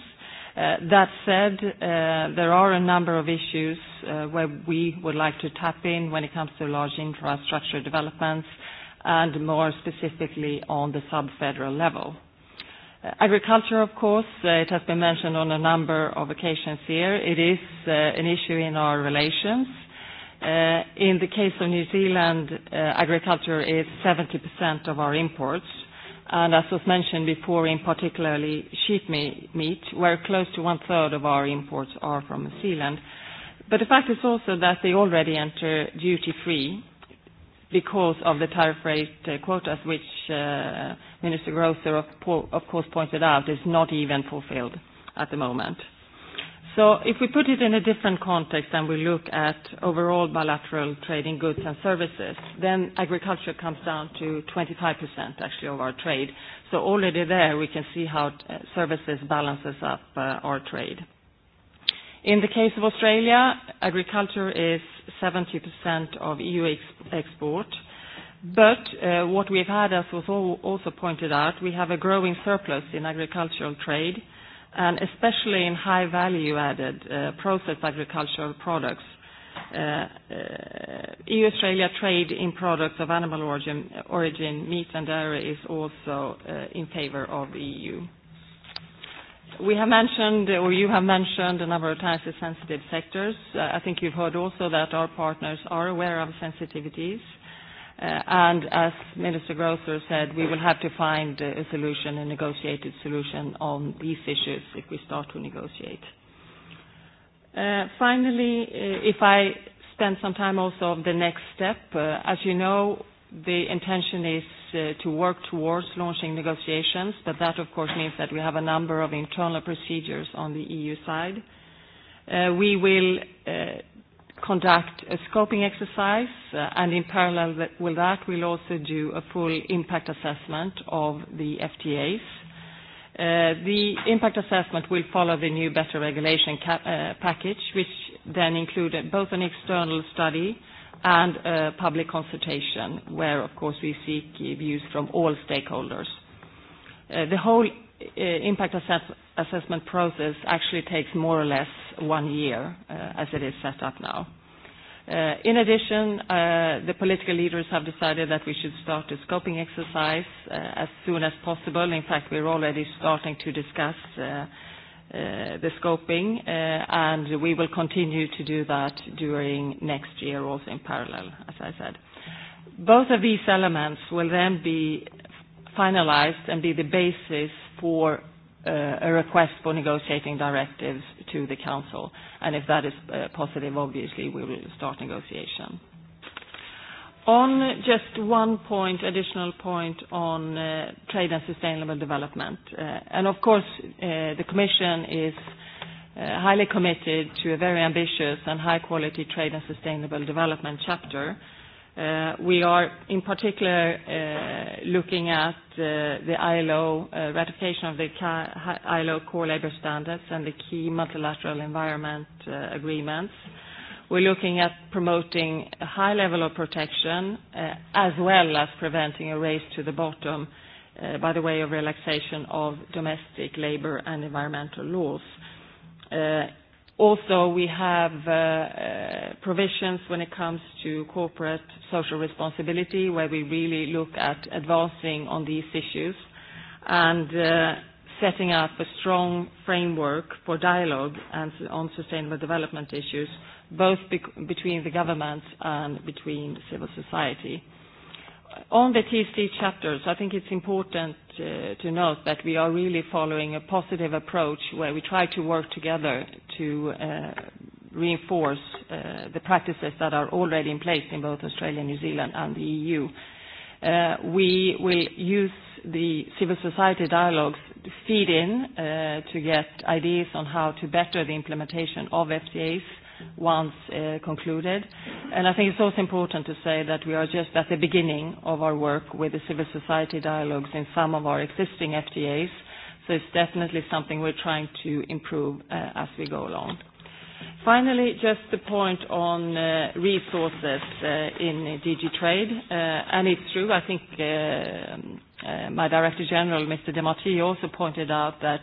Uh, that said, uh, there are a number of issues uh, where we would like to tap in when it comes to large infrastructure developments and more specifically on the sub-federal level. Uh, agriculture, of course, uh, it has been mentioned on a number of occasions here. It is uh, an issue in our relations. Uh, in the case of New Zealand, uh, agriculture is 70% of our imports, and as was mentioned before, in particularly sheep meat, where close to one-third of our imports are from New Zealand. But The fact is also that they already enter duty-free because of the tariff rate uh, quotas, which uh, Minister Grosser, of course, pointed out is not even fulfilled at the moment. So If we put it in a different context and we look at overall bilateral trading goods and services, then agriculture comes down to 25% actually of our trade. So Already there, we can see how uh, services balances up our trade. In the case of Australia, agriculture is 70% of EU ex export. But uh, What we've had, as was also pointed out, we have a growing surplus in agricultural trade, and especially in high value-added uh, processed agricultural products. Uh, uh EU-Australia trade in products of animal origin, origin, meat and dairy is also uh, in favor of the EU. We have mentioned, or you have mentioned a number of times the sensitive sectors. Uh, I think you've heard also that our partners are aware of sensitivities. Uh, and as Minister Grosser said, we will have to find a solution, a negotiated solution on these issues if we start to negotiate. Uh, finally, uh, if I spend some time also on the next step, uh, as you know, The intention is uh, to work towards launching negotiations, but that, of course, means that we have a number of internal procedures on the EU side. Uh, we will uh, conduct a scoping exercise, and in parallel with that, we'll also do a full impact assessment of the FTAs. Uh, the impact assessment will follow the new better regulation uh, package, which then included both an external study and a public consultation where, of course, we seek views from all stakeholders. Uh, the whole uh, impact assess assessment process actually takes more or less one year uh, as it is set up now. Uh, in addition, uh, the political leaders have decided that we should start a scoping exercise uh, as soon as possible. In fact, we're already starting to discuss uh, Uh, the scoping, uh, and we will continue to do that during next year also in parallel, as I said. Both of these elements will then be finalized and be the basis for uh, a request for negotiating directives to the council. and If that is positive, obviously we will start negotiation. On just one point, additional point on uh, trade and sustainable development. Uh, and Of course, uh, the Commission is uh, highly committed to a very ambitious and high-quality trade and sustainable development chapter. Uh, we are, in particular, uh, looking at the ILO ratification of the ILO core labor standards and the key multilateral environment agreements. We're looking at promoting a high level of protection, uh, as well as preventing a race to the bottom uh, by the way of relaxation of domestic labor and environmental laws. Uh, also, we have uh, uh, provisions when it comes to corporate social responsibility, where we really look at advancing on these issues and uh, setting up a strong framework for dialogue and on sustainable development issues both bec- between the government and between civil society. On the TSD chapters, I think it's important uh, to note that we are really following a positive approach where we try to work together to uh, reinforce uh, the practices that are already in place in both Australia, New Zealand, and the EU. Uh, we will use the civil society dialogues to feed in uh, to get ideas on how to better the implementation of FTAs once uh, concluded. And I think it's also important to say that we are just at the beginning of our work with the civil society dialogues in some of our existing FTAs, so it's definitely something we're trying to improve uh, as we go along. Finally, just the point on uh, resources uh, in DG Trade. Uh, and It's true, I think, uh, um, uh, my Director General, Mr. de Martino, also pointed out that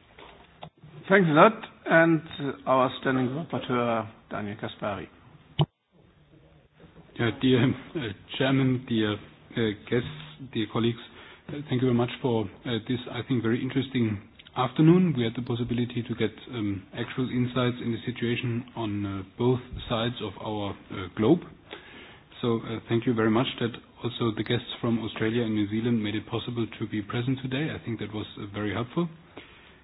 Thanks a lot, and our standing rapporteur, Daniel Kaspari. Yeah, dear uh, Chairman, dear uh, guests, dear colleagues, uh, thank you very much for uh, this, I think, very interesting afternoon. We had the possibility to get um, actual insights in the situation on uh, both sides of our uh, globe. So Thank you very much that also the guests from Australia and New Zealand made it possible to be present today. I think that was very helpful.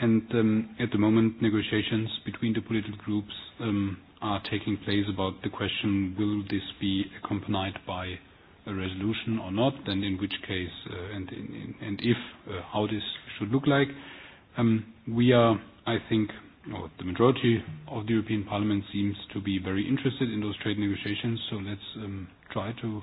And um, At the moment, negotiations between the political groups um, are taking place about the question, will this be accompanied by a resolution or not, and in which case, uh, and, in, and if, uh, how this should look like. Um, we are, I think, or the majority of the European Parliament seems to be very interested in those trade negotiations, so let's um, try to